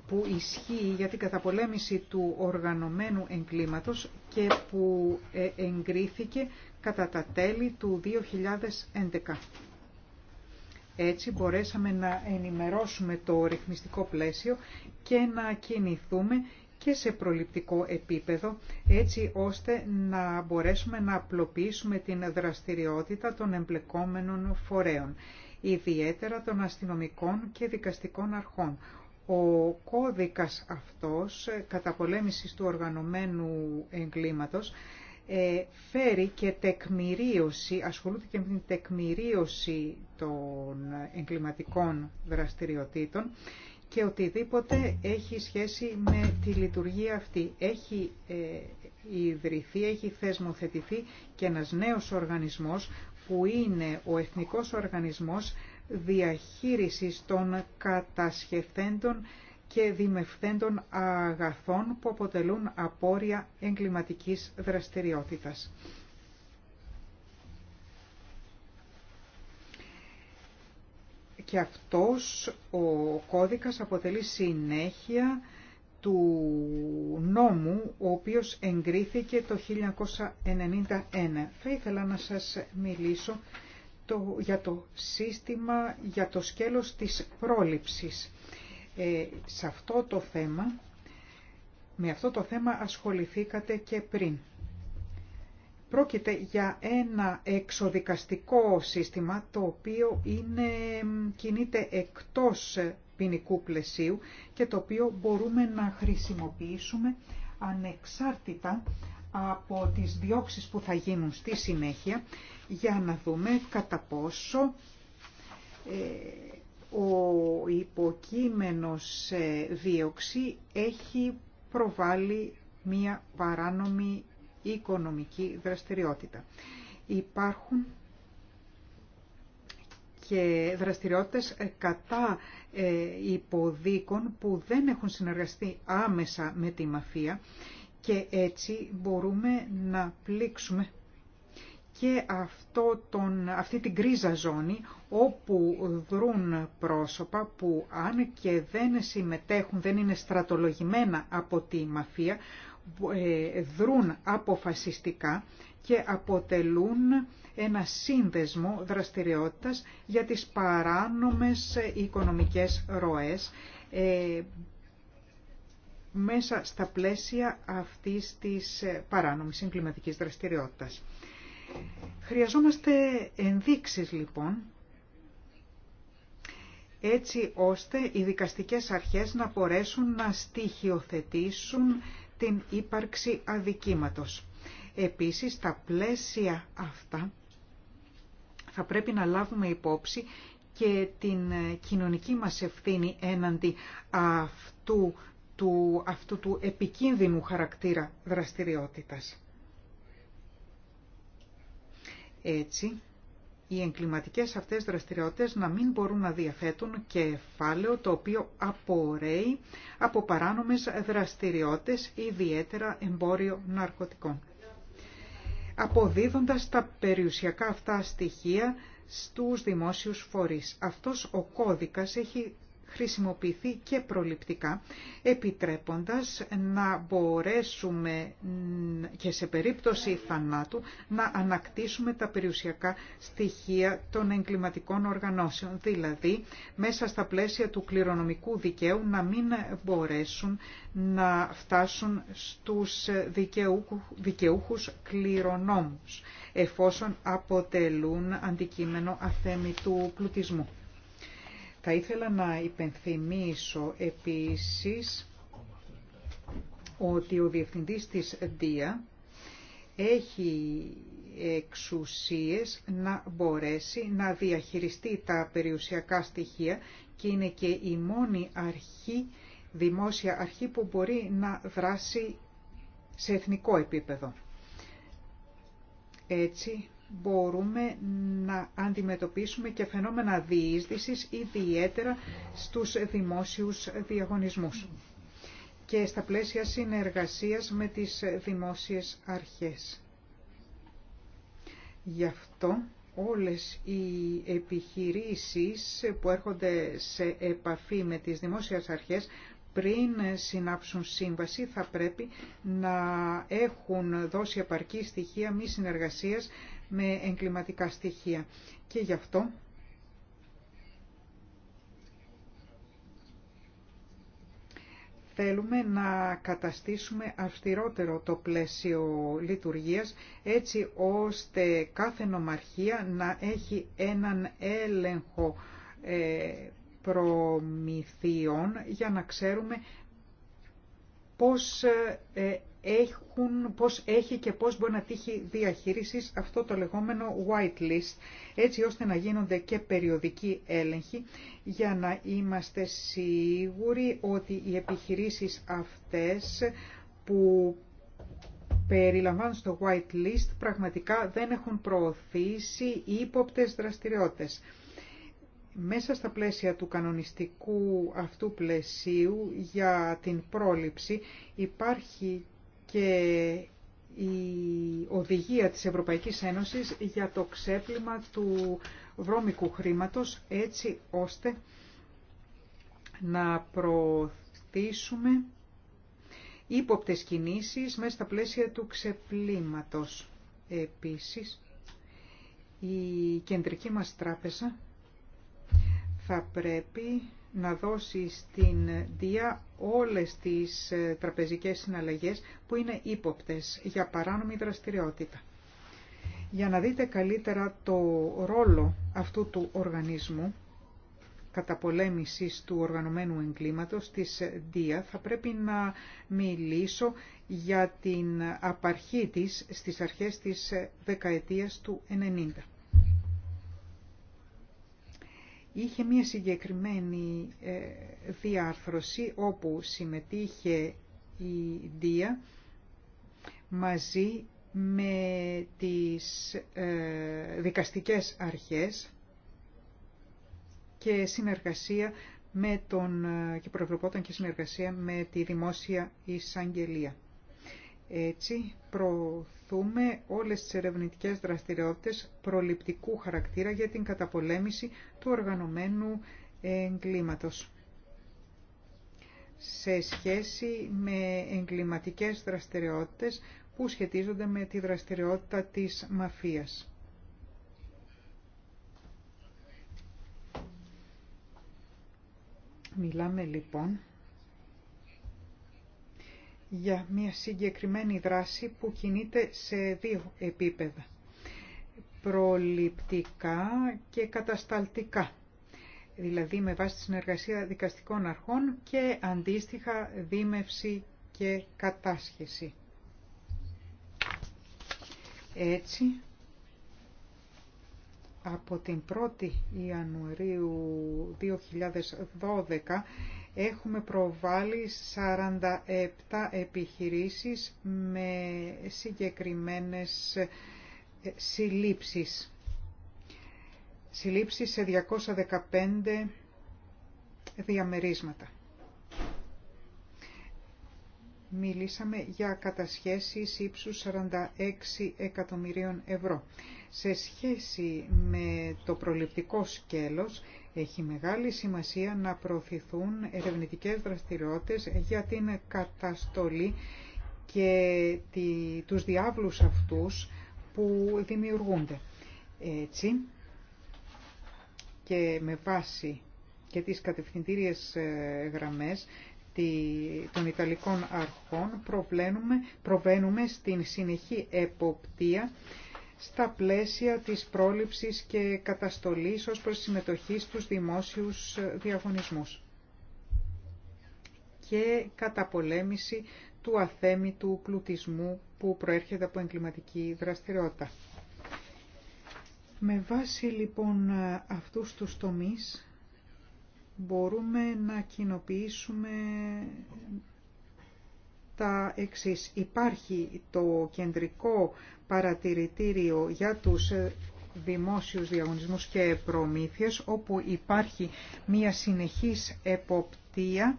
που ισχύει για την καταπολέμηση του οργανωμένου εγκλήματος και που ε, εγκρίθηκε κατά τα τέλη του 2011. Έτσι μπορέσαμε να ενημερώσουμε το ρυθμιστικό πλαίσιο και να κινηθούμε και σε προληπτικό επίπεδο, έτσι ώστε να μπορέσουμε να απλοποιήσουμε την δραστηριότητα των εμπλεκόμενων φορέων, ιδιαίτερα των αστυνομικών και δικαστικών αρχών, ο κώδικας αυτός ε, καταπολέμησης του οργανωμένου εγκλήματος ε, φέρει και τεκμηρίωση, ασχολούνται και με την τεκμηρίωση των εγκληματικών δραστηριοτήτων και οτιδήποτε έχει σχέση με τη λειτουργία αυτή. Έχει ε, ιδρυθεί, έχει θεσμοθετηθεί και ένας νέος οργανισμός που είναι ο Εθνικός Οργανισμός διαχείρισης των κατασχεθέντων και δημευθέντων αγαθών που αποτελούν απόρρια εγκληματικής δραστηριότητας. Και αυτός ο κώδικας αποτελεί συνέχεια του νόμου ο οποίος εγκρίθηκε το 1991. Θα ήθελα να σας μιλήσω το, για το σύστημα, για το σκέλος της πρόληψης. Ε, σε αυτό το θέμα, με αυτό το θέμα ασχοληθήκατε και πριν. Πρόκειται για ένα εξοδικαστικό σύστημα το οποίο είναι, κινείται εκτός ποινικού πλαισίου και το οποίο μπορούμε να χρησιμοποιήσουμε ανεξάρτητα από τις διώξεις που θα γίνουν στη συνέχεια για να δούμε κατά πόσο ε, ο υποκείμενος ε, δίωξη έχει προβάλλει μία παράνομη οικονομική δραστηριότητα. Υπάρχουν και δραστηριότητες ε, κατά υποδίκων που δεν έχουν συνεργαστεί άμεσα με τη μαφία και έτσι μπορούμε να πλήξουμε και αυτό τον, αυτή την κρίζα ζώνη όπου δρούν πρόσωπα που αν και δεν συμμετέχουν, δεν είναι στρατολογημένα από τη μαφία, ε, δρούν αποφασιστικά και αποτελούν ένα σύνδεσμο δραστηριότητας για τις παράνομες οικονομικές ροές ε, μέσα στα πλαίσια αυτής της ε, παράνομης εγκληματικής δραστηριότητας. Χρειαζόμαστε ενδείξεις λοιπόν, έτσι ώστε οι δικαστικές αρχές να μπορέσουν να στοιχειοθετήσουν την ύπαρξη αδικήματος. Επίσης, τα πλαίσια αυτά θα πρέπει να λάβουμε υπόψη και την κοινωνική μας ευθύνη έναντι αυτού του, αυτού του επικίνδυνου χαρακτήρα δραστηριότητας. Έτσι, οι εγκληματικές αυτές δραστηριότητες να μην μπορούν να διαθέτουν κεφάλαιο το οποίο απορρέει από παράνομες δραστηριότητες, ιδιαίτερα εμπόριο ναρκωτικών. Αποδίδοντας τα περιουσιακά αυτά στοιχεία στους δημόσιους φορείς. Αυτός ο κώδικας έχει χρησιμοποιηθεί και προληπτικά, επιτρέποντας να μπορέσουμε και σε περίπτωση θανάτου να ανακτήσουμε τα περιουσιακά στοιχεία των εγκληματικών οργανώσεων, δηλαδή μέσα στα πλαίσια του κληρονομικού δικαίου να μην μπορέσουν να φτάσουν στους δικαιούχους κληρονόμους, εφόσον αποτελούν αντικείμενο αθέμητου πλουτισμού. Θα ήθελα να υπενθυμίσω επίσης ότι ο διευθυντής της ΔΙΑ έχει εξουσίες να μπορέσει να διαχειριστεί τα περιουσιακά στοιχεία και είναι και η μόνη αρχή, δημόσια αρχή που μπορεί να δράσει σε εθνικό επίπεδο. Έτσι μπορούμε να αντιμετωπίσουμε και φαινόμενα διείσδυσης, ιδιαίτερα στους δημόσιους διαγωνισμούς και στα πλαίσια συνεργασίας με τις δημόσιες αρχές. Γι' αυτό όλες οι επιχειρήσεις που έρχονται σε επαφή με τις δημόσιες αρχές πριν συνάψουν σύμβαση θα πρέπει να έχουν δώσει επαρκή στοιχεία μη συνεργασίας με εγκληματικά στοιχεία. Και γι' αυτό θέλουμε να καταστήσουμε αυστηρότερο το πλαίσιο λειτουργίας έτσι ώστε κάθε νομαρχία να έχει έναν έλεγχο ε, προμηθείων για να ξέρουμε πώς ε, έχουν, πώς έχει και πώς μπορεί να τύχει διαχείρισης αυτό το λεγόμενο white list, έτσι ώστε να γίνονται και περιοδικοί έλεγχοι για να είμαστε σίγουροι ότι οι επιχειρήσεις αυτές που περιλαμβάνουν στο white list πραγματικά δεν έχουν προωθήσει ύποπτες δραστηριότητες. Μέσα στα πλαίσια του κανονιστικού αυτού πλαισίου για την πρόληψη υπάρχει και η οδηγία της Ευρωπαϊκής Ένωσης για το ξέπλυμα του βρώμικου χρήματος έτσι ώστε να προωθήσουμε ύποπτες κινήσεις μέσα στα πλαίσια του ξεπλήματος. Επίσης, η κεντρική μας τράπεζα θα πρέπει να δώσει στην ΔΙΑ όλες τις ε, τραπεζικές συναλλαγές που είναι ύποπτες για παράνομη δραστηριότητα. Για να δείτε καλύτερα το ρόλο αυτού του οργανισμού καταπολέμησης του οργανωμένου εγκλήματος της ΔΙΑ θα πρέπει να μιλήσω για την απαρχή της στις αρχές της δεκαετίας του 90 είχε μία συγκεκριμένη ε, διάρθρωση όπου συμμετείχε η Δία μαζί με τις ε, δικαστικές αρχές και συνεργασία με τον ε, και συνεργασία με τη Δημόσια Εισαγγελία. Έτσι προωθούμε όλες τις ερευνητικές δραστηριότητες προληπτικού χαρακτήρα για την καταπολέμηση του οργανωμένου εγκλήματος σε σχέση με εγκληματικές δραστηριότητες που σχετίζονται με τη δραστηριότητα της μαφίας. Μιλάμε λοιπόν για μια συγκεκριμένη δράση που κινείται σε δύο επίπεδα. Προληπτικά και κατασταλτικά. Δηλαδή με βάση τη συνεργασία δικαστικών αρχών και αντίστοιχα δίμευση και κατάσχεση. Έτσι, από την 1η Ιανουαρίου 2012 έχουμε προβάλει 47 επιχειρήσεις με συγκεκριμένες ε, συλλήψεις. Συλλήψεις σε 215 διαμερίσματα. Μιλήσαμε για κατασχέσεις ύψους 46 εκατομμυρίων ευρώ. Σε σχέση με το προληπτικό σκέλος, έχει μεγάλη σημασία να προωθηθούν ερευνητικές δραστηριότητες για την καταστολή και τους διάβλους αυτούς που δημιουργούνται. Έτσι και με βάση και τις κατευθυντήριες ε, γραμμές των Ιταλικών αρχών προβαίνουμε στην συνεχή εποπτεία στα πλαίσια της πρόληψης και καταστολής ως προς συμμετοχή στους δημόσιους διαγωνισμούς και καταπολέμηση του αθέμητου κλουτισμού που προέρχεται από εγκληματική δραστηριότητα. Με βάση λοιπόν αυτούς τους τομείς μπορούμε να κοινοποιήσουμε τα εξής. Υπάρχει το κεντρικό παρατηρητήριο για τους ε, δημόσιους διαγωνισμούς και προμήθειες, όπου υπάρχει μία συνεχής εποπτεία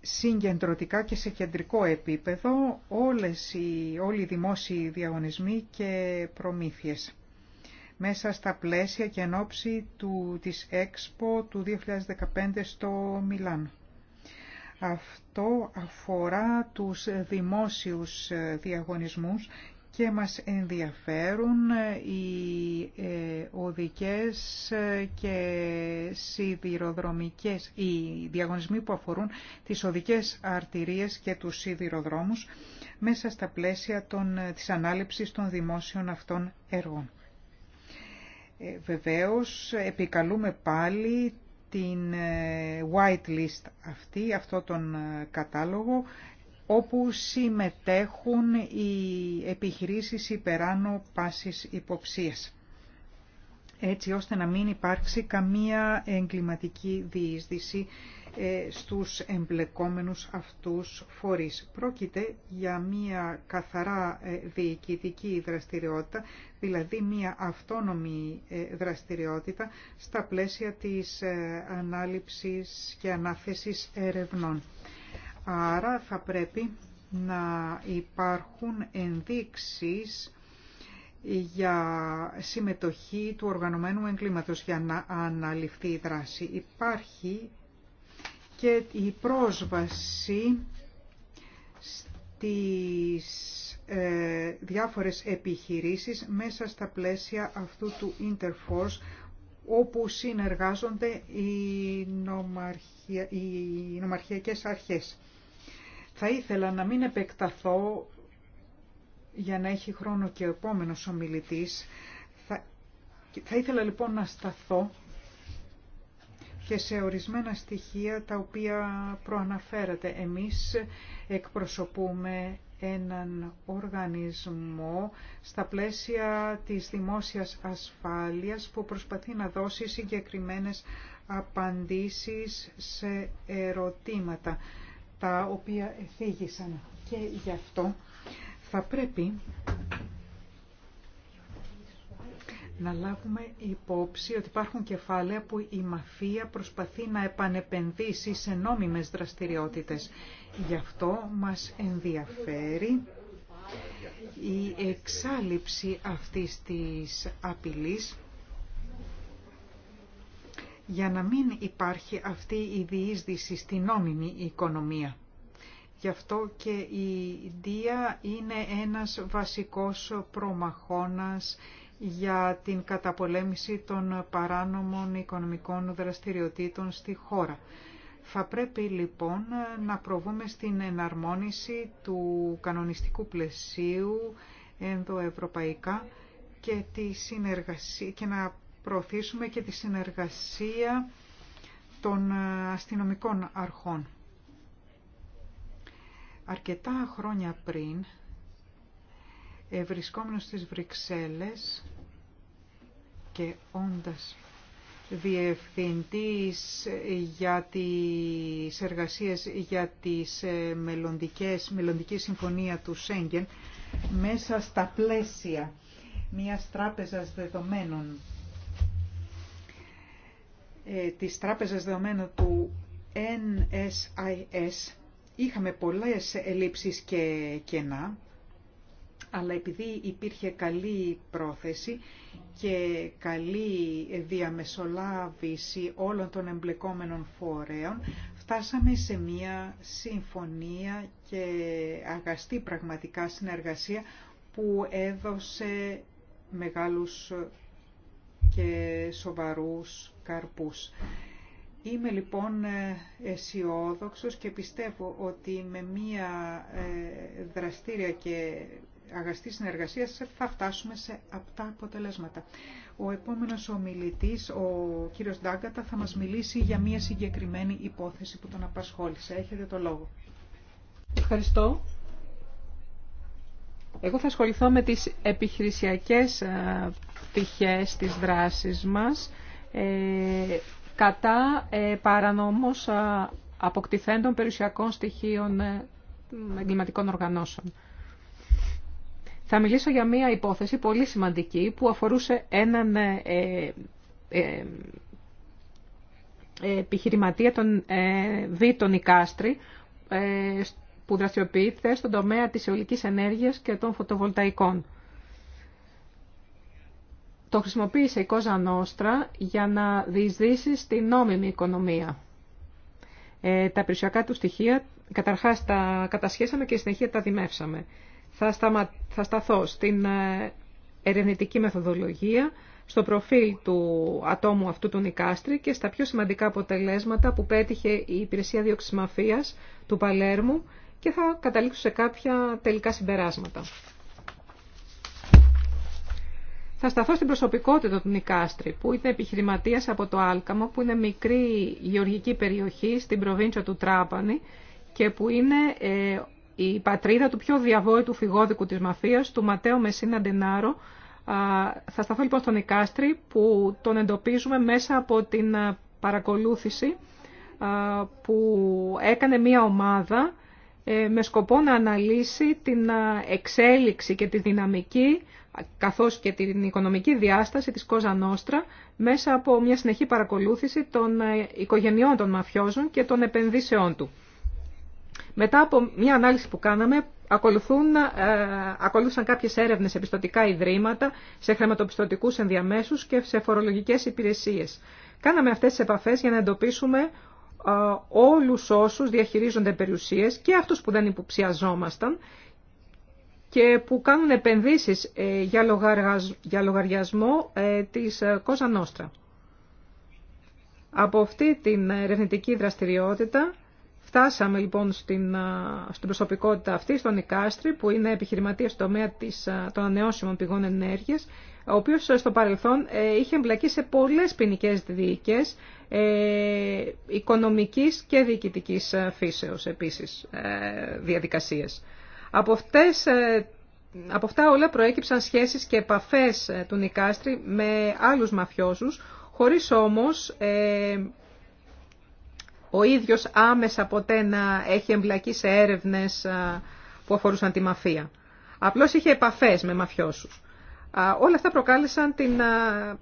συγκεντρωτικά και σε κεντρικό επίπεδο όλες οι, όλοι οι δημόσιοι διαγωνισμοί και προμήθειες μέσα στα πλαίσια και ενόψη του, της ΕΞΠΟ του 2015 στο Μιλάνο. Αυτό αφορά τους δημόσιους διαγωνισμούς και μας ενδιαφέρουν οι ε, οδικές και σιδηροδρομικές, οι διαγωνισμοί που αφορούν τις οδικές αρτηρίες και τους σιδηροδρόμους μέσα στα πλαίσια των, της ανάληψης των δημόσιων αυτών έργων. Ε, βεβαίως επικαλούμε πάλι την ε, white list αυτή, αυτό τον ε, κατάλογο, όπου συμμετέχουν οι επιχειρήσεις υπεράνω πάσης υποψίας έτσι ώστε να μην υπάρξει καμία εγκληματική διείσδυση ε, στους εμπλεκόμενους αυτούς φορείς. Πρόκειται για μια καθαρά ε, διοικητική δραστηριότητα, δηλαδή μια αυτόνομη ε, δραστηριότητα στα πλαίσια της ανάληψης και ανάθεσης ερευνών. Άρα θα πρέπει να υπάρχουν ενδείξεις για συμμετοχή του οργανωμένου εγκλήματος για να αναλυφθεί η δράση. Υπάρχει και η πρόσβαση στις ε, διάφορες επιχειρήσεις μέσα στα πλαίσια αυτού του Interforce όπου συνεργάζονται οι, νομαρχια... οι νομαρχιακές αρχές. Θα ήθελα να μην επεκταθώ για να έχει χρόνο και ο επόμενος ομιλητής. Θα, θα ήθελα λοιπόν να σταθώ και σε ορισμένα στοιχεία τα οποία προαναφέρατε. Εμείς εκπροσωπούμε έναν οργανισμό στα πλαίσια της δημόσιας ασφάλειας που προσπαθεί να δώσει συγκεκριμένες απαντήσεις σε ερωτήματα τα οποία εφήγησαν. Και γι' αυτό θα πρέπει να λάβουμε υπόψη ότι υπάρχουν κεφάλαια που η μαφία προσπαθεί να επανεπενδύσει σε νόμιμες δραστηριότητες. Γι' αυτό μας ενδιαφέρει η εξάλληψη αυτής της απειλής για να μην υπάρχει αυτή η διείσδυση στην νόμιμη οικονομία. Γι' αυτό και η Δία είναι ένας βασικός προμαχώνας για την καταπολέμηση των παράνομων οικονομικών δραστηριοτήτων στη χώρα. Θα πρέπει λοιπόν να προβούμε στην εναρμόνιση του κανονιστικού πλαισίου ενδοευρωπαϊκά και, τη συνεργασία, και να προωθήσουμε και τη συνεργασία των αστυνομικών αρχών. Αρκετά χρόνια πριν, ευρισκόμενος στις Βρυξέλλες, και όντας διευθυντής για τις εργασίες για τις ε, μελλοντικές, μελλοντική συμφωνία του Σέγγεν μέσα στα πλαίσια μία τράπεζας δεδομένων ε, της τράπεζας δεδομένων του NSIS είχαμε πολλές ελλείψεις και κενά αλλά επειδή υπήρχε καλή πρόθεση και καλή διαμεσολάβηση όλων των εμπλεκόμενων φορέων, φτάσαμε σε μία συμφωνία και αγαστή πραγματικά συνεργασία που έδωσε μεγάλους και σοβαρούς καρπούς. Είμαι λοιπόν ε, αισιόδοξο και πιστεύω ότι με μία ε, δραστήρια και αγαστή συνεργασία θα φτάσουμε σε αυτά αποτελέσματα. Ο επόμενος ομιλητής, ο κύριος Ντάγκατα, θα μας μιλήσει για μια συγκεκριμένη υπόθεση που τον απασχόλησε. Έχετε το λόγο. Ευχαριστώ. Εγώ θα ασχοληθώ με τις επιχειρησιακές ε, πτυχές της δράσης μας ε, κατά ε, παρανόμως αποκτηθέντων περιουσιακών στοιχείων εγκληματικών οργανώσεων. Θα μιλήσω για μία υπόθεση πολύ σημαντική που αφορούσε έναν ε, ε, ε, επιχειρηματία, τον Βίτον Ικάστρη, που δραστηριοποιείται στον τομέα της αιωλικής ενέργειας και των φωτοβολταϊκών. Το χρησιμοποίησε η Κόζα Νόστρα για να διεισδύσει στη νόμιμη οικονομία. τα περιουσιακά του στοιχεία καταρχάς τα κατασχέσαμε και συνεχεία τα δημεύσαμε θα, σταμα... θα σταθώ στην ε, ερευνητική μεθοδολογία, στο προφίλ του ατόμου αυτού του Νικάστρη και στα πιο σημαντικά αποτελέσματα που πέτυχε η Υπηρεσία Διοξυμαφίας του Παλέρμου και θα καταλήξω σε κάποια τελικά συμπεράσματα. Θα σταθώ στην προσωπικότητα του Νικάστρη, που είναι επιχειρηματίας από το Άλκαμο, που είναι μικρή γεωργική περιοχή στην προβίντσια του Τράπανη και που είναι ε, η πατρίδα του πιο διαβόητου φυγόδικου της μαφίας, του Ματέο Μεσίνα Ντενάρο. Θα σταθώ λοιπόν στον Ικάστρη που τον εντοπίζουμε μέσα από την παρακολούθηση που έκανε μία ομάδα ε, με σκοπό να αναλύσει την εξέλιξη και τη δυναμική καθώς και την οικονομική διάσταση της Κόζα Νόστρα μέσα από μια συνεχή παρακολούθηση των ε, οικογενειών των μαφιόζων και των επενδύσεών του. Μετά από μια ανάλυση που κάναμε, ακολουθούν, ε, ακολούθησαν κάποιες έρευνες σε πιστοτικά ιδρύματα, σε χρηματοπιστωτικούς ενδιαμέσους και σε φορολογικές υπηρεσίες. Κάναμε αυτές τις επαφές για να εντοπίσουμε ε, όλους όσους διαχειρίζονται περιουσίες και αυτούς που δεν υποψιαζόμασταν και που κάνουν επενδύσεις ε, για, λογαριασμό, για ε, λογαριασμό της Κόζα Νόστρα. Από αυτή την ερευνητική δραστηριότητα Φτάσαμε λοιπόν στην, στην προσωπικότητα αυτή, στον Νικάστρη, που είναι επιχειρηματία στο τομέα της, των ανεώσιμων πηγών ενέργεια, ο οποίο ε, στο παρελθόν ε, είχε εμπλακεί σε πολλέ ποινικέ διοικέ ε, οικονομική και διοικητική φύσεω επίση ε, ε διαδικασίε. Από, αυτές, από αυτά όλα προέκυψαν σχέσει και επαφές του Νικάστρη με άλλου μαφιόζου, χωρίς όμως ε, ο ίδιος άμεσα ποτέ να έχει εμπλακεί σε έρευνες που αφορούσαν τη μαφία. Απλώς είχε επαφές με μαφιόσους. Όλα αυτά προκάλεσαν την,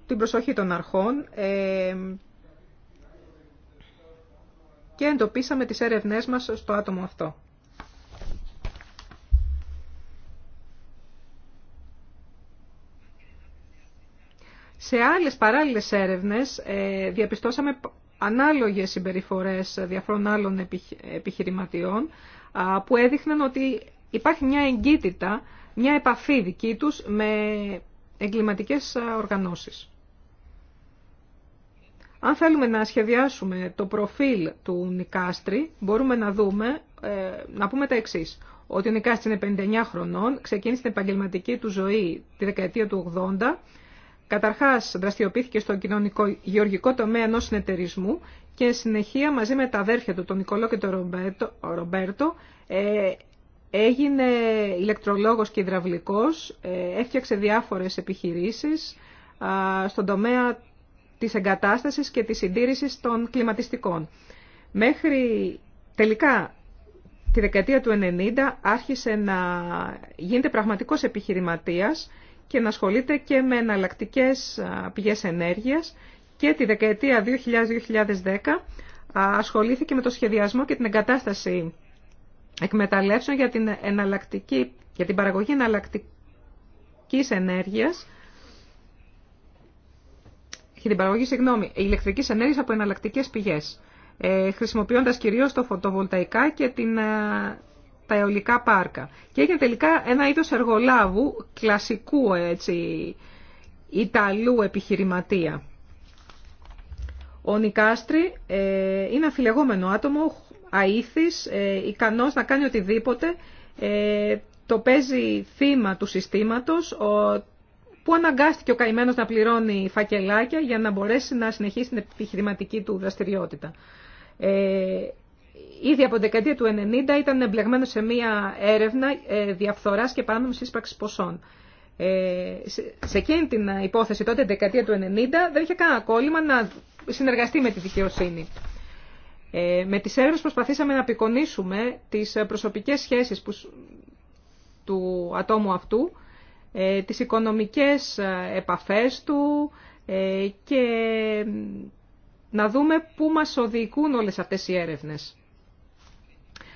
την προσοχή των αρχών ε, και εντοπίσαμε τις έρευνές μας στο άτομο αυτό. Σε άλλες παράλληλες έρευνες ε, διαπιστώσαμε ανάλογες συμπεριφορές διαφόρων άλλων επιχειρηματιών που έδειχναν ότι υπάρχει μια εγκύτητα, μια επαφή δική τους με εγκληματικές οργανώσεις. Αν θέλουμε να σχεδιάσουμε το προφίλ του Νικάστρη, μπορούμε να δούμε, ε, να πούμε τα εξής. Ότι ο Νικάστρη είναι 59 χρονών, ξεκίνησε την επαγγελματική του ζωή τη δεκαετία του 80, Καταρχάς δραστηριοποιήθηκε στον κοινωνικό γεωργικό τομέα ενό συνεταιρισμού και συνεχεία μαζί με τα αδέρφια του, τον Νικολό και τον Ρομπέρτο, ε, έγινε ηλεκτρολόγος και υδραυλικός, ε, έφτιαξε διάφορες επιχειρήσεις στον τομέα της εγκατάστασης και της συντήρησης των κλιματιστικών. Μέχρι τελικά τη δεκαετία του 90 άρχισε να γίνεται πραγματικός επιχειρηματίας και να ασχολείται και με εναλλακτικέ πηγές ενέργειας και τη δεκαετία 2000-2010 ασχολήθηκε με το σχεδιασμό και την εγκατάσταση εκμεταλλεύσεων για την, εναλλακτική, για την παραγωγή εναλλακτική ενέργεια και την παραγωγή συγγνώμη, ηλεκτρικής ενέργειας από εναλλακτικέ πηγέ, ε, χρησιμοποιώντας κυρίως το φωτοβολταϊκά και την ε, τα αιωλικά πάρκα. Και έγινε τελικά ένα είδος εργολάβου κλασικού έτσι, Ιταλού επιχειρηματία. Ο Νικάστρη ε, είναι αφιλεγόμενο άτομο, αήθης, ε, ικανός να κάνει οτιδήποτε, ε, το παίζει θύμα του συστήματος, που αναγκάστηκε ο καημένος να πληρώνει φακελάκια για να μπορέσει να συνεχίσει την επιχειρηματική του δραστηριότητα. Ε, ήδη από την δεκαετία του 1990 ήταν εμπλεγμένο σε μία έρευνα ε, διαφθοράς και παράνομης ύπαρξης ποσών. Ε, σε εκείνη την υπόθεση τότε, την δεκαετία του 90, δεν είχε κανένα κόλλημα να συνεργαστεί με τη δικαιοσύνη. Ε, με τις έρευνες προσπαθήσαμε να απεικονίσουμε τις προσωπικές σχέσεις που, του ατόμου αυτού, ε, τις οικονομικές επαφές του και να δούμε πού μας οδηγούν όλες αυτές οι έρευνες.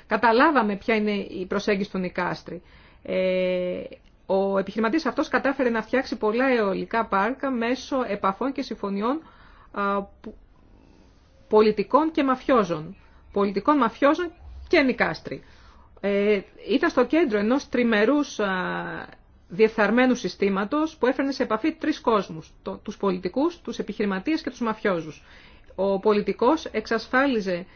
Καταλάβαμε ποια είναι η προσέγγιση του Νικάστρη. Ε, ο επιχειρηματής αυτός κατάφερε να φτιάξει πολλά αιωλικά πάρκα μέσω επαφών και συμφωνιών πολιτικών και μαφιόζων. Πολιτικών μαφιόζων και Νικάστρη. Ε, ήταν στο κέντρο ενός τριμερούς α, διεφθαρμένου συστήματος που έφερνε σε επαφή τρεις κόσμους. Το, τους πολιτικούς, τους επιχειρηματίες και τους μαφιόζους. Ο πολιτικός εξασφάλιζε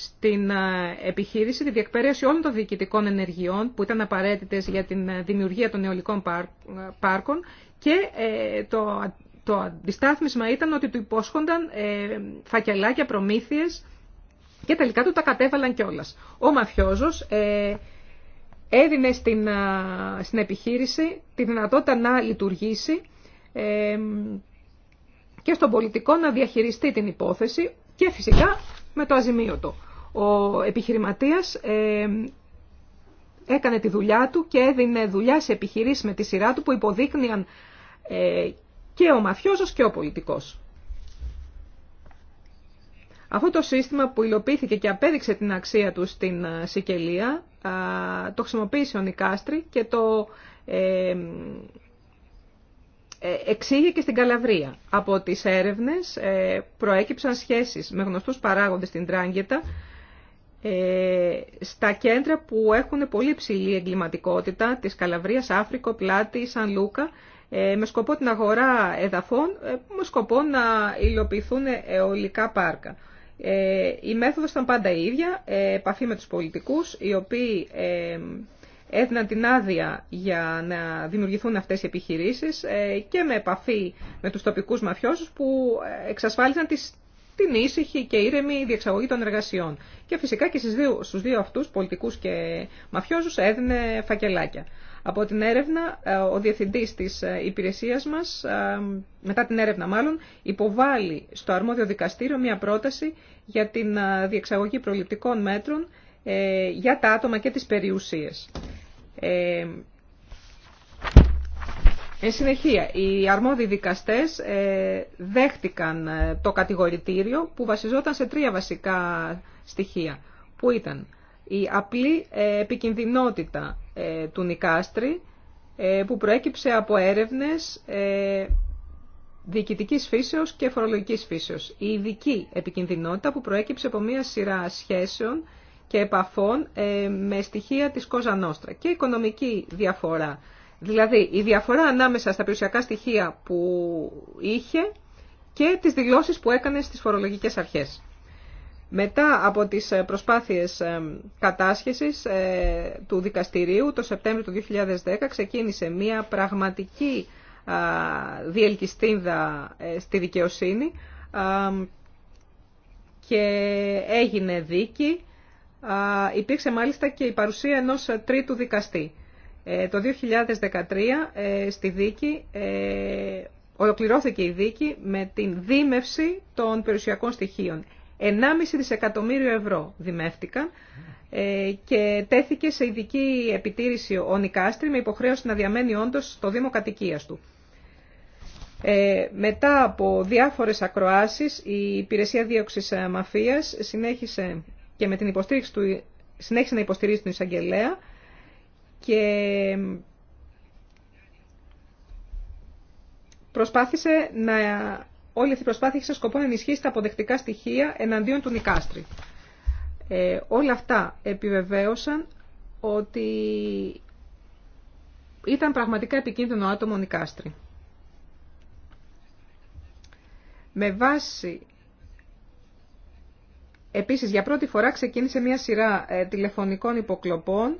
στην ε, επιχείρηση τη διεκπαίρεση όλων των διοικητικών ενεργειών που ήταν απαραίτητες για την ε, δημιουργία των νεολικών ε, πάρκων και το, το αντιστάθμισμα ήταν ότι του υπόσχονταν φακελάκια, προμήθειες και τελικά του τα κατέβαλαν κιόλα. Ο μαφιόζος έδινε στην, στην επιχείρηση τη δυνατότητα να λειτουργήσει και στον πολιτικό να διαχειριστεί την υπόθεση και φυσικά με το αζημίωτο. Ο επιχειρηματίας ε, έκανε τη δουλειά του και έδινε δουλειά σε επιχειρήσεις με τη σειρά του που υποδείκνυαν ε, και ο μαφιόζος και ο πολιτικός. Αυτό το σύστημα που υλοποιήθηκε και απέδειξε την αξία του στην ε, Σικελία, το χρησιμοποίησε ο Νικάστρη και το εξήγηκε και στην Καλαβρία. Από τις έρευνες προέκυψαν σχέσεις με γνωστούς παράγοντες στην Τράγκετα, ε, στα κέντρα που έχουν πολύ ψηλή εγκληματικότητα της Καλαβρίας, Άφρικο, Πλάτη, Σαν Λούκα ε, με σκοπό την αγορά εδαφών ε, με σκοπό να υλοποιηθούν αιωλικά πάρκα. η μέθοδος ήταν πάντα η ίδια, επαφή με τους πολιτικούς οι οποίοι έδιναν την άδεια για να δημιουργηθούν αυτές οι επιχειρήσεις και με επαφή με τους τοπικούς μαφιώσους που εξασφάλιζαν τις την ήσυχη και ήρεμη διεξαγωγή των εργασιών. Και φυσικά και στους δύο, στους δύο αυτούς, πολιτικούς και μαφιόζους, έδινε φακελάκια. Από την έρευνα, ε, ο διευθυντής της ε, υπηρεσίας μας, ε, μετά την έρευνα μάλλον, υποβάλλει στο αρμόδιο δικαστήριο μια πρόταση για την διεξαγωγή προληπτικών μέτρων για τα άτομα και τις περιουσίες. Εν συνεχεία, οι αρμόδιοι δικαστές ε, δέχτηκαν ε, το κατηγορητήριο που βασιζόταν σε τρία βασικά στοιχεία, που ήταν η απλή ε, επικινδυνότητα του Νικάστρη που προέκυψε από έρευνες διοικητικής φύσεως και φορολογικής φύσεως. Η ειδική επικινδυνότητα που προέκυψε από μία σειρά σχέσεων και επαφών με στοιχεία της Κόζα Νόστρα και η οικονομική διαφορά Δηλαδή, η διαφορά ανάμεσα στα περιουσιακά στοιχεία που είχε και τις δηλώσεις που έκανε στις φορολογικές αρχές. Μετά από τις ε, προσπάθειες ε, κατάσχεσης ε, του δικαστηρίου, το Σεπτέμβριο του 2010 ξεκίνησε μια πραγματική διελκυστίνδα στη δικαιοσύνη και έγινε δίκη. Υπήρξε μάλιστα και η παρουσία ενός τρίτου δικαστή. Ε, το 2013 ε, στη δίκη ε, ολοκληρώθηκε η δίκη με την δίμευση των περιουσιακών στοιχείων. 1,5 δισεκατομμύριο ευρώ δημεύτηκαν και τέθηκε σε ειδική επιτήρηση ο Νικάστρη με υποχρέωση να διαμένει όντως στο Δήμο κατοικίας του. μετά από διάφορες ακροάσεις η Υπηρεσία Δίωξης Μαφίας συνέχισε και με την υποστήριξη του, συνέχισε να υποστηρίζει τον εισαγγελέα και προσπάθησε να, όλη αυτή η προσπάθεια είχε σκοπό να ενισχύσει τα αποδεκτικά στοιχεία εναντίον του Νικάστρη. Ε, όλα αυτά επιβεβαίωσαν ότι ήταν πραγματικά επικίνδυνο άτομο ο Νικάστρη. Με βάση... Επίσης, για πρώτη φορά ξεκίνησε μια σειρά ε, τηλεφωνικών υποκλοπών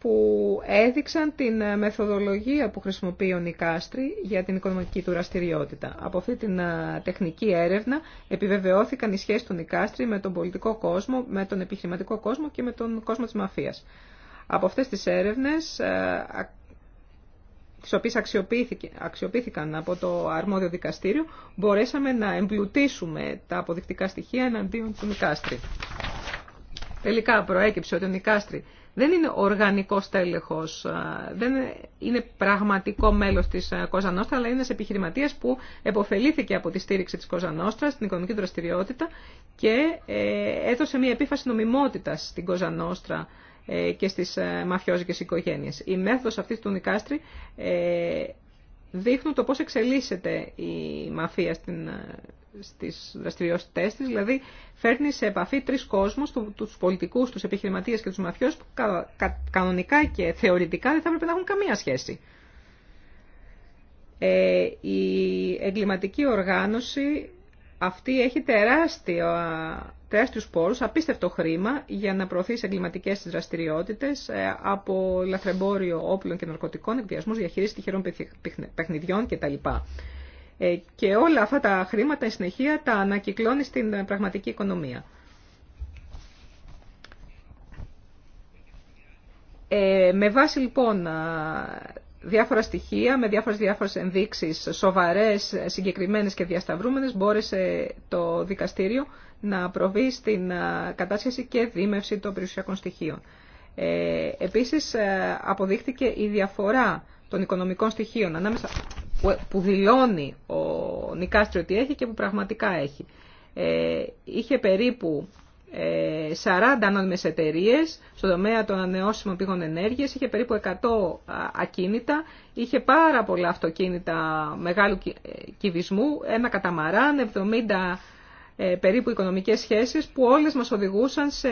που έδειξαν την μεθοδολογία που χρησιμοποιεί ο Νικάστρη για την οικονομική του δραστηριότητα. Από αυτή την τεχνική έρευνα επιβεβαιώθηκαν οι σχέσεις του Νικάστρη με τον πολιτικό κόσμο, με τον επιχειρηματικό κόσμο και με τον κόσμο της μαφίας. Από αυτές τις έρευνες, τις οποίες αξιοποιήθηκαν από το αρμόδιο δικαστήριο, μπορέσαμε να εμπλουτίσουμε τα αποδεικτικά στοιχεία εναντίον του Νικάστρη. Τελικά προέκυψε ότι ο Νικάστρη δεν είναι οργανικό τέλεχο, ε, δεν είναι πραγματικό μέλος της ε, Κοζανόστρα, αλλά είναι ένα επιχειρηματία που εποφελήθηκε από τη στήριξη της Κοζανόστρα την οικονομική δραστηριότητα και ε, έδωσε μια επίφαση νομιμότητας στην Κοζανόστρα και στις μαφιόζικες οικογένειε. Η μέθοδο αυτή του Νικάστρη δείχνουν το πώς εξελίσσεται η μαφία στην στις δραστηριότητές της, δηλαδή φέρνει σε επαφή τρεις κόσμους, τους πολιτικούς, τους επιχειρηματίες και τους μαφιούς, που κανονικά και θεωρητικά δεν θα έπρεπε να έχουν καμία σχέση. Ε, η εγκληματική οργάνωση αυτή έχει τεράστιο, τεράστιους πόρους, απίστευτο χρήμα για να προωθεί εγκληματικές δραστηριότητες ε, από λαθρεμπόριο όπλων και ναρκωτικών, εκβιασμούς, διαχείριση τυχερών παιχνιδιών κτλ. Ε, και όλα αυτά τα χρήματα, η συνεχεία, τα ανακυκλώνει στην πραγματική οικονομία. Ε, με βάση λοιπόν διάφορα στοιχεία, με διάφορες, διάφορες ενδείξεις σοβαρές, συγκεκριμένες και διασταυρούμενες, μπόρεσε το δικαστήριο να προβεί στην κατάσχεση και δίμευση των περιουσιακών στοιχείων. Ε, επίσης αποδείχτηκε η διαφορά των οικονομικών στοιχείων ανάμεσα που δηλώνει ο Νικάστρο ότι έχει και που πραγματικά έχει. Ε, είχε περίπου 40 ε, ανώνυμες εταιρείε στον τομέα των ανεώσιμων πήγων ενέργειας, είχε περίπου 100 ακίνητα, είχε πάρα πολλά αυτοκίνητα μεγάλου ε, κυβισμού, ένα καταμαράν, 70 ε, περίπου οικονομικές σχέσεις που όλες μας οδηγούσαν σε,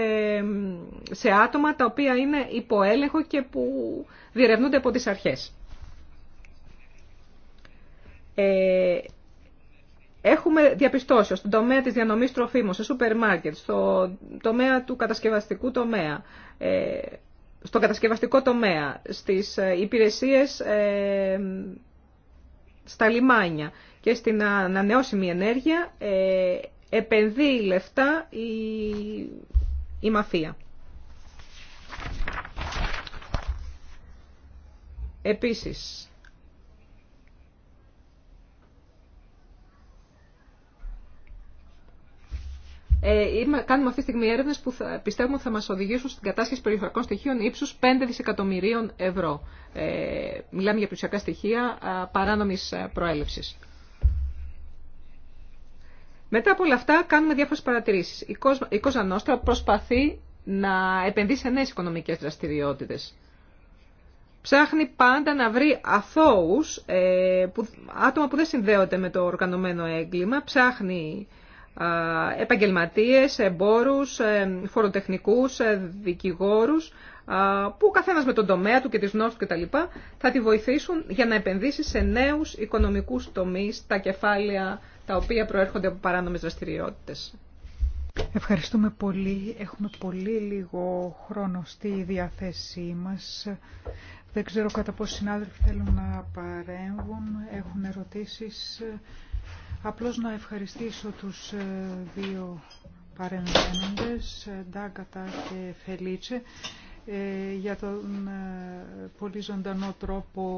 σε άτομα τα οποία είναι υποέλεγχο και που διερευνούνται από τις αρχές. Ε, έχουμε διαπιστώσει στον τομέα της διανομής τροφίμων, σε σούπερ μάρκετ, στο τομέα του κατασκευαστικού τομέα, ε, στο κατασκευαστικό τομέα, στις ε, υπηρεσίες ε, στα λιμάνια και στην ανανεώσιμη ενέργεια ε, επενδύει λεφτά η, η μαφία. Επίσης, Ε, κάνουμε αυτή τη στιγμή έρευνε που θα, πιστεύουμε θα μα οδηγήσουν στην κατάσχεση περιφερειακών στοιχείων ύψου 5 δισεκατομμυρίων ευρώ. Ε, μιλάμε για περιουσιακά στοιχεία παράνομης ε, προέλευσης. Μετά από όλα αυτά κάνουμε διάφορε παρατηρήσει. Η Κοζανόστρα προσπαθεί να επενδύσει σε νέες οικονομικές δραστηριότητες. Ψάχνει πάντα να βρει αθώους, άτομα που δεν συνδέονται με το οργανωμένο έγκλημα. Ψάχνει επαγγελματίες, εμπόρους, ε, φοροτεχνικούς, ε, δικηγόρους, που ο καθένας με τον τομέα του και τις γνώσεις του κτλ. θα τη βοηθήσουν για να επενδύσει σε νέους οικονομικούς τομείς τα κεφάλαια τα οποία προέρχονται από παράνομες δραστηριότητες. Ευχαριστούμε πολύ. Έχουμε πολύ λίγο χρόνο στη διάθεσή μας. Δεν ξέρω κατά πόσο συνάδελφοι θέλουν να παρέμβουν, έχουν ερωτήσεις. Απλώς να ευχαριστήσω τους ε, δύο παρεμβαίνοντες, ε, Ντάγκατα και Φελίτσε, ε, για τον πολύ ζωντανό τρόπο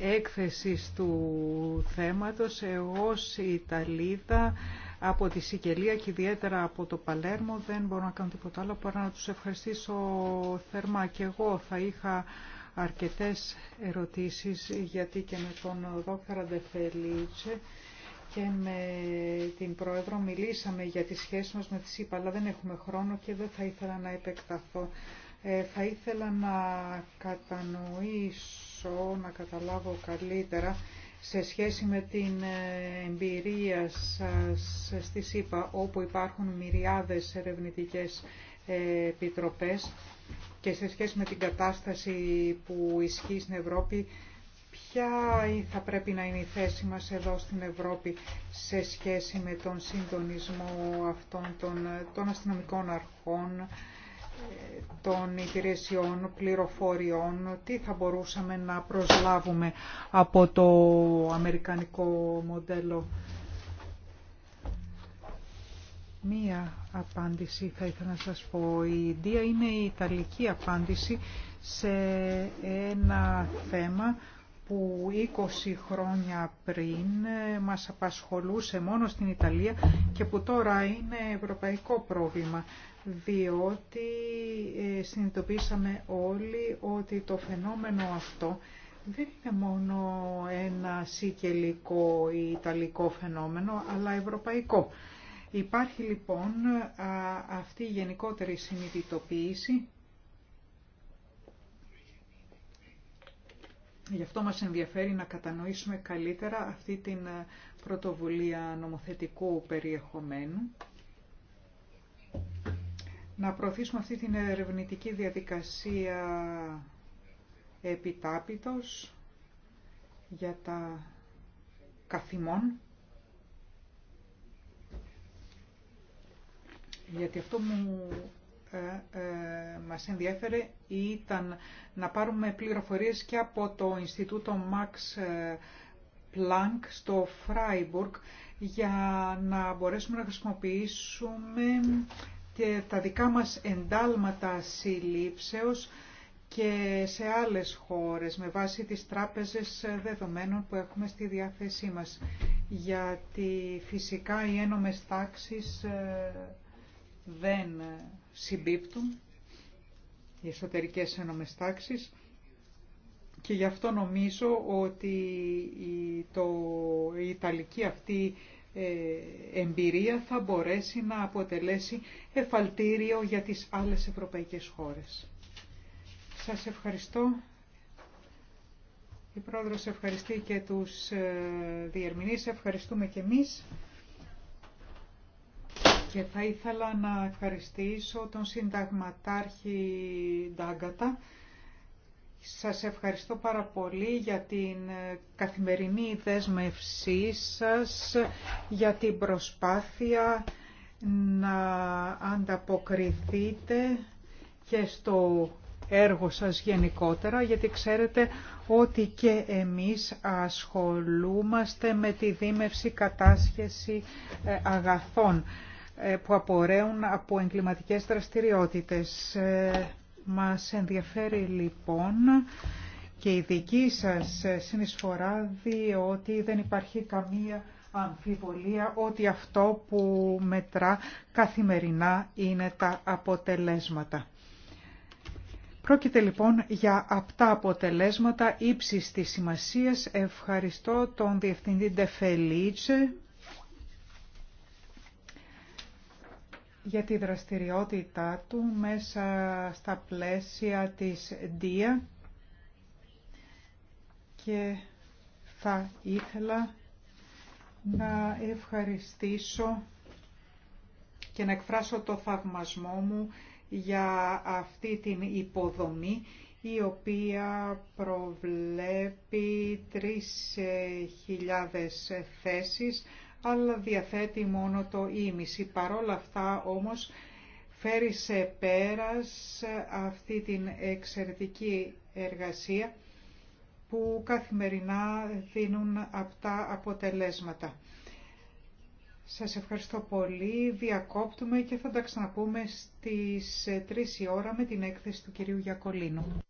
έκθεσης του θέματος. Εγώ η Ιταλίδα από τη Σικελία και ιδιαίτερα από το Παλέρμο δεν μπορώ να κάνω τίποτα άλλο παρά να τους ευχαριστήσω θερμά και εγώ θα είχα αρκετές ερωτήσεις γιατί και με τον δόκτωρα Ντεφελίτσε και με την Πρόεδρο μιλήσαμε για τις σχέσεις μας με τη ΣΥΠΑ, αλλά δεν έχουμε χρόνο και δεν θα ήθελα να επεκταθώ. Ε, θα ήθελα να κατανοήσω, να καταλάβω καλύτερα σε σχέση με την ε, εμπειρία σας στη ΣΥΠΑ, όπου υπάρχουν μυριάδες ερευνητικές ε, επιτροπές και σε σχέση με την κατάσταση που ισχύει στην Ευρώπη, ποια θα πρέπει να είναι η θέση μας εδώ στην Ευρώπη σε σχέση με τον συντονισμό αυτών των, των αστυνομικών αρχών, των υπηρεσιών, πληροφοριών, τι θα μπορούσαμε να προσλάβουμε από το αμερικανικό μοντέλο Μία απάντηση θα ήθελα να σας πω. Η Δία είναι η Ιταλική απάντηση σε ένα θέμα που 20 χρόνια πριν μας απασχολούσε μόνο στην Ιταλία και που τώρα είναι ευρωπαϊκό πρόβλημα, διότι ε, συνειδητοποίησαμε όλοι ότι το φαινόμενο αυτό δεν είναι μόνο ένα σικελικό ή ιταλικό φαινόμενο, αλλά ευρωπαϊκό. Υπάρχει λοιπόν αυτή η γενικότερη συνειδητοποίηση. Γι' αυτό μας ενδιαφέρει να κατανοήσουμε καλύτερα αυτή την πρωτοβουλία νομοθετικού περιεχομένου. Να προωθήσουμε αυτή την ερευνητική διαδικασία επιτάπητος για τα καθημών γιατί αυτό μου ε, ε, μας ενδιέφερε ήταν να πάρουμε πληροφορίες και από το Ινστιτούτο Max ε, Planck στο Φράιμπουργκ για να μπορέσουμε να χρησιμοποιήσουμε και τα δικά μας εντάλματα συλλήψεως και σε άλλες χώρες με βάση τις τράπεζες δεδομένων που έχουμε στη διάθεσή μας. Γιατί φυσικά οι ένομες τάξεις ε, δεν συμπίπτουν οι εσωτερικές ένομες τάξεις και γι' αυτό νομίζω ότι η, το, Ιταλική αυτή ε, εμπειρία θα μπορέσει να αποτελέσει εφαλτήριο για τις άλλες ευρωπαϊκές χώρες. Σας ευχαριστώ. Η Πρόεδρος ευχαριστεί και τους ε, διερμηνείς. Ευχαριστούμε και εμείς. Και θα ήθελα να ευχαριστήσω τον συνταγματάρχη Ντάγκατα. Σας ευχαριστώ πάρα πολύ για την καθημερινή δέσμευσή σας, για την προσπάθεια να ανταποκριθείτε και στο έργο σας γενικότερα, γιατί ξέρετε ότι και εμείς ασχολούμαστε με τη δίμευση κατάσχεση ε, αγαθών. Ε, που απορρέουν από εγκληματικές δραστηριότητες. Ε, μας ενδιαφέρει λοιπόν και η δική σας συνεισφορά διότι δεν υπάρχει καμία αμφιβολία ότι αυτό που μετρά καθημερινά είναι τα αποτελέσματα. Πρόκειται λοιπόν για αυτά αποτελέσματα ύψης της σημασίας. Ευχαριστώ τον Διευθυντή Ντεφελίτσε για τη δραστηριότητά του μέσα στα πλαίσια της ΔΙΑ και θα ήθελα να ευχαριστήσω και να εκφράσω το θαυμασμό μου για αυτή την υποδομή η οποία προβλέπει 3.000 ε, θέσεις αλλά διαθέτει μόνο το ίμιση. Παρόλα αυτά όμως φέρει σε πέρας αυτή την εξαιρετική εργασία που καθημερινά δίνουν αυτά αποτελέσματα. Σας ευχαριστώ πολύ, διακόπτουμε και θα τα ξαναπούμε στις 3 η ώρα με την έκθεση του κυρίου Γιακολίνου.